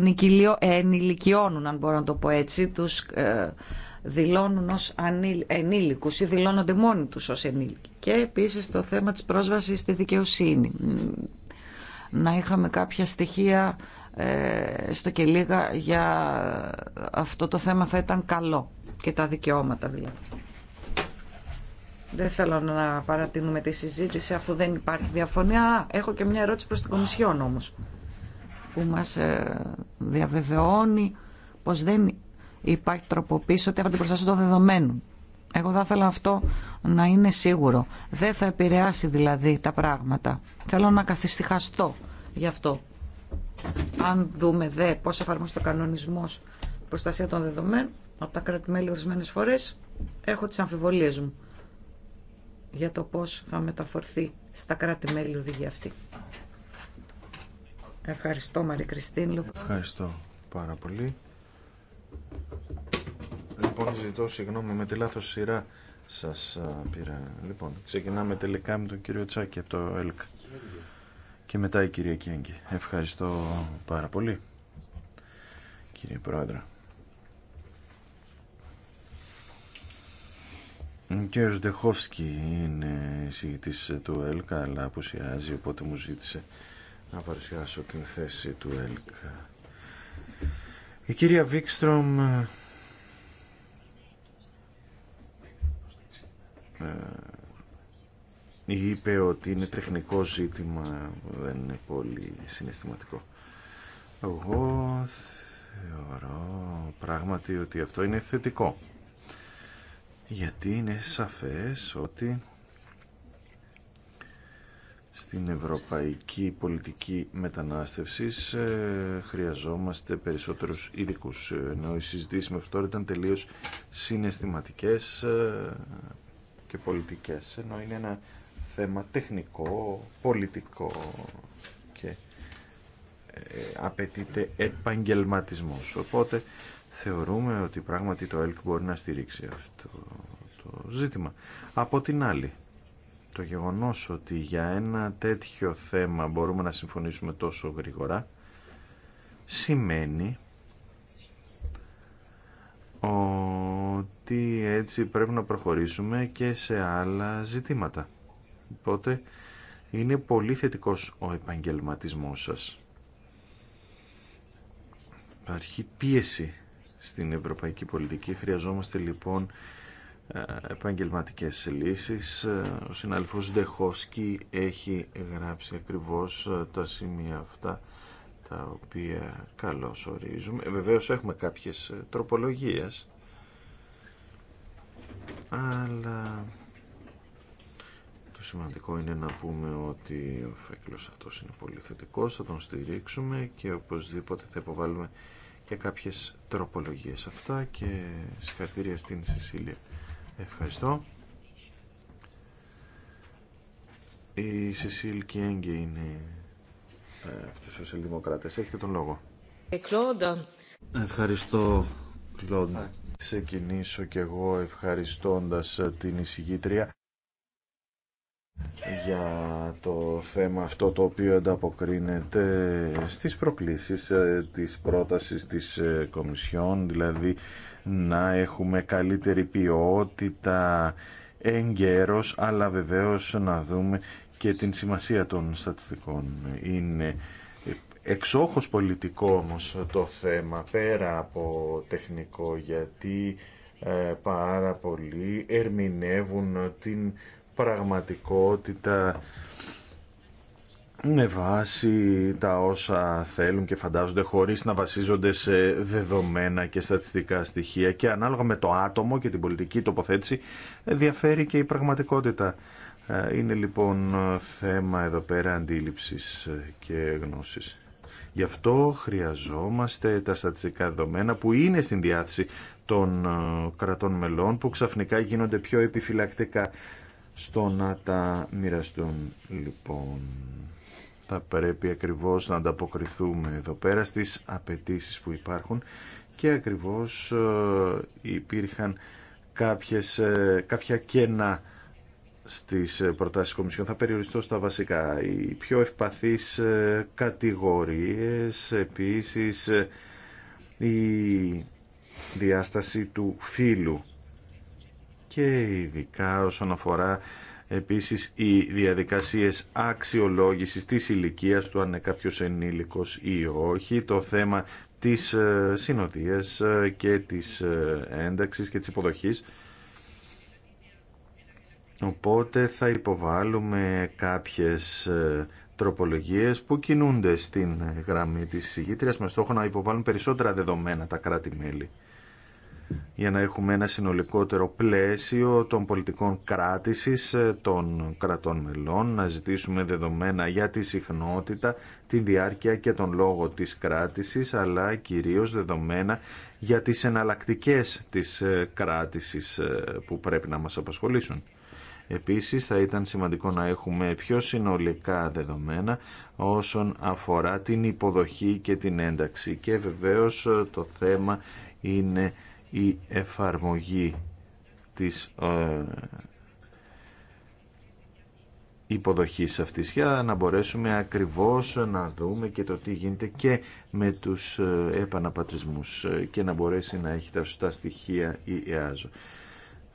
ενηλικιώνουν, αν μπορώ να το πω έτσι, τους ε, δηλώνουν ως ενήλικους ή δηλώνονται μόνοι τους ως ενήλικοι. Και επίσης το θέμα της πρόσβασης στη δικαιοσύνη. Να είχαμε κάποια στοιχεία ε, στο και λίγα για αυτό το θέμα θα ήταν καλό και τα δικαιώματα δηλαδή. Δεν θέλω να παρατείνουμε τη συζήτηση αφού δεν υπάρχει διαφωνία. Έχω και μια ερώτηση προς την Κομισιόν όμως που μας ε, διαβεβαιώνει πως δεν υπάρχει τροποποίηση ό,τι έχω την προστασία των δεδομένων. Εγώ θα ήθελα αυτό να είναι σίγουρο. Δεν θα επηρεάσει δηλαδή τα πράγματα. Θέλω να καθυστηχαστώ γι' αυτό. Αν δούμε δε πώς εφαρμόζεται ο κανονισμός προστασία των δεδομένων από τα κράτη-μέλη ορισμένε φορές, έχω τις αμφιβολίες μου για το πώς θα μεταφορθεί στα κράτη-μέλη οδηγία αυτή. Ευχαριστώ Μαρή Κριστίν. Ευχαριστώ πάρα πολύ λοιπόν ζητώ συγγνώμη με τη λάθος σειρά σας πήρα. Λοιπόν, ξεκινάμε τελικά με τον κύριο Τσάκη από το ΕΛΚ και μετά η κυρία Κέγκη. Ευχαριστώ πάρα πολύ κύριε Πρόεδρε. Ο κ. Ντεχόφσκι είναι εισηγητής του ΕΛΚ αλλά απουσιάζει οπότε μου ζήτησε να παρουσιάσω την θέση του ΕΛΚ. Η κυρία Βίκστρομ Ε, είπε ότι είναι τεχνικό ζήτημα, δεν είναι πολύ συναισθηματικό. Εγώ θεωρώ πράγματι ότι αυτό είναι θετικό. Γιατί είναι σαφές ότι στην ευρωπαϊκή πολιτική μετανάστευσης ε, χρειαζόμαστε περισσότερους ειδικούς. Ενώ οι συζητήσεις μέχρι τώρα ήταν τελείως συναισθηματικές ε, και πολιτικές, ενώ είναι ένα θέμα τεχνικό, πολιτικό και ε, απαιτείται επαγγελματισμός. Οπότε θεωρούμε ότι πράγματι το ΕΛΚ μπορεί να στηρίξει αυτό το ζήτημα. Από την άλλη, το γεγονός ότι για ένα τέτοιο θέμα μπορούμε να συμφωνήσουμε τόσο γρήγορα σημαίνει ότι έτσι πρέπει να προχωρήσουμε και σε άλλα ζητήματα. Οπότε είναι πολύ θετικός ο επαγγελματισμός σας. Υπάρχει πίεση στην ευρωπαϊκή πολιτική. Χρειαζόμαστε λοιπόν ε, επαγγελματικές λύσεις. Ε, ο συναλφος Ντεχόσκι έχει γράψει ακριβώς ε, τα σημεία αυτά τα οποία καλώς ορίζουμε. Ε, βεβαίως έχουμε κάποιες ε, τροπολογίες, αλλά το σημαντικό είναι να πούμε ότι ο φέκλος αυτός είναι πολύ θετικός, θα τον στηρίξουμε και οπωσδήποτε θα υποβάλουμε και κάποιες τροπολογίες αυτά και συγχαρητήρια στην Σεσίλια. Ευχαριστώ. Η Σεσίλ Κιέγγε είναι ε, από τους Έχετε τον λόγο. Ε, Ευχαριστώ, Κλόντ. Ξεκινήσω κι εγώ ευχαριστώντας ε, την εισηγήτρια για το θέμα αυτό το οποίο ανταποκρίνεται στις προκλήσεις της πρότασης της Κομισιόν, δηλαδή να έχουμε καλύτερη ποιότητα εγκαίρως, αλλά βεβαίως να δούμε και την σημασία των στατιστικών. Είναι εξόχως πολιτικό όμως το θέμα πέρα από τεχνικό γιατί ε, πάρα πολλοί ερμηνεύουν την πραγματικότητα με βάση τα όσα θέλουν και φαντάζονται χωρίς να βασίζονται σε δεδομένα και στατιστικά στοιχεία και ανάλογα με το άτομο και την πολιτική τοποθέτηση ε, διαφέρει και η πραγματικότητα. Ε, είναι λοιπόν ε, θέμα εδώ πέρα αντίληψης ε, και γνώσης. Γι' αυτό χρειαζόμαστε τα στατιστικά δεδομένα που είναι στην διάθεση των κρατών μελών που ξαφνικά γίνονται πιο επιφυλακτικά στο να τα μοιραστούν. Λοιπόν, θα πρέπει ακριβώς να ανταποκριθούμε εδώ πέρα στις απαιτήσεις που υπάρχουν και ακριβώς υπήρχαν κάποιες, κάποια κένα στις ε, προτάσεις Κομισιόν θα περιοριστώ στα βασικά. Οι πιο ευπαθείς ε, κατηγορίες, επίσης ε, η διάσταση του φύλου και ειδικά όσον αφορά επίσης οι διαδικασίες αξιολόγησης της ηλικία του αν είναι κάποιος ενήλικος ή όχι, το θέμα της συνοδείας και της ένταξης και της υποδοχής Οπότε θα υποβάλουμε κάποιες ε, τροπολογίες που κινούνται στην ε, γραμμή της συγγήτριας με στόχο να υποβάλουν περισσότερα δεδομένα τα κράτη-μέλη για να έχουμε ένα συνολικότερο πλαίσιο των πολιτικών κράτησης ε, των κρατών μελών, να ζητήσουμε δεδομένα για τη συχνότητα, τη διάρκεια και τον λόγο της κράτησης, αλλά κυρίως δεδομένα για τις εναλλακτικές της κράτησης που πρέπει να μας απασχολήσουν. Επίσης θα ήταν σημαντικό να έχουμε πιο συνολικά δεδομένα όσον αφορά την υποδοχή και την ένταξη και βεβαίως το θέμα είναι η εφαρμογή της ε, υποδοχής αυτής για να μπορέσουμε ακριβώς να δούμε και το τι γίνεται και με τους ε, επαναπατρισμούς και να μπορέσει να έχει τα σωστά στοιχεία η ΕΑΖΟ.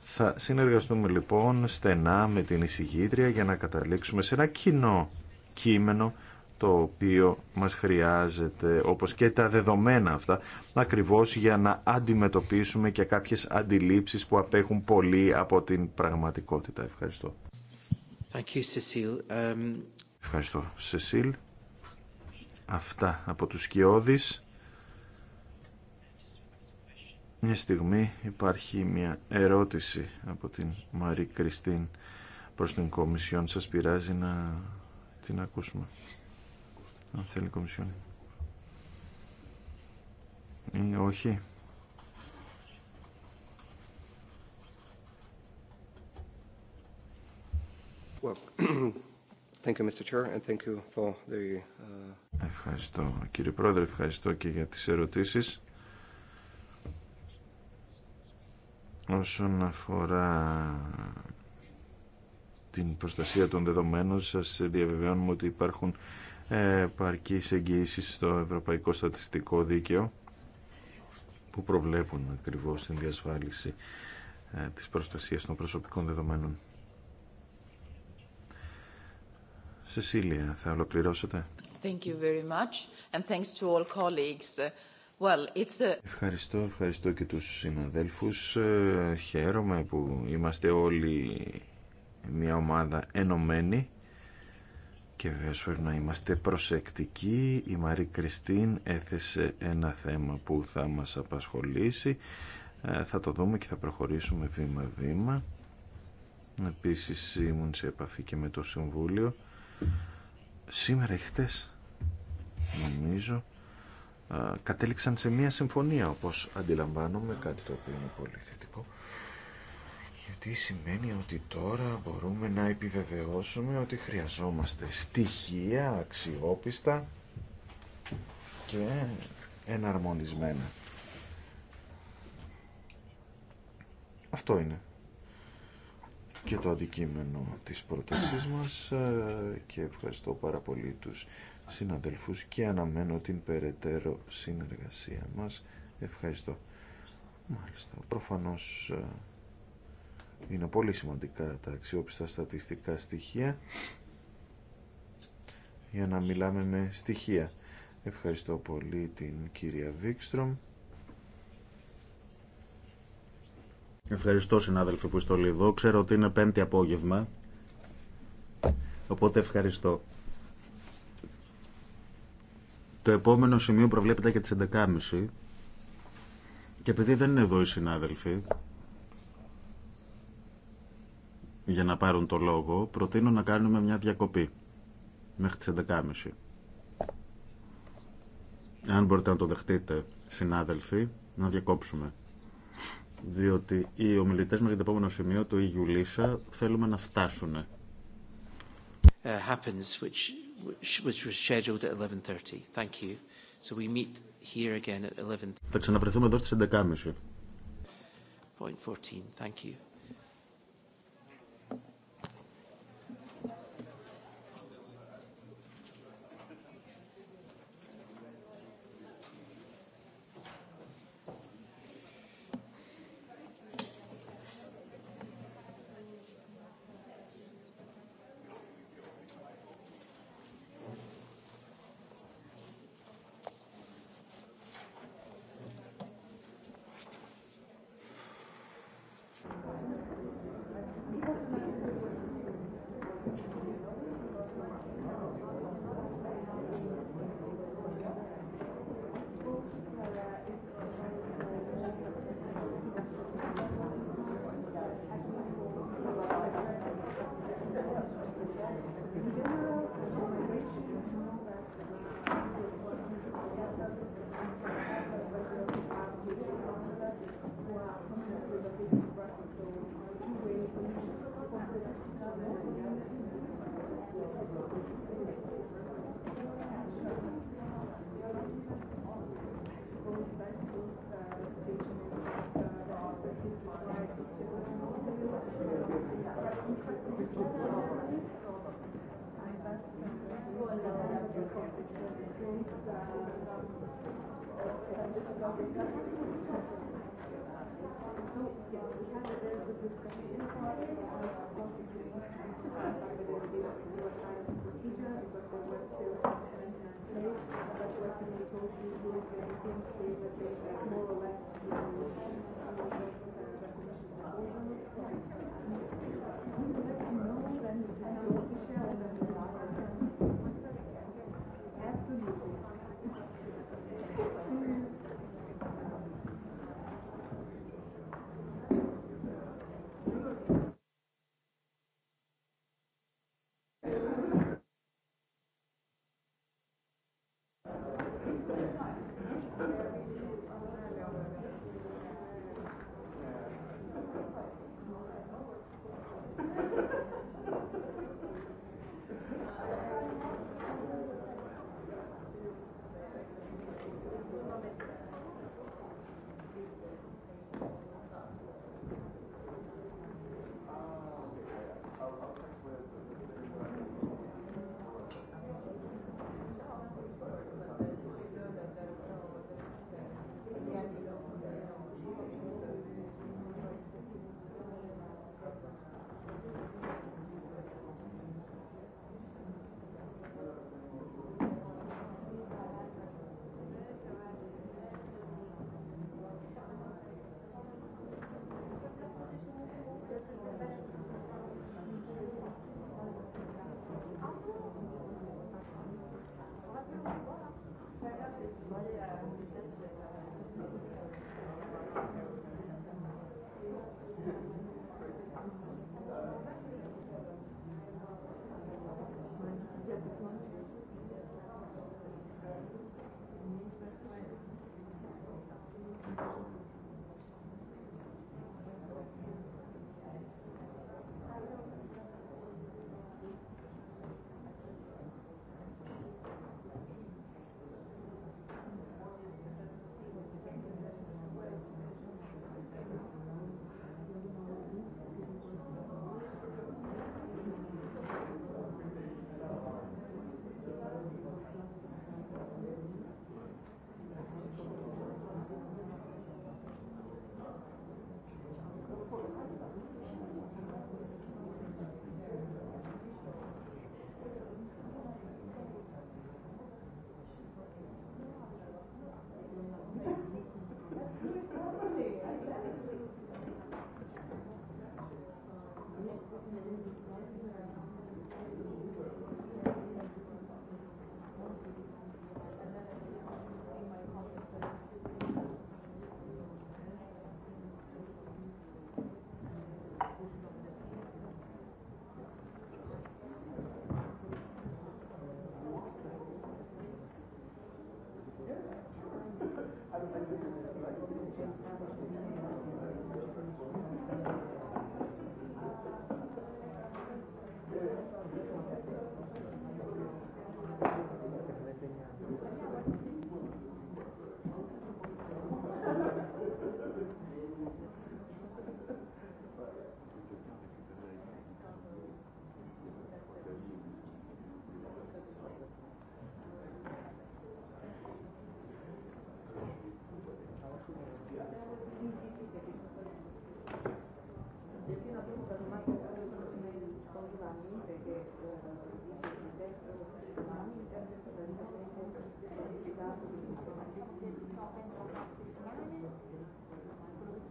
Θα συνεργαστούμε λοιπόν στενά με την εισηγήτρια για να καταλήξουμε σε ένα κοινό κείμενο το οποίο μας χρειάζεται, όπως και τα δεδομένα αυτά, ακριβώς για να αντιμετωπίσουμε και κάποιες αντιλήψεις που απέχουν πολύ από την πραγματικότητα. Ευχαριστώ. Thank you, Cecil. Um... Ευχαριστώ, Σεσίλ. Αυτά από τους Κιώδης μια στιγμή υπάρχει μια ερώτηση από την Μαρή Κριστίν προς την Κομισιόν. Σας πειράζει να την ακούσουμε. Αν θέλει η Κομισιόν. Ή όχι. Ευχαριστώ κύριε Πρόεδρε, ευχαριστώ και για τις ερωτήσεις. όσον αφορά την προστασία των δεδομένων σας διαβεβαιώνουμε ότι υπάρχουν παρκείς εγγυήσεις στο Ευρωπαϊκό Στατιστικό Δίκαιο που προβλέπουν ακριβώς την διασφάλιση ε, της προστασίας των προσωπικών δεδομένων. Σεσίλια, θα ολοκληρώσετε. Thank you very much and thanks to all colleagues. Well, Ευχαριστώ, ευχαριστώ και τους συναδέλφους. Ε, χαίρομαι που είμαστε όλοι μια ομάδα ενωμένη και βέβαια πρέπει να είμαστε προσεκτικοί. Η Μαρή Κριστίν έθεσε ένα θέμα που θα μας απασχολήσει. Ε, θα το δούμε και θα προχωρήσουμε βήμα-βήμα. Επίσης ήμουν σε επαφή και με το Συμβούλιο. Σήμερα ή χτες, νομίζω, κατέληξαν σε μια συμφωνία όπως αντιλαμβάνομαι κάτι το οποίο είναι πολύ θετικό γιατί σημαίνει ότι τώρα μπορούμε να επιβεβαιώσουμε ότι χρειαζόμαστε στοιχεία αξιόπιστα και εναρμονισμένα αυτό είναι και το αντικείμενο της πρότασής μας ε, και ευχαριστώ πάρα πολύ τους συναδελφούς και αναμένω την περαιτέρω συνεργασία μας. Ευχαριστώ. Μάλιστα. Προφανώς ε, είναι πολύ σημαντικά τα αξιόπιστα στατιστικά στοιχεία για να μιλάμε με στοιχεία. Ευχαριστώ πολύ την κυρία Βίκστρομ. Ευχαριστώ συνάδελφε που είστε όλοι εδώ. Ξέρω ότι είναι πέμπτη απόγευμα. Οπότε ευχαριστώ. Το επόμενο σημείο προβλέπεται για τις 11.30 και επειδή δεν είναι εδώ οι συνάδελφοι για να πάρουν το λόγο, προτείνω να κάνουμε μια διακοπή μέχρι τις 11.30. Αν μπορείτε να το δεχτείτε, συνάδελφοι, να διακόψουμε. Διότι οι ομιλητές μας για το επόμενο σημείο, του Ιουλίσσα, e θέλουμε να φτάσουν. Uh, happens, which which was scheduled at 11.30. Thank you. So we meet here again at 11. Θα ξαναβρεθούμε εδώ στις 11.30. Point 14. Thank you.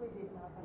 Υπότιτλοι AUTHORWAVE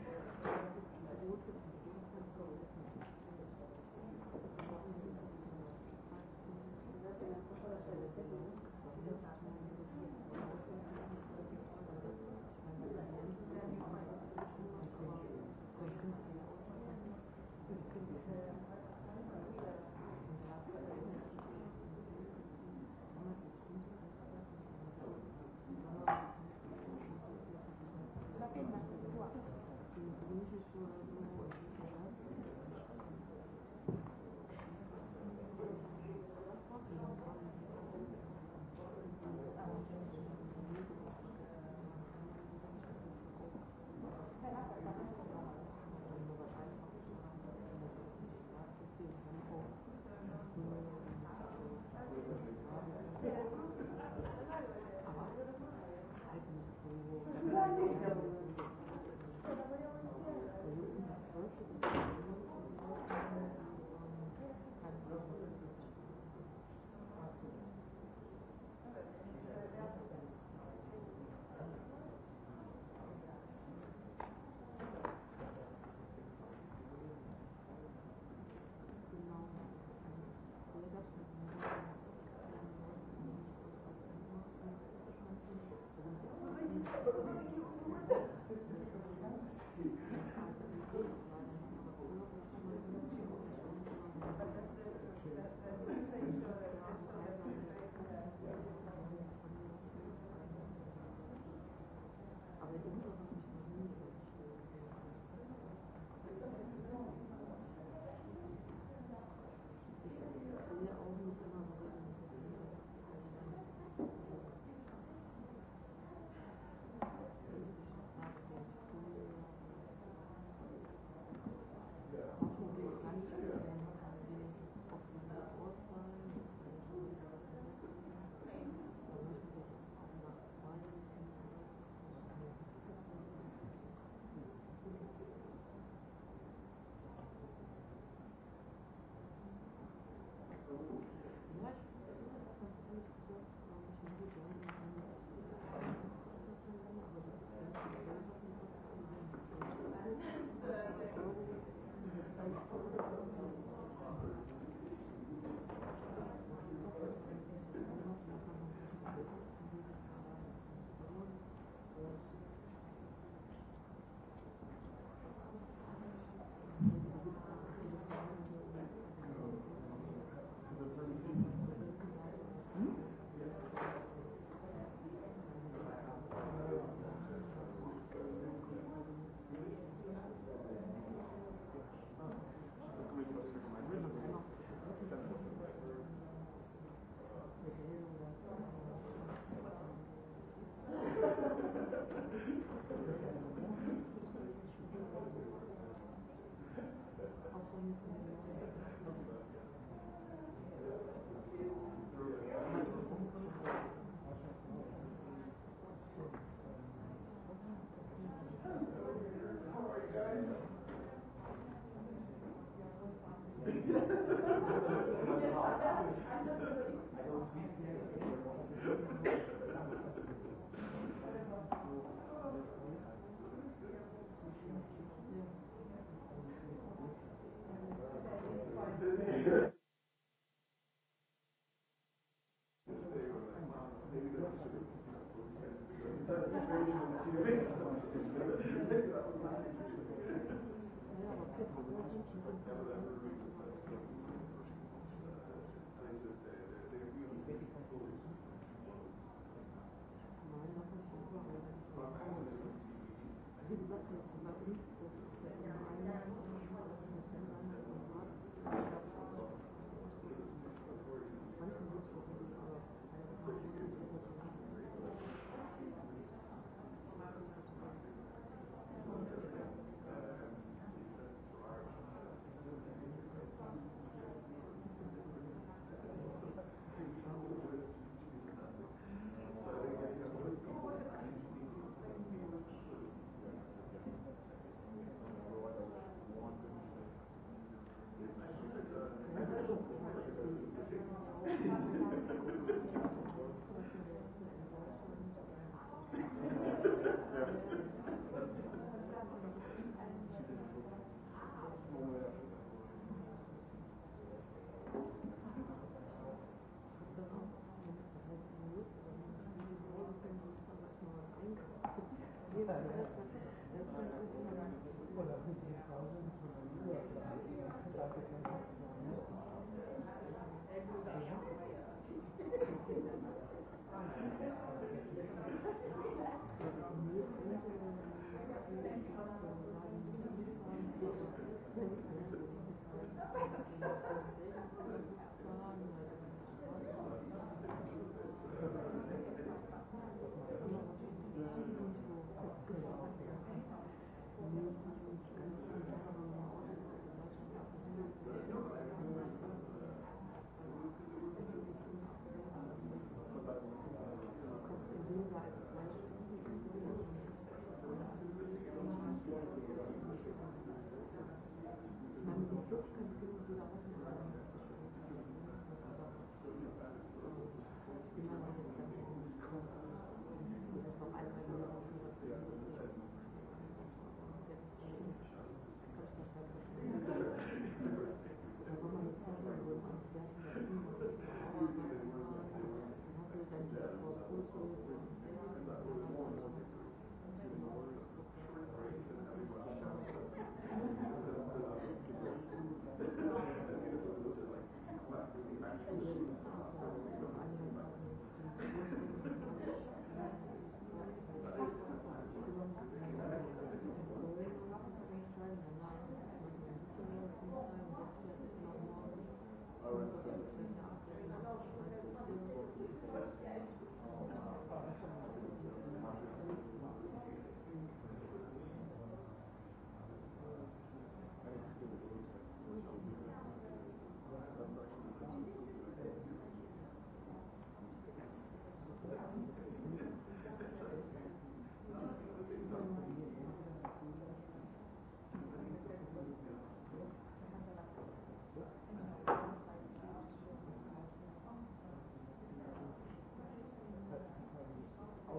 Υπότιτλοι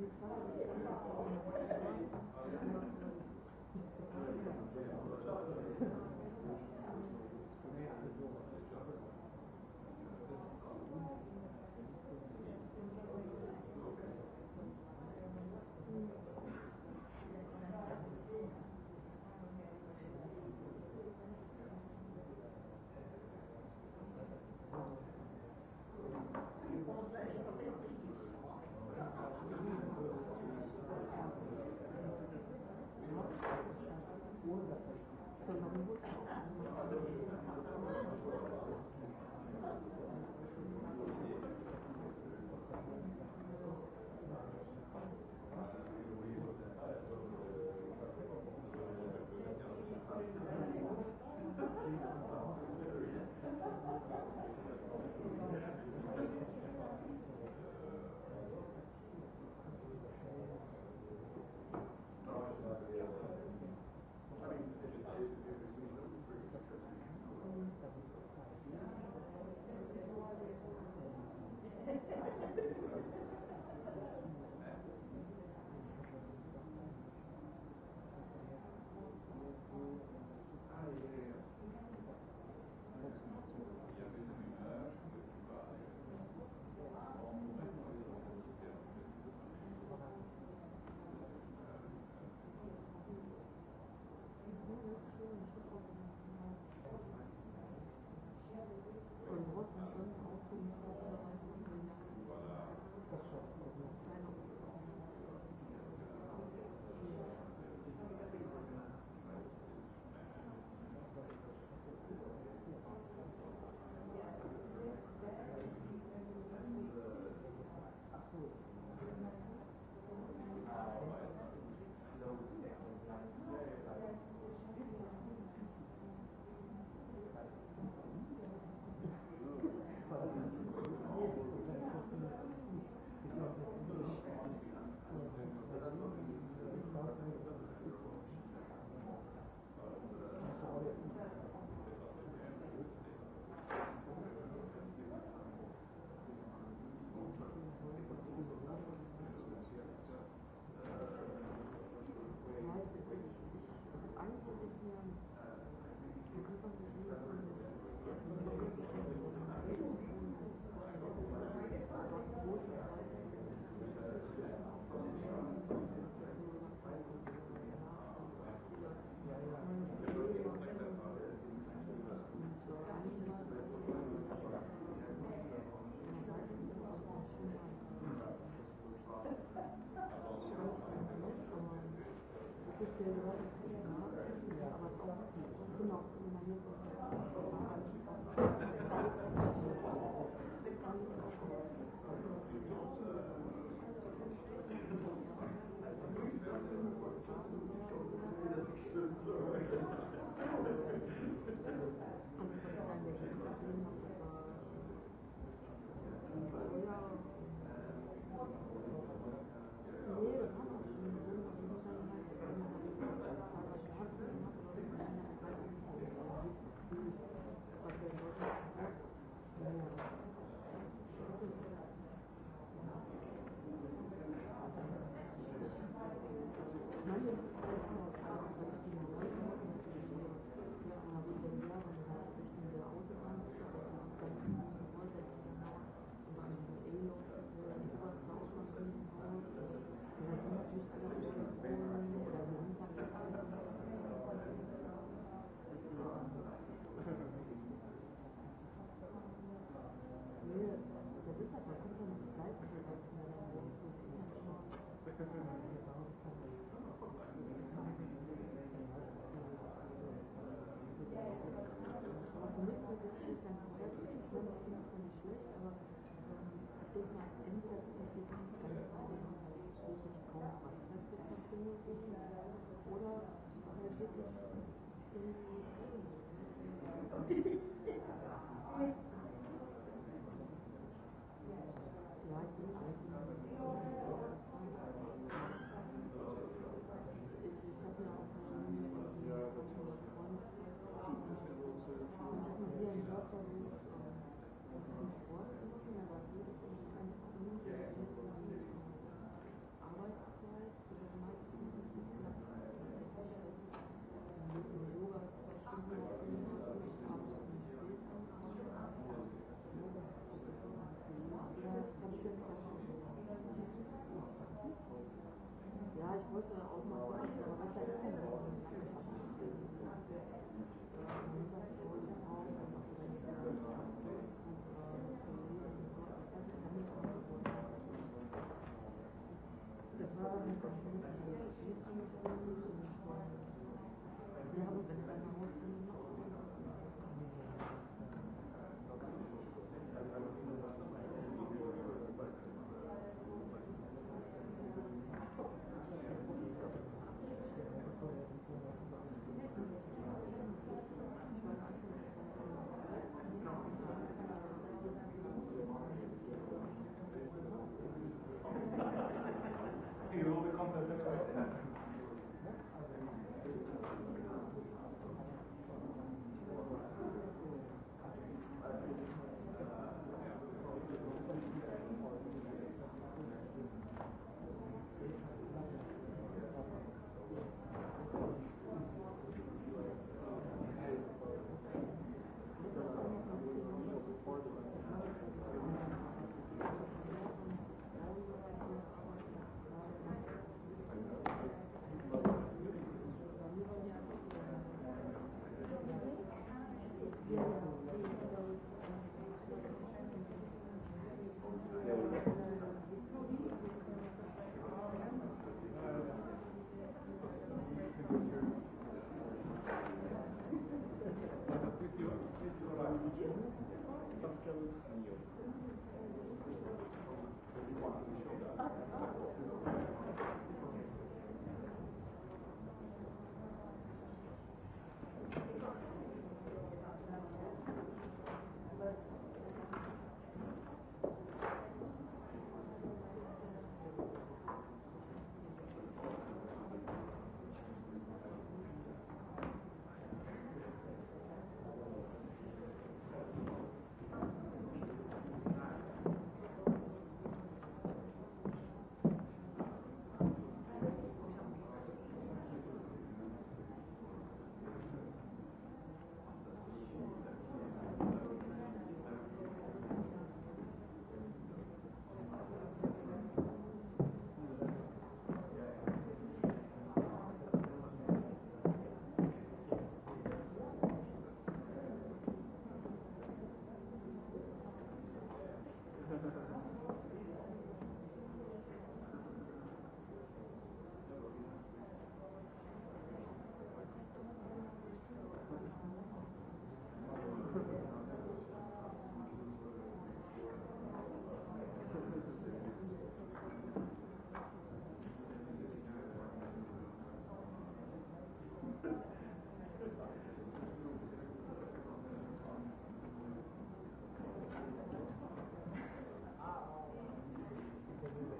Thank you.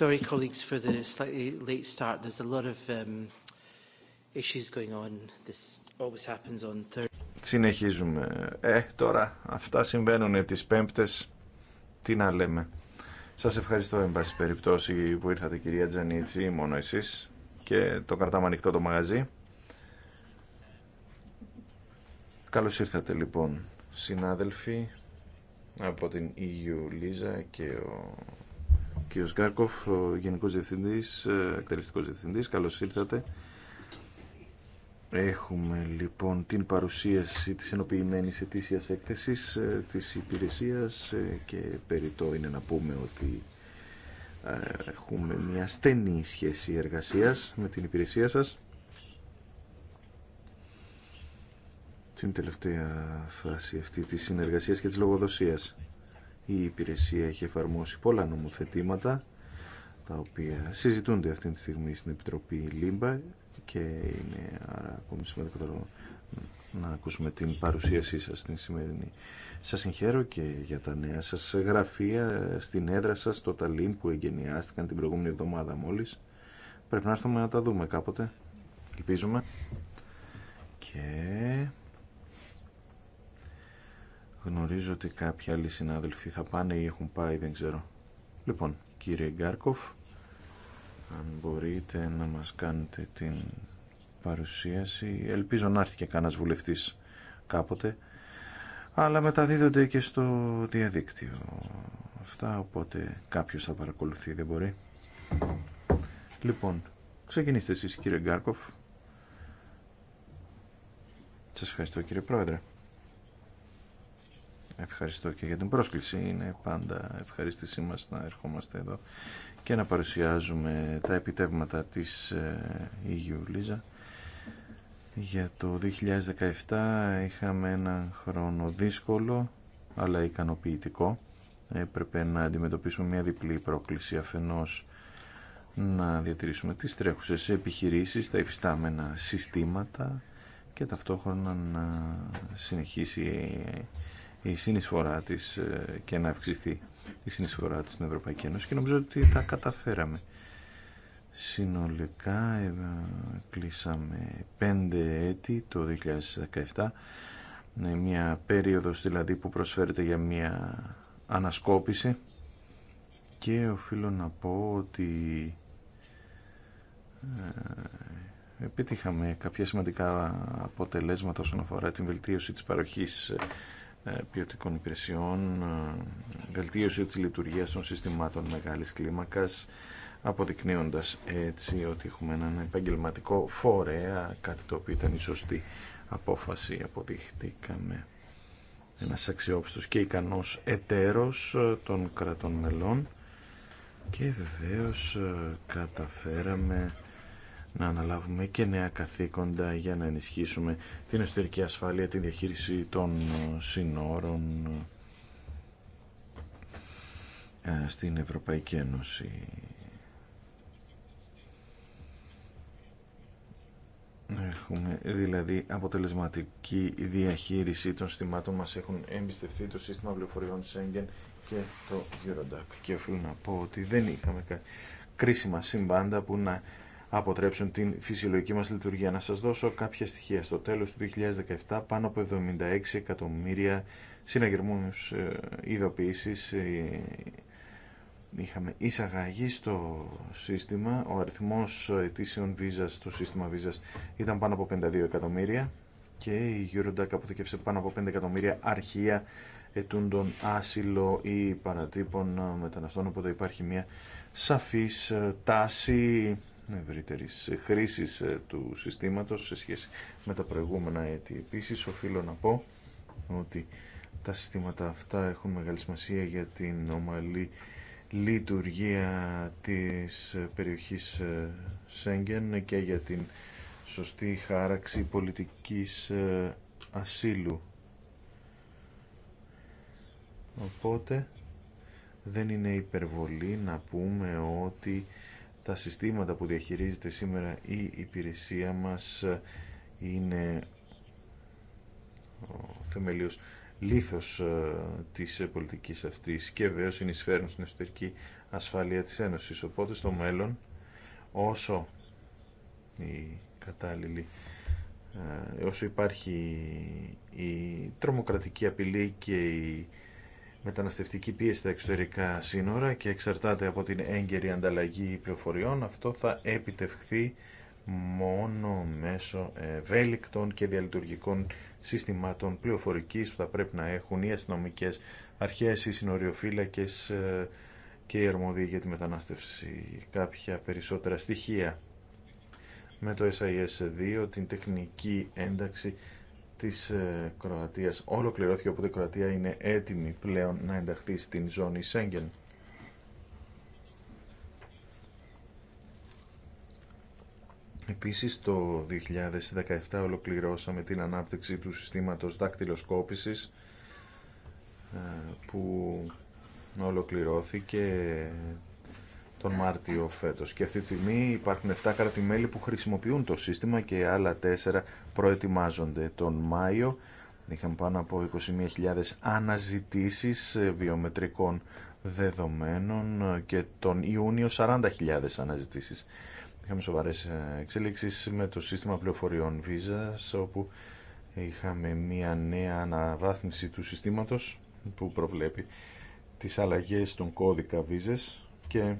Sorry, colleagues, for the slightly late start. There's a lot of um, issues going on. This always happens on Thursday. Συνεχίζουμε. Ε, τώρα αυτά συμβαίνουν τις πέμπτες. Τι να λέμε. Σας ευχαριστώ, εν πάση περιπτώσει, που ήρθατε, κυρία Τζανίτσι, μόνο εσείς. Και το κρατάμε ανοιχτό το μαγαζί. Καλώς ήρθατε, λοιπόν, συνάδελφοι από την EU Λίζα και ο Κύριο Γκάρκοφ, ο Γενικός Διευθυντής, ε, εκτελεστικός διευθυντής. Καλώς ήρθατε. Έχουμε λοιπόν την παρουσίαση της ενοποιημένης ετήσιας έκθεσης ε, της υπηρεσίας ε, και περιττό είναι να πούμε ότι έχουμε μια στενή σχέση εργασίας με την υπηρεσία σας. Την τελευταία φάση αυτή της συνεργασίας και της λογοδοσίας η υπηρεσία έχει εφαρμόσει πολλά νομοθετήματα τα οποία συζητούνται αυτή τη στιγμή στην Επιτροπή Λίμπα και είναι άρα ακόμη σημαντικότερο να ακούσουμε την παρουσίασή σας την σημερινή. Σας συγχαίρω και για τα νέα σας γραφεία στην έδρα σας στο Ταλίν που εγκαινιάστηκαν την προηγούμενη εβδομάδα μόλις. Πρέπει να έρθουμε να τα δούμε κάποτε. Ελπίζουμε. Και Γνωρίζω ότι κάποιοι άλλοι συνάδελφοι θα πάνε ή έχουν πάει, δεν ξέρω. Λοιπόν, κύριε Γκάρκοφ, αν μπορείτε να μας κάνετε την παρουσίαση. Ελπίζω να έρθει και κανένας βουλευτής κάποτε, αλλά μεταδίδονται και στο διαδίκτυο. Αυτά, οπότε κάποιος θα παρακολουθεί, δεν μπορεί. Λοιπόν, ξεκινήστε εσείς κύριε Γκάρκοφ. Σας ευχαριστώ κύριε Πρόεδρε. Ευχαριστώ και για την πρόσκληση. Είναι πάντα ευχαρίστησή μας να ερχόμαστε εδώ και να παρουσιάζουμε τα επιτεύγματα της Υγιού ε, Λίζα. Για το 2017 είχαμε ένα χρόνο δύσκολο αλλά ικανοποιητικό. Έπρεπε να αντιμετωπίσουμε μια διπλή πρόκληση αφενός να διατηρήσουμε τις τρέχουσες επιχειρήσεις, τα υφιστάμενα συστήματα και ταυτόχρονα να συνεχίσει η συνεισφορά της ε, και να αυξηθεί η συνεισφορά της στην Ευρωπαϊκή Ένωση και νομίζω ότι τα καταφέραμε. Συνολικά ε, κλείσαμε πέντε έτη το 2017, ε, μια περίοδος δηλαδή που προσφέρεται για μια ανασκόπηση και οφείλω να πω ότι επιτύχαμε κάποια σημαντικά αποτελέσματα όσον αφορά την βελτίωση της παροχής ε, ποιοτικών υπηρεσιών, ε, βελτίωση της λειτουργίας των συστημάτων μεγάλης κλίμακας, αποδεικνύοντας έτσι ότι έχουμε έναν επαγγελματικό φορέα, κάτι το οποίο ήταν η σωστή απόφαση, αποδείχτηκαμε ένας αξιόπιστος και ικανός εταίρος ε, των κρατών μελών και βεβαίως καταφέραμε να αναλάβουμε και νέα καθήκοντα για να ενισχύσουμε την εσωτερική ασφάλεια, την διαχείριση των ε, συνόρων ε, στην Ευρωπαϊκή Ένωση. Έχουμε δηλαδή αποτελεσματική διαχείριση των συστημάτων μας έχουν εμπιστευτεί το σύστημα πληροφοριών Σέγγεν και το Eurodac και οφείλω να πω ότι δεν είχαμε κρίσιμα συμβάντα που να αποτρέψουν την φυσιολογική μας λειτουργία. Να σας δώσω κάποια στοιχεία. Στο τέλος του 2017 πάνω από 76 εκατομμύρια συναγερμούς ε, ειδοποιήσεις ε, είχαμε εισαγαγή στο σύστημα. Ο αριθμός αιτήσεων βίζας στο σύστημα βίζας ήταν πάνω από 52 εκατομμύρια και η Eurodac αποθηκεύσε πάνω από 5 εκατομμύρια αρχεία ετούντων άσυλο ή παρατύπων μεταναστών, οπότε υπάρχει μια σαφής ε, τάση ευρύτερης χρήσης ε, του συστήματος σε σχέση με τα προηγούμενα έτη. Επίσης, οφείλω να πω ότι τα συστήματα αυτά έχουν μεγάλη σημασία για την ομαλή λειτουργία της περιοχής ε, Σέγγεν και για την σωστή χάραξη πολιτικής ε, ασύλου. Οπότε δεν είναι υπερβολή να πούμε ότι τα συστήματα που διαχειρίζεται σήμερα η υπηρεσία μας είναι ο θεμελίος λήθος ε, της πολιτικής αυτής και βέβαια συνεισφέρουν στην εσωτερική ασφάλεια της Ένωσης. Οπότε στο μέλλον όσο η κατάλληλη ε, όσο υπάρχει η τρομοκρατική απειλή και η μεταναστευτική πίεση στα εξωτερικά σύνορα και εξαρτάται από την έγκαιρη ανταλλαγή πληροφοριών, αυτό θα επιτευχθεί μόνο μέσω ευέλικτων και διαλειτουργικών συστημάτων πληροφορικής που θα πρέπει να έχουν οι αστυνομικέ αρχές, οι συνοριοφύλακες ε, και οι αρμόδιοι για τη μετανάστευση. Κάποια περισσότερα στοιχεία με το SIS2, την τεχνική ένταξη της ε, Κροατίας ολοκληρώθηκε, οπότε η Κροατία είναι έτοιμη πλέον να ενταχθεί στην ζώνη Σέγγεν. Επίσης το 2017 ολοκληρώσαμε την ανάπτυξη του συστήματος δακτυλοσκόπησης ε, που ολοκληρώθηκε τον Μάρτιο φέτος. Και αυτή τη στιγμή υπάρχουν 7 κρατη που χρησιμοποιούν το σύστημα και άλλα 4 προετοιμάζονται. Τον Μάιο Είχαμε πάνω από 21.000 αναζητήσεις ε, βιομετρικών δεδομένων ε, και τον Ιούνιο 40.000 αναζητήσεις. Είχαμε σοβαρές ε, εξέλιξεις με το σύστημα πληροφοριών Visa, όπου είχαμε μια νέα αναβάθμιση του συστήματος που προβλέπει τις αλλαγές των κώδικα Visa και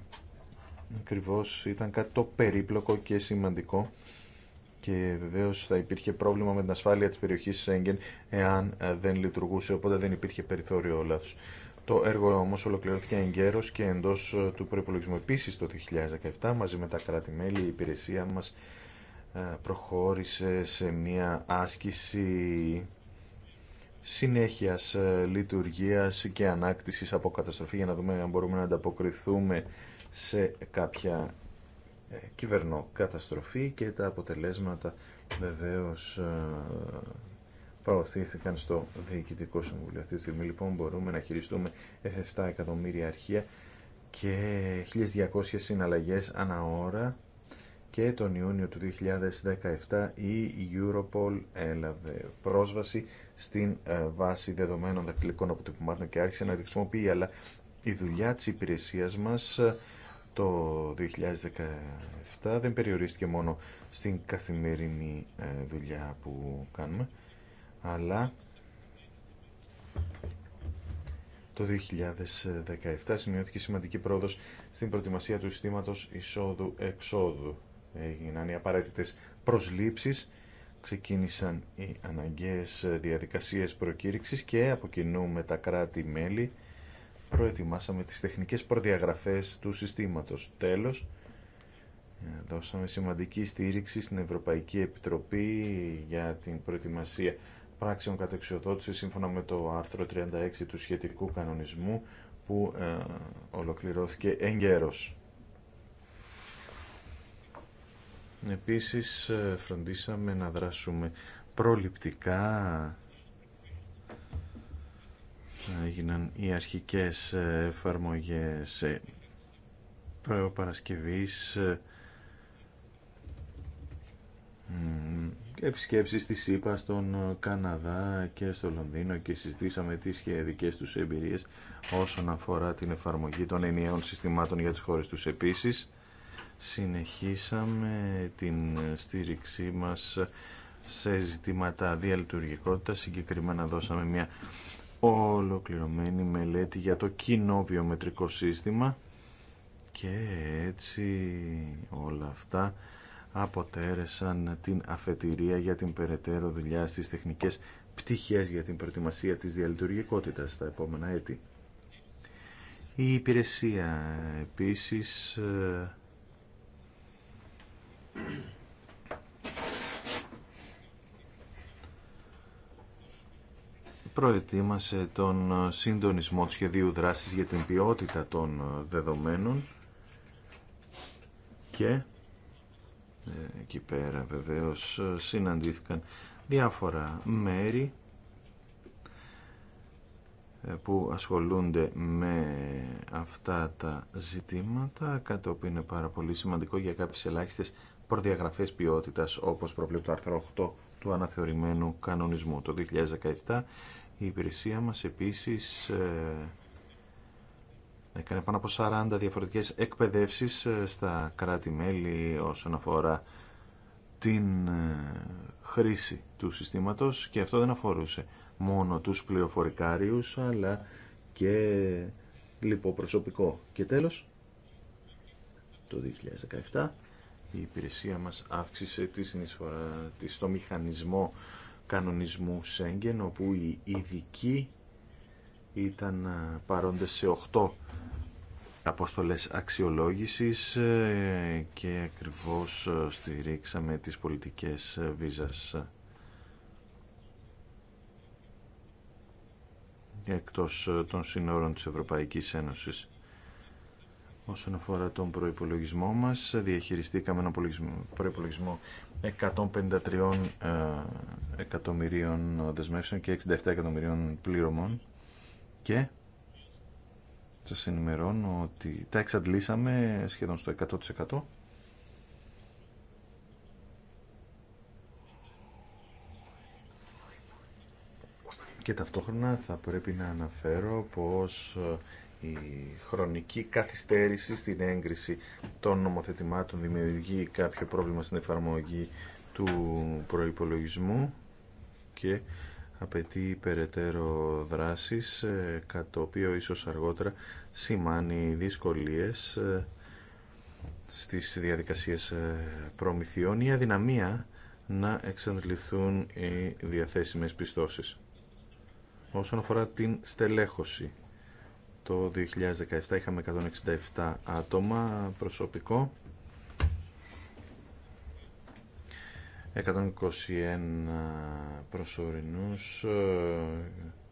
ακριβώ ήταν κάτι το περίπλοκο και σημαντικό και βεβαίως θα υπήρχε πρόβλημα με την ασφάλεια της περιοχής Σέγγεν εάν ε, δεν λειτουργούσε, οπότε δεν υπήρχε περιθώριο λάθος. Το έργο όμω ολοκληρώθηκε εγκαίρω και εντό ε, του προπολογισμού. Επίση το 2017, μαζί με τα κράτη-μέλη, η υπηρεσία μα ε, προχώρησε σε μια άσκηση συνέχεια λειτουργία και ανάκτηση από καταστροφή για να δούμε αν μπορούμε να ανταποκριθούμε σε κάποια ε, καταστροφή και τα αποτελέσματα βεβαίως ε, προωθήθηκαν στο Διοικητικό Συμβούλιο. Αυτή τη στιγμή λοιπόν μπορούμε να χειριστούμε 7 εκατομμύρια αρχεία και 1.200 συναλλαγές ανά ώρα και τον Ιούνιο του 2017 η Europol έλαβε πρόσβαση στην ε, βάση δεδομένων δακτυλικών αποτυπωμάτων και άρχισε να τη χρησιμοποιεί, αλλά η δουλειά της υπηρεσίας μας το 2017 δεν περιορίστηκε μόνο στην καθημερινή ε, δουλειά που κάνουμε αλλά το 2017 σημειώθηκε σημαντική πρόοδος στην προετοιμασία του συστήματος εισόδου-εξόδου. Έγιναν οι απαραίτητες προσλήψεις, ξεκίνησαν οι αναγκαίες διαδικασίες προκήρυξης και από κοινού με τα κράτη-μέλη προετοιμάσαμε τις τεχνικές προδιαγραφές του συστήματος. Τέλος, ε, δώσαμε σημαντική στήριξη στην Ευρωπαϊκή Επιτροπή για την προετοιμασία πράξεων κατεξιοδότησης σύμφωνα με το άρθρο 36 του σχετικού κανονισμού που ε, ολοκληρώθηκε έγκαιρος. Επίσης ε, φροντίσαμε να δράσουμε προληπτικά έγιναν οι αρχικές εφαρμογές ε, Παρασκευής ε, επισκέψεις στη ΣΥΠΑ, στον Καναδά και στο Λονδίνο και συζητήσαμε τις σχεδικές τους εμπειρίες όσον αφορά την εφαρμογή των ενιαίων συστημάτων για τις χώρες τους επίσης. Συνεχίσαμε την στήριξή μας σε ζητήματα διαλειτουργικότητα. Συγκεκριμένα δώσαμε μια ολοκληρωμένη μελέτη για το κοινό βιομετρικό σύστημα και έτσι όλα αυτά αποτέρεσαν την αφετηρία για την περαιτέρω δουλειά στις τεχνικές πτυχές για την προετοιμασία της διαλειτουργικότητας στα επόμενα έτη. Η υπηρεσία επίσης ε, προετοίμασε τον ε, συντονισμό του σχεδίου δράσης για την ποιότητα των ε, δεδομένων και ε, εκεί πέρα βεβαίως συναντήθηκαν διάφορα μέρη που ασχολούνται με αυτά τα ζητήματα, κάτι που είναι πάρα πολύ σημαντικό για κάποιες ελάχιστες προδιαγραφές ποιότητας, όπως προβλέπει το άρθρο 8 του αναθεωρημένου κανονισμού. Το 2017 η υπηρεσία μας επίσης ε, έκανε πάνω από 40 διαφορετικές εκπαιδεύσεις ε, στα κράτη-μέλη όσον αφορά την ε, χρήση του συστήματος και αυτό δεν αφορούσε μόνο τους πληροφορικάριους αλλά και λιποπροσωπικό. Και τέλος, το 2017 η υπηρεσία μας αύξησε τη συνεισφορά της στο μηχανισμό κανονισμού Σέγγεν, όπου οι ειδικοί ήταν ε, παρόντες σε 8 αποστολές αξιολόγησης ε, και ακριβώς ε, στηρίξαμε τις πολιτικές βίζας. εκτός των συνόρων της Ευρωπαϊκής Ένωσης. Όσον αφορά τον προϋπολογισμό μας, διαχειριστήκαμε έναν προϋπολογισμό 153 ε, εκατομμυρίων δεσμεύσεων και 67 εκατομμυρίων πλήρωμων και σας ενημερώνω ότι τα εξαντλήσαμε σχεδόν στο 100%. Και ταυτόχρονα θα πρέπει να αναφέρω πως ε, η χρονική καθυστέρηση στην έγκριση των νομοθετημάτων δημιουργεί κάποιο πρόβλημα στην εφαρμογή του προϋπολογισμού και απαιτεί περαιτέρω δράσεις, ε, κατά το οποίο ίσως αργότερα σημάνει δυσκολίες ε, στις διαδικασίες ε, προμηθειών ή αδυναμία να εξαντληθούν οι διαθέσιμες πιστώσεις. Όσον αφορά την στελέχωση, το 2017 είχαμε 167 άτομα προσωπικό 121 προσωρινούς ε,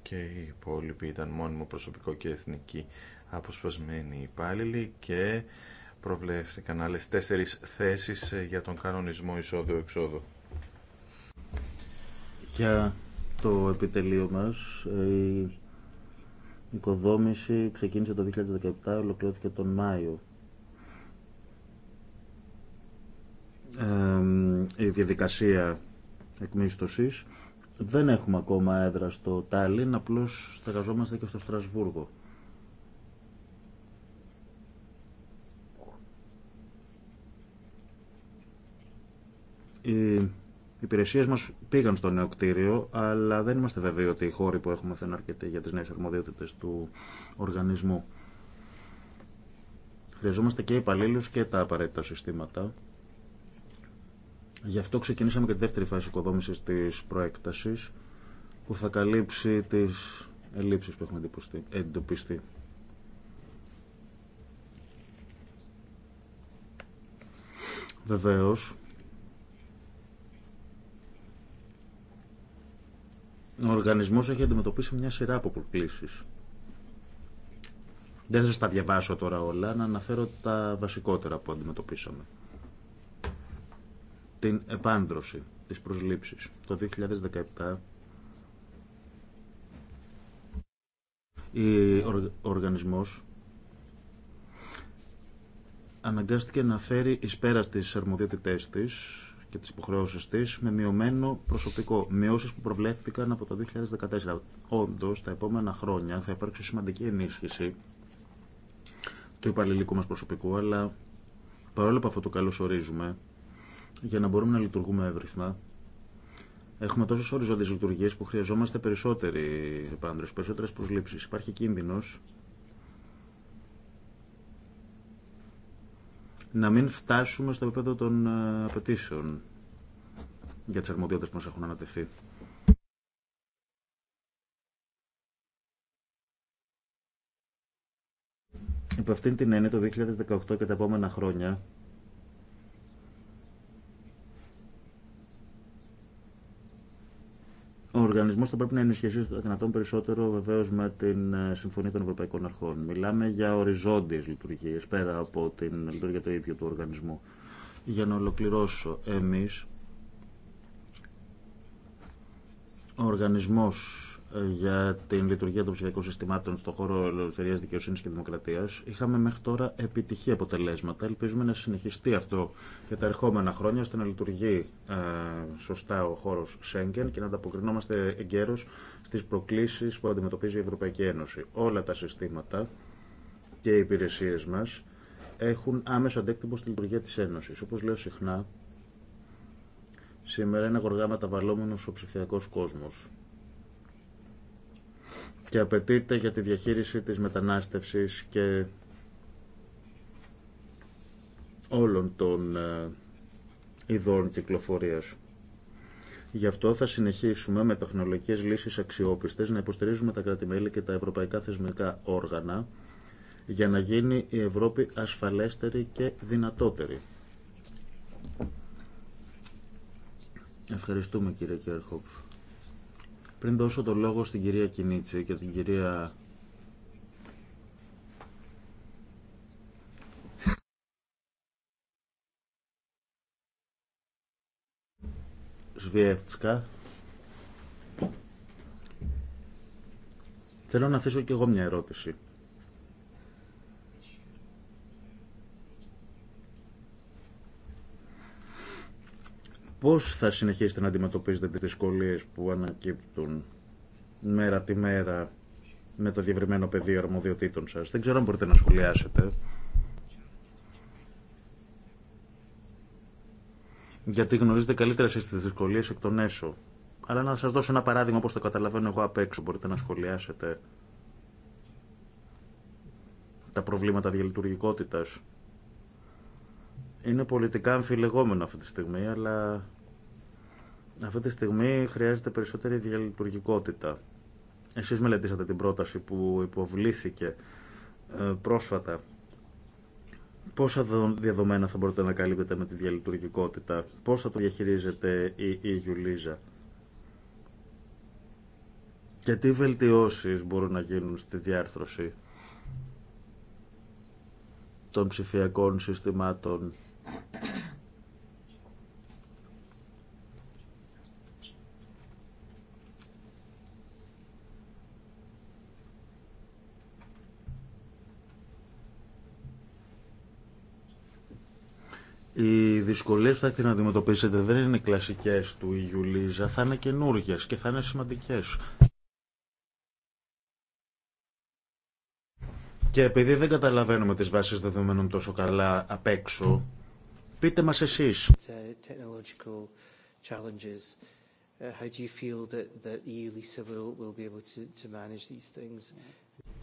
και οι υπόλοιποι ήταν μόνιμο προσωπικό και εθνική αποσπασμένοι υπάλληλοι και προβλέφθηκαν άλλες τέσσερις θέσεις ε, για τον κανονισμό εισόδου-εξόδου. Για το επιτελείο μας, ε, η οικοδόμηση ξεκίνησε το 2017, ολοκληρώθηκε τον Μάιο. η διαδικασία εκμίστοσης Δεν έχουμε ακόμα έδρα στο Τάλιν, απλώς στεγαζόμαστε και στο Στρασβούργο. Η οι υπηρεσίε μα πήγαν στο νέο κτίριο, αλλά δεν είμαστε βέβαιοι ότι οι χώροι που έχουμε θα είναι αρκετοί για τι νέε αρμοδιότητε του οργανισμού. Χρειαζόμαστε και υπαλλήλου και τα απαραίτητα συστήματα. Γι' αυτό ξεκινήσαμε και τη δεύτερη φάση οικοδόμηση τη προέκταση, που θα καλύψει τι ελλείψει που έχουμε εντοπιστεί. Ο οργανισμός έχει αντιμετωπίσει μια σειρά από προκλήσεις. Δεν θα σας τα διαβάσω τώρα όλα, να αναφέρω τα βασικότερα που αντιμετωπίσαμε. Την επάνδρωση της προσλήψης. Το 2017 ο οργανισμός αναγκάστηκε να φέρει εις πέρα στις αρμοδιότητές της και τις υποχρεώσεις τη με μειωμένο προσωπικό, μειώσεις που προβλέφθηκαν από το 2014. Όντως, τα επόμενα χρόνια θα υπάρξει σημαντική ενίσχυση του υπαλληλικού μας προσωπικού, αλλά παρόλο που αυτό το καλώς ορίζουμε, για να μπορούμε να λειτουργούμε εύρυθμα, Έχουμε τόσε οριζόντιε λειτουργίε που χρειαζόμαστε περισσότεροι επάντρε, περισσότερε προσλήψει. Υπάρχει κίνδυνο να μην φτάσουμε στο επίπεδο των ε, απαιτήσεων για τις αρμοδιότητες που μας έχουν ανατεθεί. Υπό αυτήν την έννοια το 2018 και τα επόμενα χρόνια Ο οργανισμό θα πρέπει να ενισχυθεί το δυνατόν περισσότερο βεβαίω με την ε, Συμφωνία των Ευρωπαϊκών Αρχών. Μιλάμε για οριζόντιε λειτουργίε πέρα από την λειτουργία του ίδιου του οργανισμού. Για να ολοκληρώσω, εμεί ο οργανισμός για την λειτουργία των ψηφιακών συστημάτων στον χώρο ελευθερία δικαιοσύνη και δημοκρατία. Είχαμε μέχρι τώρα επιτυχή αποτελέσματα. Ελπίζουμε να συνεχιστεί αυτό και τα ερχόμενα χρόνια ώστε να λειτουργεί ε, σωστά ο χώρο Σέγγεν και να ανταποκρινόμαστε εγκαίρω στι προκλήσει που αντιμετωπίζει η Ευρωπαϊκή Ένωση. Όλα τα συστήματα και οι υπηρεσίε μα έχουν άμεσο αντίκτυπο στη λειτουργία τη Ένωση. Όπω λέω συχνά, σήμερα είναι γοργά μεταβαλλόμενο ο ψηφιακό κόσμο και απαιτείται για τη διαχείριση της μετανάστευσης και όλων των ε, ειδών κυκλοφορίας. Γι' αυτό θα συνεχίσουμε με τεχνολογικές λύσεις αξιόπιστες να υποστηρίζουμε τα κράτη-μέλη και τα ευρωπαϊκά θεσμικά όργανα για να γίνει η Ευρώπη ασφαλέστερη και δυνατότερη. Ευχαριστούμε κύριε Κέρχοπ. Πριν δώσω το λόγο στην κυρία Κινίτση και την κυρία Σβιεύτσκα. Θέλω να αφήσω και εγώ μια ερώτηση. Πώς θα συνεχίσετε να αντιμετωπίζετε τις δυσκολίες που ανακύπτουν μέρα τη μέρα με το διευρυμένο πεδίο αρμοδιοτήτων σας. Δεν ξέρω αν μπορείτε να σχολιάσετε. Γιατί γνωρίζετε καλύτερα εσείς τις δυσκολίες εκ των έσω. Αλλά να σας δώσω ένα παράδειγμα πώς το καταλαβαίνω εγώ απ' έξω. Μπορείτε να σχολιάσετε τα προβλήματα διαλειτουργικότητας είναι πολιτικά αμφιλεγόμενο αυτή τη στιγμή, αλλά αυτή τη στιγμή χρειάζεται περισσότερη διαλειτουργικότητα. Εσείς μελετήσατε την πρόταση που υποβλήθηκε ε, πρόσφατα. Πόσα διαδομένα θα μπορείτε να καλύπτετε με τη διαλειτουργικότητα, πώς θα το διαχειρίζεται η, η Γιουλίζα και τι βελτιώσεις μπορούν να γίνουν στη διάρθρωση των ψηφιακών συστημάτων οι δυσκολίε που θα έχετε να αντιμετωπίσετε δεν είναι κλασικέ κλασικές του Ιουλίζα, θα είναι καινούργιε και θα είναι σημαντικές. Και επειδή δεν καταλαβαίνουμε τις βάσεις δεδομένων τόσο καλά απ' έξω, Πείτε μας εσείς.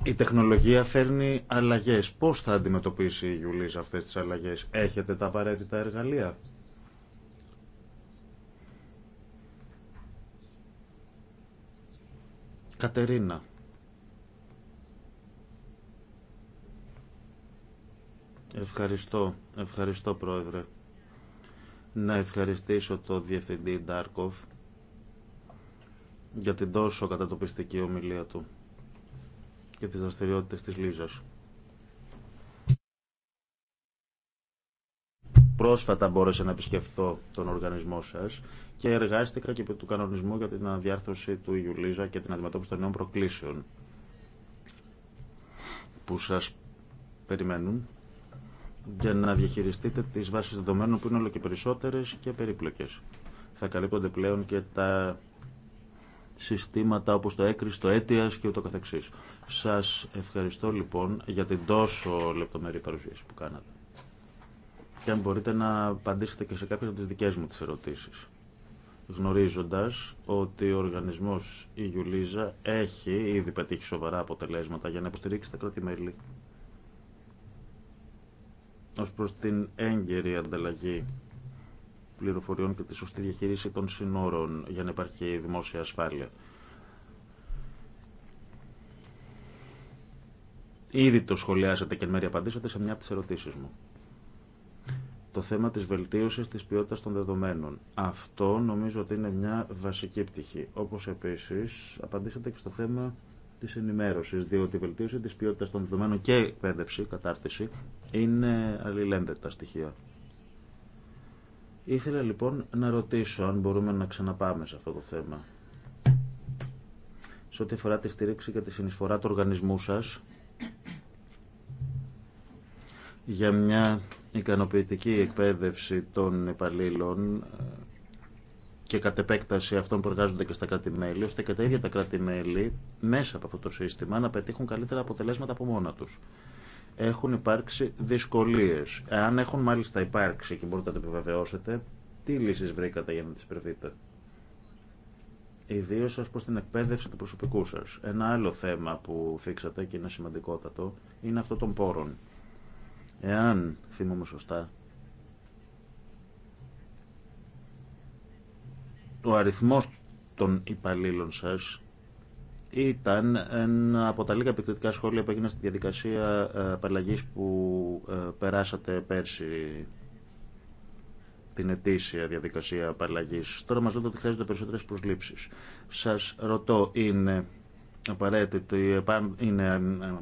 Η τεχνολογία φέρνει αλλαγές. Πώς θα αντιμετωπίσει η Γιουλής αυτές τις αλλαγές. Έχετε τα απαραίτητα εργαλεία. Κατερίνα. Ευχαριστώ, ευχαριστώ πρόεδρε. Να ευχαριστήσω το Διευθυντή Ντάρκοφ για την τόσο κατατοπιστική ομιλία του και τις δραστηριότητες της Λίζας. Πρόσφατα μπόρεσα να επισκεφθώ τον οργανισμό σας και εργάστηκα και του κανονισμού για την αναδιάρθρωση του Λίζα και την αντιμετώπιση των νέων προκλήσεων που σας περιμένουν για να διαχειριστείτε τι βάσει δεδομένων που είναι όλο και περισσότερε και περίπλοκες. Θα καλύπτονται πλέον και τα συστήματα όπως το έκρης, το αίτιας και ούτω καθεξής. Σας ευχαριστώ λοιπόν για την τόσο λεπτομερή παρουσίαση που κάνατε. Και αν μπορείτε να απαντήσετε και σε κάποιες από τις δικές μου τις ερωτήσεις. Γνωρίζοντας ότι ο οργανισμός η Γιουλίζα έχει ήδη πετύχει σοβαρά αποτελέσματα για να υποστηρίξει τα κράτη-μέλη ως προς την έγκαιρη ανταλλαγή πληροφοριών και τη σωστή διαχείριση των συνόρων για να υπάρχει και η δημόσια ασφάλεια. Ήδη το σχολιάσατε και εν μέρει απαντήσατε σε μια από τις ερωτήσεις μου. Το θέμα της βελτίωσης της ποιότητας των δεδομένων. Αυτό νομίζω ότι είναι μια βασική πτυχή. Όπως επίσης απαντήσατε και στο θέμα της ενημέρωσης, διότι η βελτίωση της ποιότητας των δεδομένων και εκπαίδευση, κατάρτιση, είναι αλληλένδετα στοιχεία. Ήθελα λοιπόν να ρωτήσω αν μπορούμε να ξαναπάμε σε αυτό το θέμα. Σε ό,τι αφορά τη στήριξη και τη συνεισφορά του οργανισμού σας, για μια ικανοποιητική εκπαίδευση των υπαλλήλων και κατ' επέκταση αυτών που εργάζονται και στα κράτη-μέλη, ώστε και τα ίδια τα κράτη-μέλη μέσα από αυτό το σύστημα να πετύχουν καλύτερα αποτελέσματα από μόνα του. Έχουν υπάρξει δυσκολίε. Αν έχουν μάλιστα υπάρξει και μπορείτε να το επιβεβαιώσετε, τι λύσει βρήκατε για να τι υπερβείτε. Ιδίω σα προ την εκπαίδευση του προσωπικού σα. Ένα άλλο θέμα που θίξατε και είναι σημαντικότατο είναι αυτό των πόρων. Εάν θυμούμε σωστά, Ο αριθμός των υπαλλήλων σας ήταν ένα από τα λίγα επικριτικά σχόλια που έγιναν στη διαδικασία ε, απαλλαγή που ε, περάσατε πέρσι την ετήσια διαδικασία απαλλαγή. Τώρα μας λέτε ότι χρειάζονται περισσότερες προσλήψεις. Σας ρωτώ, είναι απαραίτητη, είναι ε,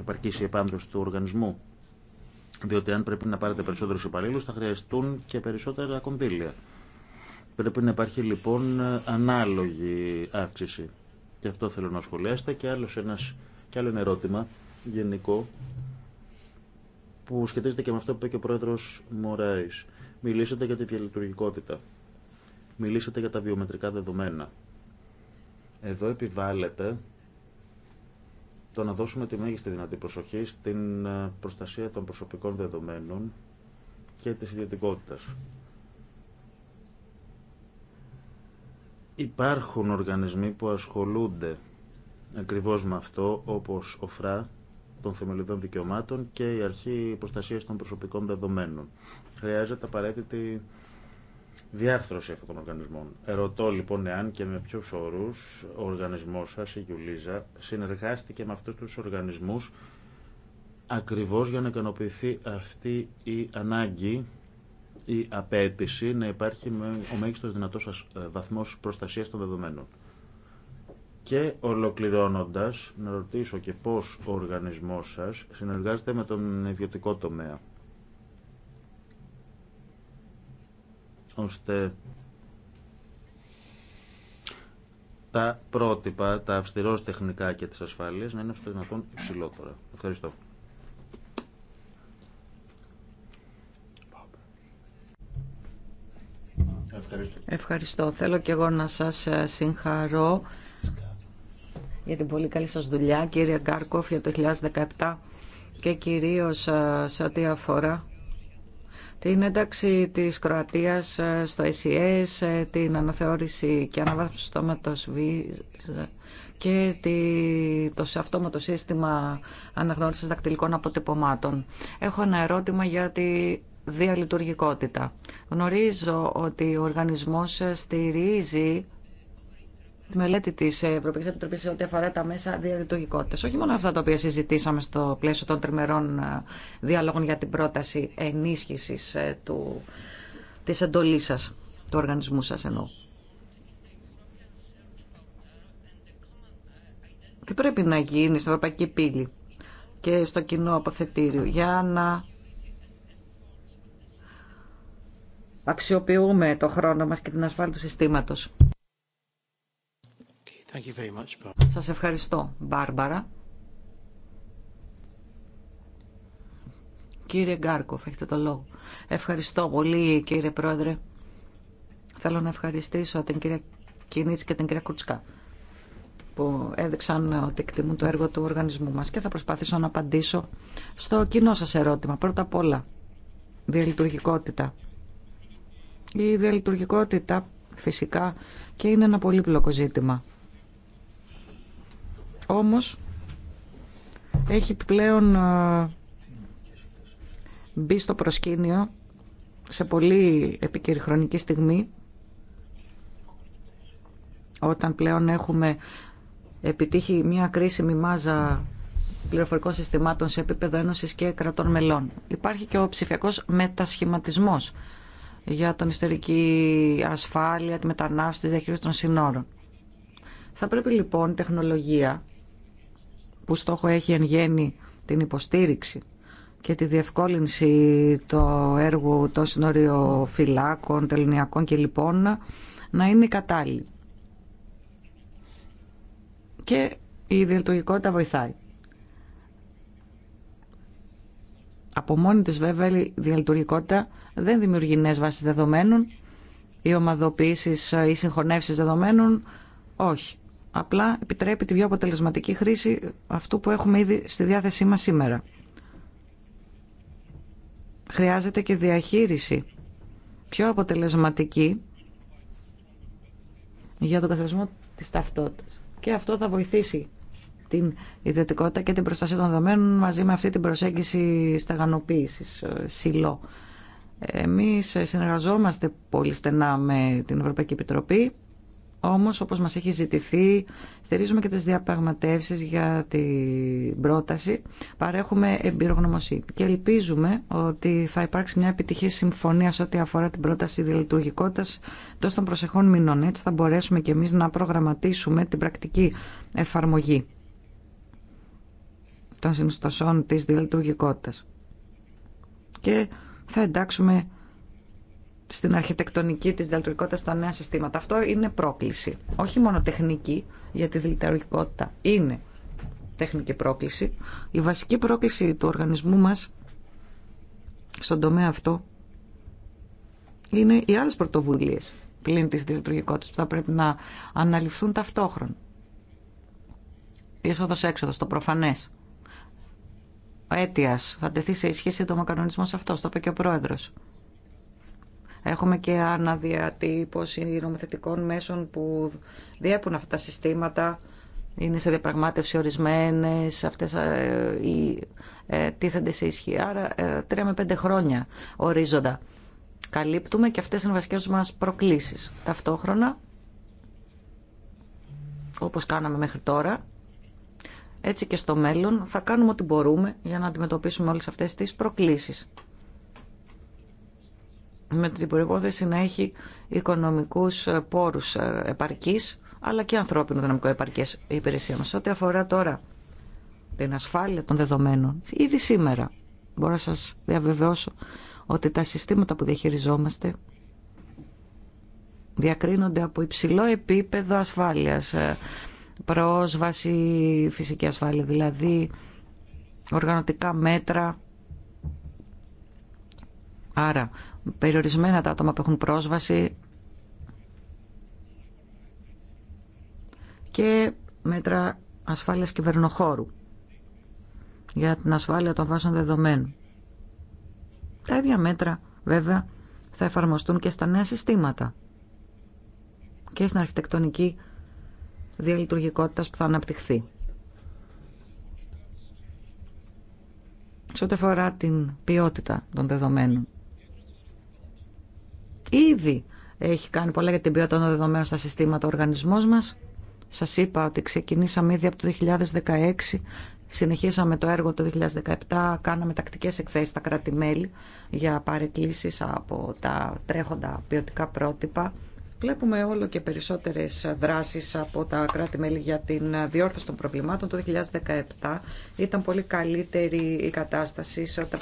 επαρκής η επάνδρωση του οργανισμού. Διότι αν πρέπει να πάρετε περισσότερους υπαλλήλους θα χρειαστούν και περισσότερα κονδύλια. Πρέπει να υπάρχει λοιπόν ανάλογη αύξηση. Και αυτό θέλω να σχολιάσετε. Και, ένας, και άλλο ένα ερώτημα γενικό που σχετίζεται και με αυτό που είπε και ο πρόεδρος Μωράης. Μιλήσατε για τη διαλειτουργικότητα. Μιλήσατε για τα βιομετρικά δεδομένα. Εδώ επιβάλλεται το να δώσουμε τη μέγιστη δυνατή προσοχή στην ε, προστασία των προσωπικών δεδομένων και της ιδιωτικότητας. Υπάρχουν οργανισμοί που ασχολούνται ακριβώς με αυτό, όπως ο ΦΡΑ, των θεμελιωδών δικαιωμάτων και η αρχή προστασίας των προσωπικών δεδομένων. Χρειάζεται απαραίτητη διάρθρωση αυτών των οργανισμών. Ερωτώ λοιπόν εάν και με ποιου όρου ο οργανισμό σα, η Γιουλίζα, συνεργάστηκε με αυτού τους οργανισμού ακριβώ για να ικανοποιηθεί αυτή η ανάγκη η απέτηση να υπάρχει ο μέγιστος δυνατός ε, βαθμός προστασίας των δεδομένων. Και ολοκληρώνοντας, να ρωτήσω και πώς ο οργανισμός σας συνεργάζεται με τον ιδιωτικό τομέα. Ώστε τα πρότυπα, τα αυστηρός τεχνικά και τις ασφάλειες να είναι στο δυνατόν υψηλότερα. Ευχαριστώ. Ευχαριστώ. Ευχαριστώ. Θέλω και εγώ να σας ε, συγχαρώ για την πολύ καλή σας δουλειά, κύριε Γκάρκοφ, για το 2017 και κυρίως ε, σε ό,τι αφορά την ένταξη της Κροατίας ε, στο SES, e την αναθεώρηση και αναβάθμιση στόματος βίζα και το σε το σύστημα αναγνώρισης δακτυλικών αποτυπωμάτων. Έχω ένα ερώτημα για διαλειτουργικότητα. Γνωρίζω ότι ο οργανισμός στηρίζει τη μελέτη τη Ευρωπαϊκή Επιτροπή σε ό,τι αφορά τα μέσα διαλειτουργικότητα. Όχι μόνο αυτά τα οποία συζητήσαμε στο πλαίσιο των τριμερών ε, διάλογων για την πρόταση ενίσχυση ε, τη εντολή σα, του οργανισμού σα εννοώ. Τι πρέπει να γίνει στην Ευρωπαϊκή Πύλη και στο κοινό αποθετήριο για να αξιοποιούμε το χρόνο μας και την ασφάλεια του συστήματος. Σας ευχαριστώ, Μπάρμπαρα. Κύριε Γκάρκοφ, έχετε το λόγο. Ευχαριστώ πολύ, κύριε Πρόεδρε. Θέλω να ευχαριστήσω την κυρία Κινίτση και την κυρία Κουρτσκά που έδειξαν ότι εκτιμούν το έργο του οργανισμού μας και θα προσπαθήσω να απαντήσω στο κοινό σας ερώτημα. Πρώτα απ' όλα, διαλειτουργικότητα. Η διαλειτουργικότητα φυσικά και είναι ένα πολύπλοκο ζήτημα. Όμως έχει πλέον ε, μπει στο προσκήνιο σε πολύ επικυριχρονική στιγμή όταν πλέον έχουμε επιτύχει μια κρίσιμη μάζα πληροφορικών συστημάτων σε επίπεδο ένωσης και κρατών μελών. Υπάρχει και ο ψηφιακός μετασχηματισμός για τον ιστορική ασφάλεια, τη μετανάστευση, τη διαχείριση των συνόρων. Θα πρέπει λοιπόν η τεχνολογία που στόχο έχει εν γέννη την υποστήριξη και τη διευκόλυνση το έργου των συνοριοφυλάκων, τελωνιακών και λοιπόν να είναι κατάλληλη. Και η διελτουργικότητα βοηθάει. Από μόνη της βέβαια η διαλειτουργικότητα δεν δημιουργεί νέες βάσεις δεδομένων, οι ομαδοποιήσεις ή ε, συγχωνεύσεις δεδομένων, όχι. Απλά επιτρέπει τη πιο αποτελεσματική χρήση αυτού που έχουμε ήδη στη διάθεσή μας σήμερα. Χρειάζεται και διαχείριση πιο αποτελεσματική για τον καθορισμό της ταυτότητας. Και αυτό θα βοηθήσει την ιδιωτικότητα και την προστασία των δεδομένων μαζί με αυτή την προσέγγιση σταγανοποίησης, ε, σιλό. Εμείς συνεργαζόμαστε πολύ στενά με την Ευρωπαϊκή Επιτροπή, όμως όπως μας έχει ζητηθεί στηρίζουμε και τις διαπραγματεύσεις για την πρόταση, παρέχουμε εμπειρογνωμοσύνη και ελπίζουμε ότι θα υπάρξει μια επιτυχή συμφωνία σε ό,τι αφορά την πρόταση διελειτουργικότητας τόσο των προσεχών μηνών. Έτσι θα μπορέσουμε και εμείς να προγραμματίσουμε την πρακτική εφαρμογή των συνιστοσών της διαλειτουργικότητα. Και θα εντάξουμε στην αρχιτεκτονική της δελτουργικότητας στα νέα συστήματα. Αυτό είναι πρόκληση. Όχι μόνο τεχνική για τη διαλειτουργικότητα Είναι τεχνική πρόκληση. Η βασική πρόκληση του οργανισμού μας στον τομέα αυτό είναι οι άλλες πρωτοβουλίες πλην της δελτουργικότητας που θα πρέπει να αναλυφθούν ταυτόχρονα. ταυτόχρονα. εξοδος το προφανές αίτια Θα τεθεί σε ισχύ σύντομα ο κανονισμό αυτός, το είπε και ο πρόεδρο. Έχουμε και αναδιατύπωση νομοθετικών μέσων που διέπουν αυτά τα συστήματα. Είναι σε διαπραγμάτευση ορισμένε αυτές ε, οι ε, τίθενται σε ισχύ. Άρα ε, τρία με πέντε χρόνια ορίζοντα. Καλύπτουμε και αυτές είναι βασικέ μα μας προκλήσεις. Ταυτόχρονα, Όπω κάναμε μέχρι τώρα, έτσι και στο μέλλον θα κάνουμε ό,τι μπορούμε για να αντιμετωπίσουμε όλες αυτές τις προκλήσεις. Με την προπόθεση να έχει οικονομικούς πόρους επαρκής, αλλά και ανθρώπινο δυναμικό επαρκές η υπηρεσία μας. Ό,τι αφορά τώρα την ασφάλεια των δεδομένων, ήδη σήμερα μπορώ να σας διαβεβαιώσω ότι τα συστήματα που διαχειριζόμαστε διακρίνονται από υψηλό επίπεδο ασφάλειας ε, πρόσβαση, φυσική ασφάλεια δηλαδή, οργανωτικά μέτρα. Άρα, περιορισμένα τα άτομα που έχουν πρόσβαση και μέτρα ασφάλειας κυβερνοχώρου για την ασφάλεια των βάσεων δεδομένων. Τα ίδια μέτρα, βέβαια, θα εφαρμοστούν και στα νέα συστήματα και στην αρχιτεκτονική διαλειτουργικότητας που θα αναπτυχθεί. Σε ό,τι αφορά την ποιότητα των δεδομένων. Ήδη έχει κάνει πολλά για την ποιότητα των δεδομένων στα συστήματα ο οργανισμός μας. Σας είπα ότι ξεκινήσαμε ήδη από το 2016, συνεχίσαμε το έργο το 2017, κάναμε τακτικές εκθέσεις στα κράτη-μέλη για παρεκκλήσεις από τα τρέχοντα ποιοτικά πρότυπα Βλέπουμε όλο και περισσότερες δράσεις από τα κράτη-μέλη για την διόρθωση των προβλημάτων. Το 2017 ήταν πολύ καλύτερη η κατάσταση σε, τα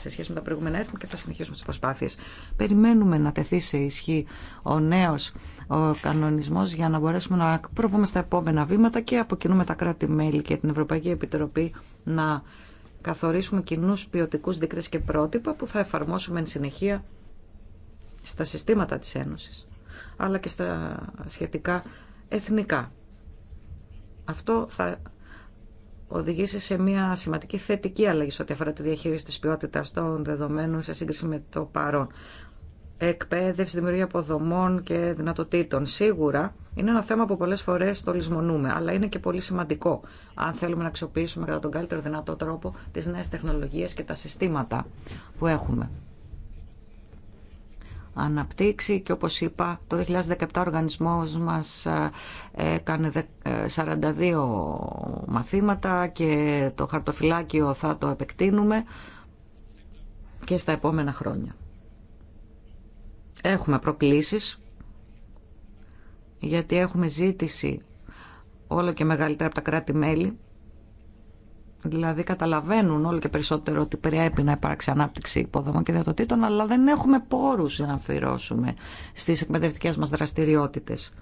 σε σχέση με τα προηγούμενα έτοιμα και θα συνεχίσουμε τις προσπάθειες. Περιμένουμε να τεθεί σε ισχύ ο νέος κανονισμό κανονισμός για να μπορέσουμε να προβούμε στα επόμενα βήματα και αποκοινούμε τα κράτη-μέλη και την Ευρωπαϊκή Επιτροπή να καθορίσουμε κοινού ποιοτικού δείκτε και πρότυπα που θα εφαρμόσουμε εν συνεχεία στα συστήματα της Ένωσης, αλλά και στα σχετικά εθνικά. Αυτό θα οδηγήσει σε μια σημαντική θετική αλλαγή σε ό,τι αφορά τη διαχείριση της ποιότητας των δεδομένων σε σύγκριση με το παρόν. Εκπαίδευση, δημιουργία αποδομών και δυνατοτήτων. Σίγουρα είναι ένα θέμα που πολλές φορές το λησμονούμε, αλλά είναι και πολύ σημαντικό αν θέλουμε να αξιοποιήσουμε κατά τον καλύτερο δυνατό τρόπο τις νέες τεχνολογίες και τα συστήματα που έχουμε αναπτύξει και όπως είπα το 2017 ο οργανισμός μας ε, έκανε 42 ε, μαθήματα και το χαρτοφυλάκιο θα το επεκτείνουμε και στα επόμενα χρόνια. Έχουμε προκλήσεις γιατί έχουμε ζήτηση όλο και μεγαλύτερα από τα κράτη-μέλη Δηλαδή καταλαβαίνουν όλο και περισσότερο ότι πρέπει να υπάρξει ανάπτυξη υποδομών και δυνατοτήτων, αλλά δεν έχουμε πόρους να αφιερώσουμε στις εκπαιδευτικές μας δραστηριότητες.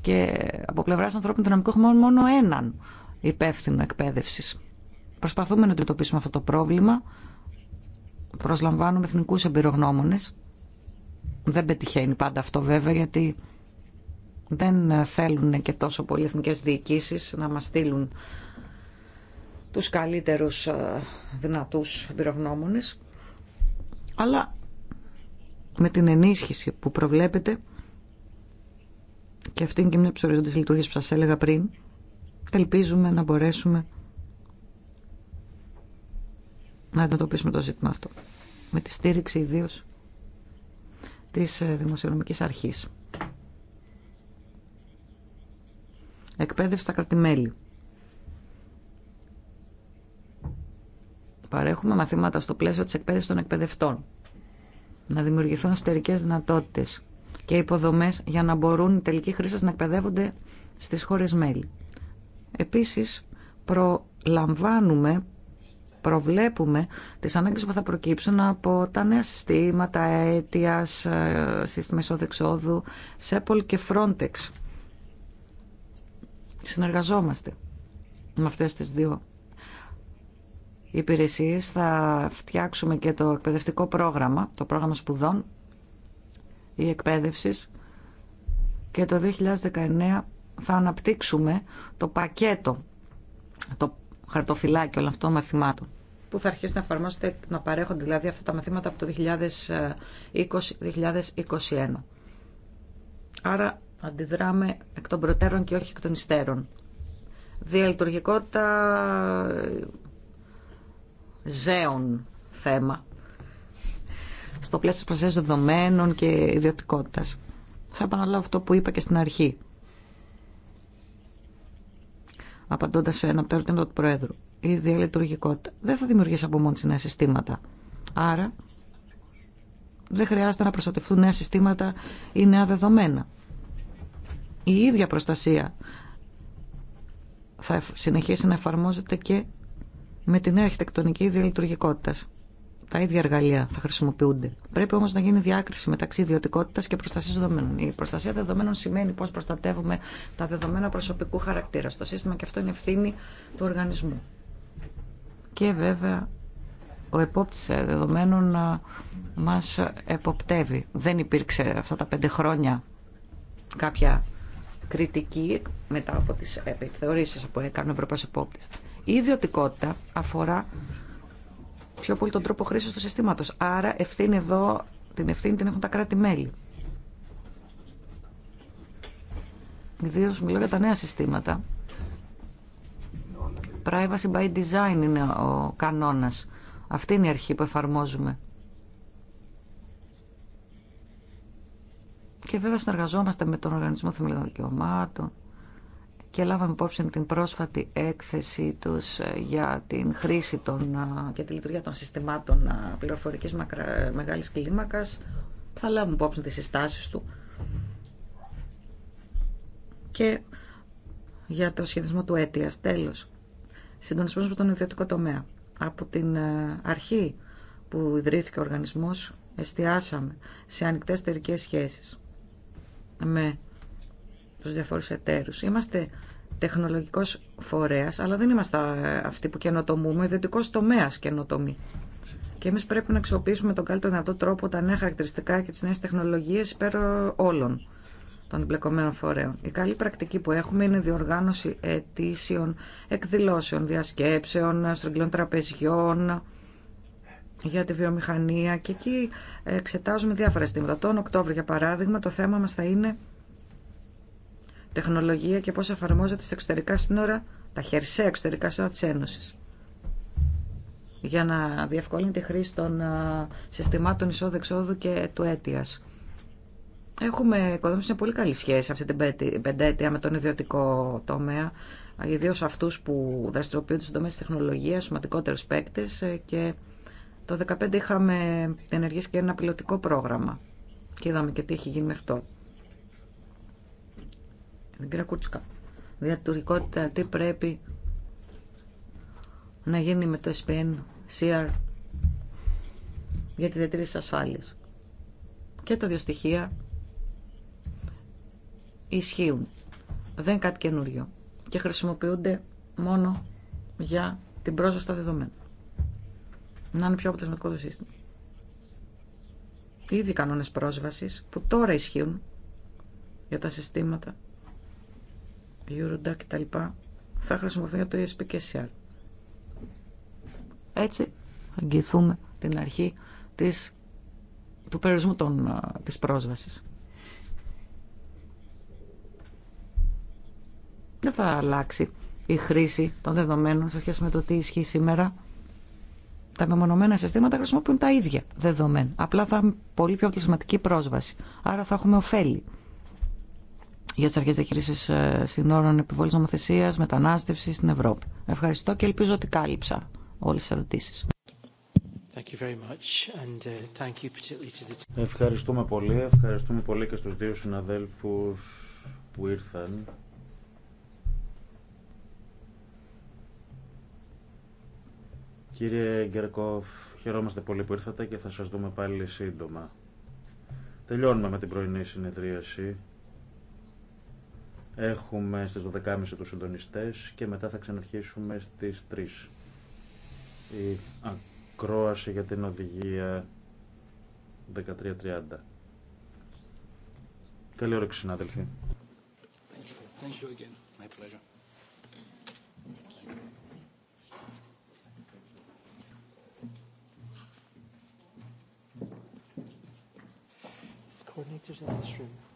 Και από πλευρά ανθρώπινων δυναμικών έχουμε μόνο έναν υπεύθυνο εκπαίδευση. Προσπαθούμε να αντιμετωπίσουμε αυτό το πρόβλημα. Προσλαμβάνουμε εθνικού εμπειρογνώμονε. Δεν πετυχαίνει πάντα αυτό βέβαια, γιατί δεν θέλουν και τόσο πολλοί εθνικέ διοικήσει να μα στείλουν τους καλύτερους ε, δυνατούς εμπειρογνώμονες, αλλά με την ενίσχυση που προβλέπετε και αυτήν και μια από τις που σας έλεγα πριν, ελπίζουμε να μπορέσουμε να αντιμετωπίσουμε το ζήτημα αυτό. Με τη στήριξη ιδίω της ε, Δημοσιονομικής Αρχής. Εκπαίδευση στα κρατημέλη. παρέχουμε μαθήματα στο πλαίσιο της εκπαίδευσης των εκπαιδευτών. Να δημιουργηθούν εσωτερικές δυνατότητες και υποδομές για να μπορούν οι τελικοί χρήστες να εκπαιδεύονται στις χώρες μέλη. Επίσης, προλαμβάνουμε, προβλέπουμε τις ανάγκες που θα προκύψουν από τα νέα συστήματα αίτιας, σύστημα εισόδου-εξόδου, ΣΕΠΟΛ και Frontex. Συνεργαζόμαστε με αυτές τις δύο υπηρεσίες. Θα φτιάξουμε και το εκπαιδευτικό πρόγραμμα, το πρόγραμμα σπουδών ή εκπαίδευσης και το 2019 θα αναπτύξουμε το πακέτο, το χαρτοφυλάκι όλων αυτών των μαθημάτων που θα αρχίσει να εφαρμόζεται, να παρέχονται δηλαδή αυτά τα μαθήματα από το 2020-2021. Άρα αντιδράμε εκ των προτέρων και όχι εκ των υστέρων. Διαλειτουργικότητα ζέων θέμα στο πλαίσιο της προστασίας δεδομένων και ιδιωτικότητας. Θα επαναλάβω αυτό που είπα και στην αρχή. Απαντώντας σε ένα από τα ερωτήματα του Προέδρου. Η διαλειτουργικότητα δεν θα δημιουργήσει από μόνη νέα συστήματα. Άρα δεν χρειάζεται να προστατευτούν νέα συστήματα ή νέα δεδομένα. Η ίδια προστασία θα συνεχίσει να εφαρμόζεται και με την νέα αρχιτεκτονική διαλειτουργικότητα. Τα ίδια εργαλεία θα χρησιμοποιούνται. Πρέπει όμω να γίνει διάκριση μεταξύ ιδιωτικότητα και προστασία δεδομένων. Η προστασία δεδομένων σημαίνει πώ προστατεύουμε τα δεδομένα προσωπικού χαρακτήρα στο σύστημα και αυτό είναι ευθύνη του οργανισμού. Και βέβαια ο επόπτης δεδομένων μας εποπτεύει. Δεν υπήρξε αυτά τα πέντε χρόνια κάποια κριτική μετά από τις επιθεωρήσεις που έκανε ο Ευρωπαϊκός Επόπτης. Η ιδιωτικότητα αφορά πιο πολύ τον τρόπο χρήση του συστήματο. Άρα ευθύνη εδώ, την ευθύνη την έχουν τα κράτη-μέλη. Ιδίω μιλώ για τα νέα συστήματα. Privacy by design είναι ο κανόνας. Αυτή είναι η αρχή που εφαρμόζουμε. Και βέβαια συνεργαζόμαστε με τον Οργανισμό Θεμελιών Δικαιωμάτων, και λάβαμε υπόψη την πρόσφατη έκθεση τους ε, για την χρήση των, ε, και τη λειτουργία των συστημάτων ε, πληροφορικής μεγάλης κλίμακας. Θα λάβουμε υπόψη τις συστάσεις του. Και για το σχεδισμό του αίτιας. Τέλος, συντονισμός με τον ιδιωτικό τομέα. Από την αρχή που ιδρύθηκε ο οργανισμός, εστιάσαμε σε ανοιχτές εταιρικέ σχέσεις με του διαφορού εταίρου. Είμαστε τεχνολογικό φορέα, αλλά δεν είμαστε αυτοί που καινοτομούμε, ιδιωτικό τομέα καινοτομεί. Και εμεί πρέπει να αξιοποιήσουμε τον καλύτερο δυνατό τρόπο τα νέα χαρακτηριστικά και τι νέε τεχνολογίε υπέρ όλων των εμπλεκομένων φορέων. Η καλή πρακτική που έχουμε είναι η διοργάνωση αιτήσεων, εκδηλώσεων, διασκέψεων, στρογγυλών τραπεζιών για τη βιομηχανία και εκεί εξετάζουμε διάφορα στήματα. Τον Οκτώβριο, για παράδειγμα, το θέμα μας θα είναι τεχνολογία και πώς εφαρμόζεται στα εξωτερικά σύνορα, τα χερσαία εξωτερικά σύνορα της Ένωσης για να διευκολύνει τη χρήση των συστημάτων εισόδου-εξόδου και του αίτιας. Έχουμε οικοδόμηση μια πολύ καλή σχέση αυτή την πεντέτεια με τον ιδιωτικό τομέα, ιδίω αυτούς που δραστηριοποιούνται στον τομέα της τεχνολογίας, σωματικότερους παίκτε. Ε, και το 2015 είχαμε ενεργήσει και ένα πιλωτικό πρόγραμμα και είδαμε και τι έχει γίνει μέχρι τώρα την κυρία Διατουρικότητα, δηλαδή, τι πρέπει να γίνει με το SPN, CR, για τη διατήρηση ασφάλειας. Και τα δύο στοιχεία ισχύουν. Δεν κάτι καινούριο. Και χρησιμοποιούνται μόνο για την πρόσβαση στα δεδομένα. Να είναι πιο αποτελεσματικό το σύστημα. Οι ίδιοι κανόνες πρόσβασης που τώρα ισχύουν για τα συστήματα Eurodac κτλ. θα χρησιμοποιηθούν για το ESP και Έτσι θα αγγιθούμε την αρχή της, του περιορισμού των, της πρόσβασης. Δεν θα αλλάξει η χρήση των δεδομένων σε σχέση με το τι ισχύει σήμερα. Τα μεμονωμένα συστήματα χρησιμοποιούν τα ίδια δεδομένα. Απλά θα έχουμε πολύ πιο αποτελεσματική πρόσβαση. Άρα θα έχουμε ωφέλη για τι αρχέ διαχείριση ε, συνόρων επιβολής νομοθεσίας, μετανάστευση στην Ευρώπη. Ευχαριστώ και ελπίζω ότι κάλυψα όλε τι ερωτήσει. Ευχαριστούμε πολύ. Ευχαριστούμε πολύ και στους δύο συναδέλφους που ήρθαν. Κύριε Γκερκόφ, χαιρόμαστε πολύ που ήρθατε και θα σας δούμε πάλι σύντομα. Τελειώνουμε με την πρωινή συνεδρίαση. Έχουμε στις 12.30 τους συντονιστές και μετά θα ξαναρχίσουμε στις 3. Η ακρόαση για την οδηγία 13.30. Καλή όρεξη συνάδελφοι. coordinators in this room.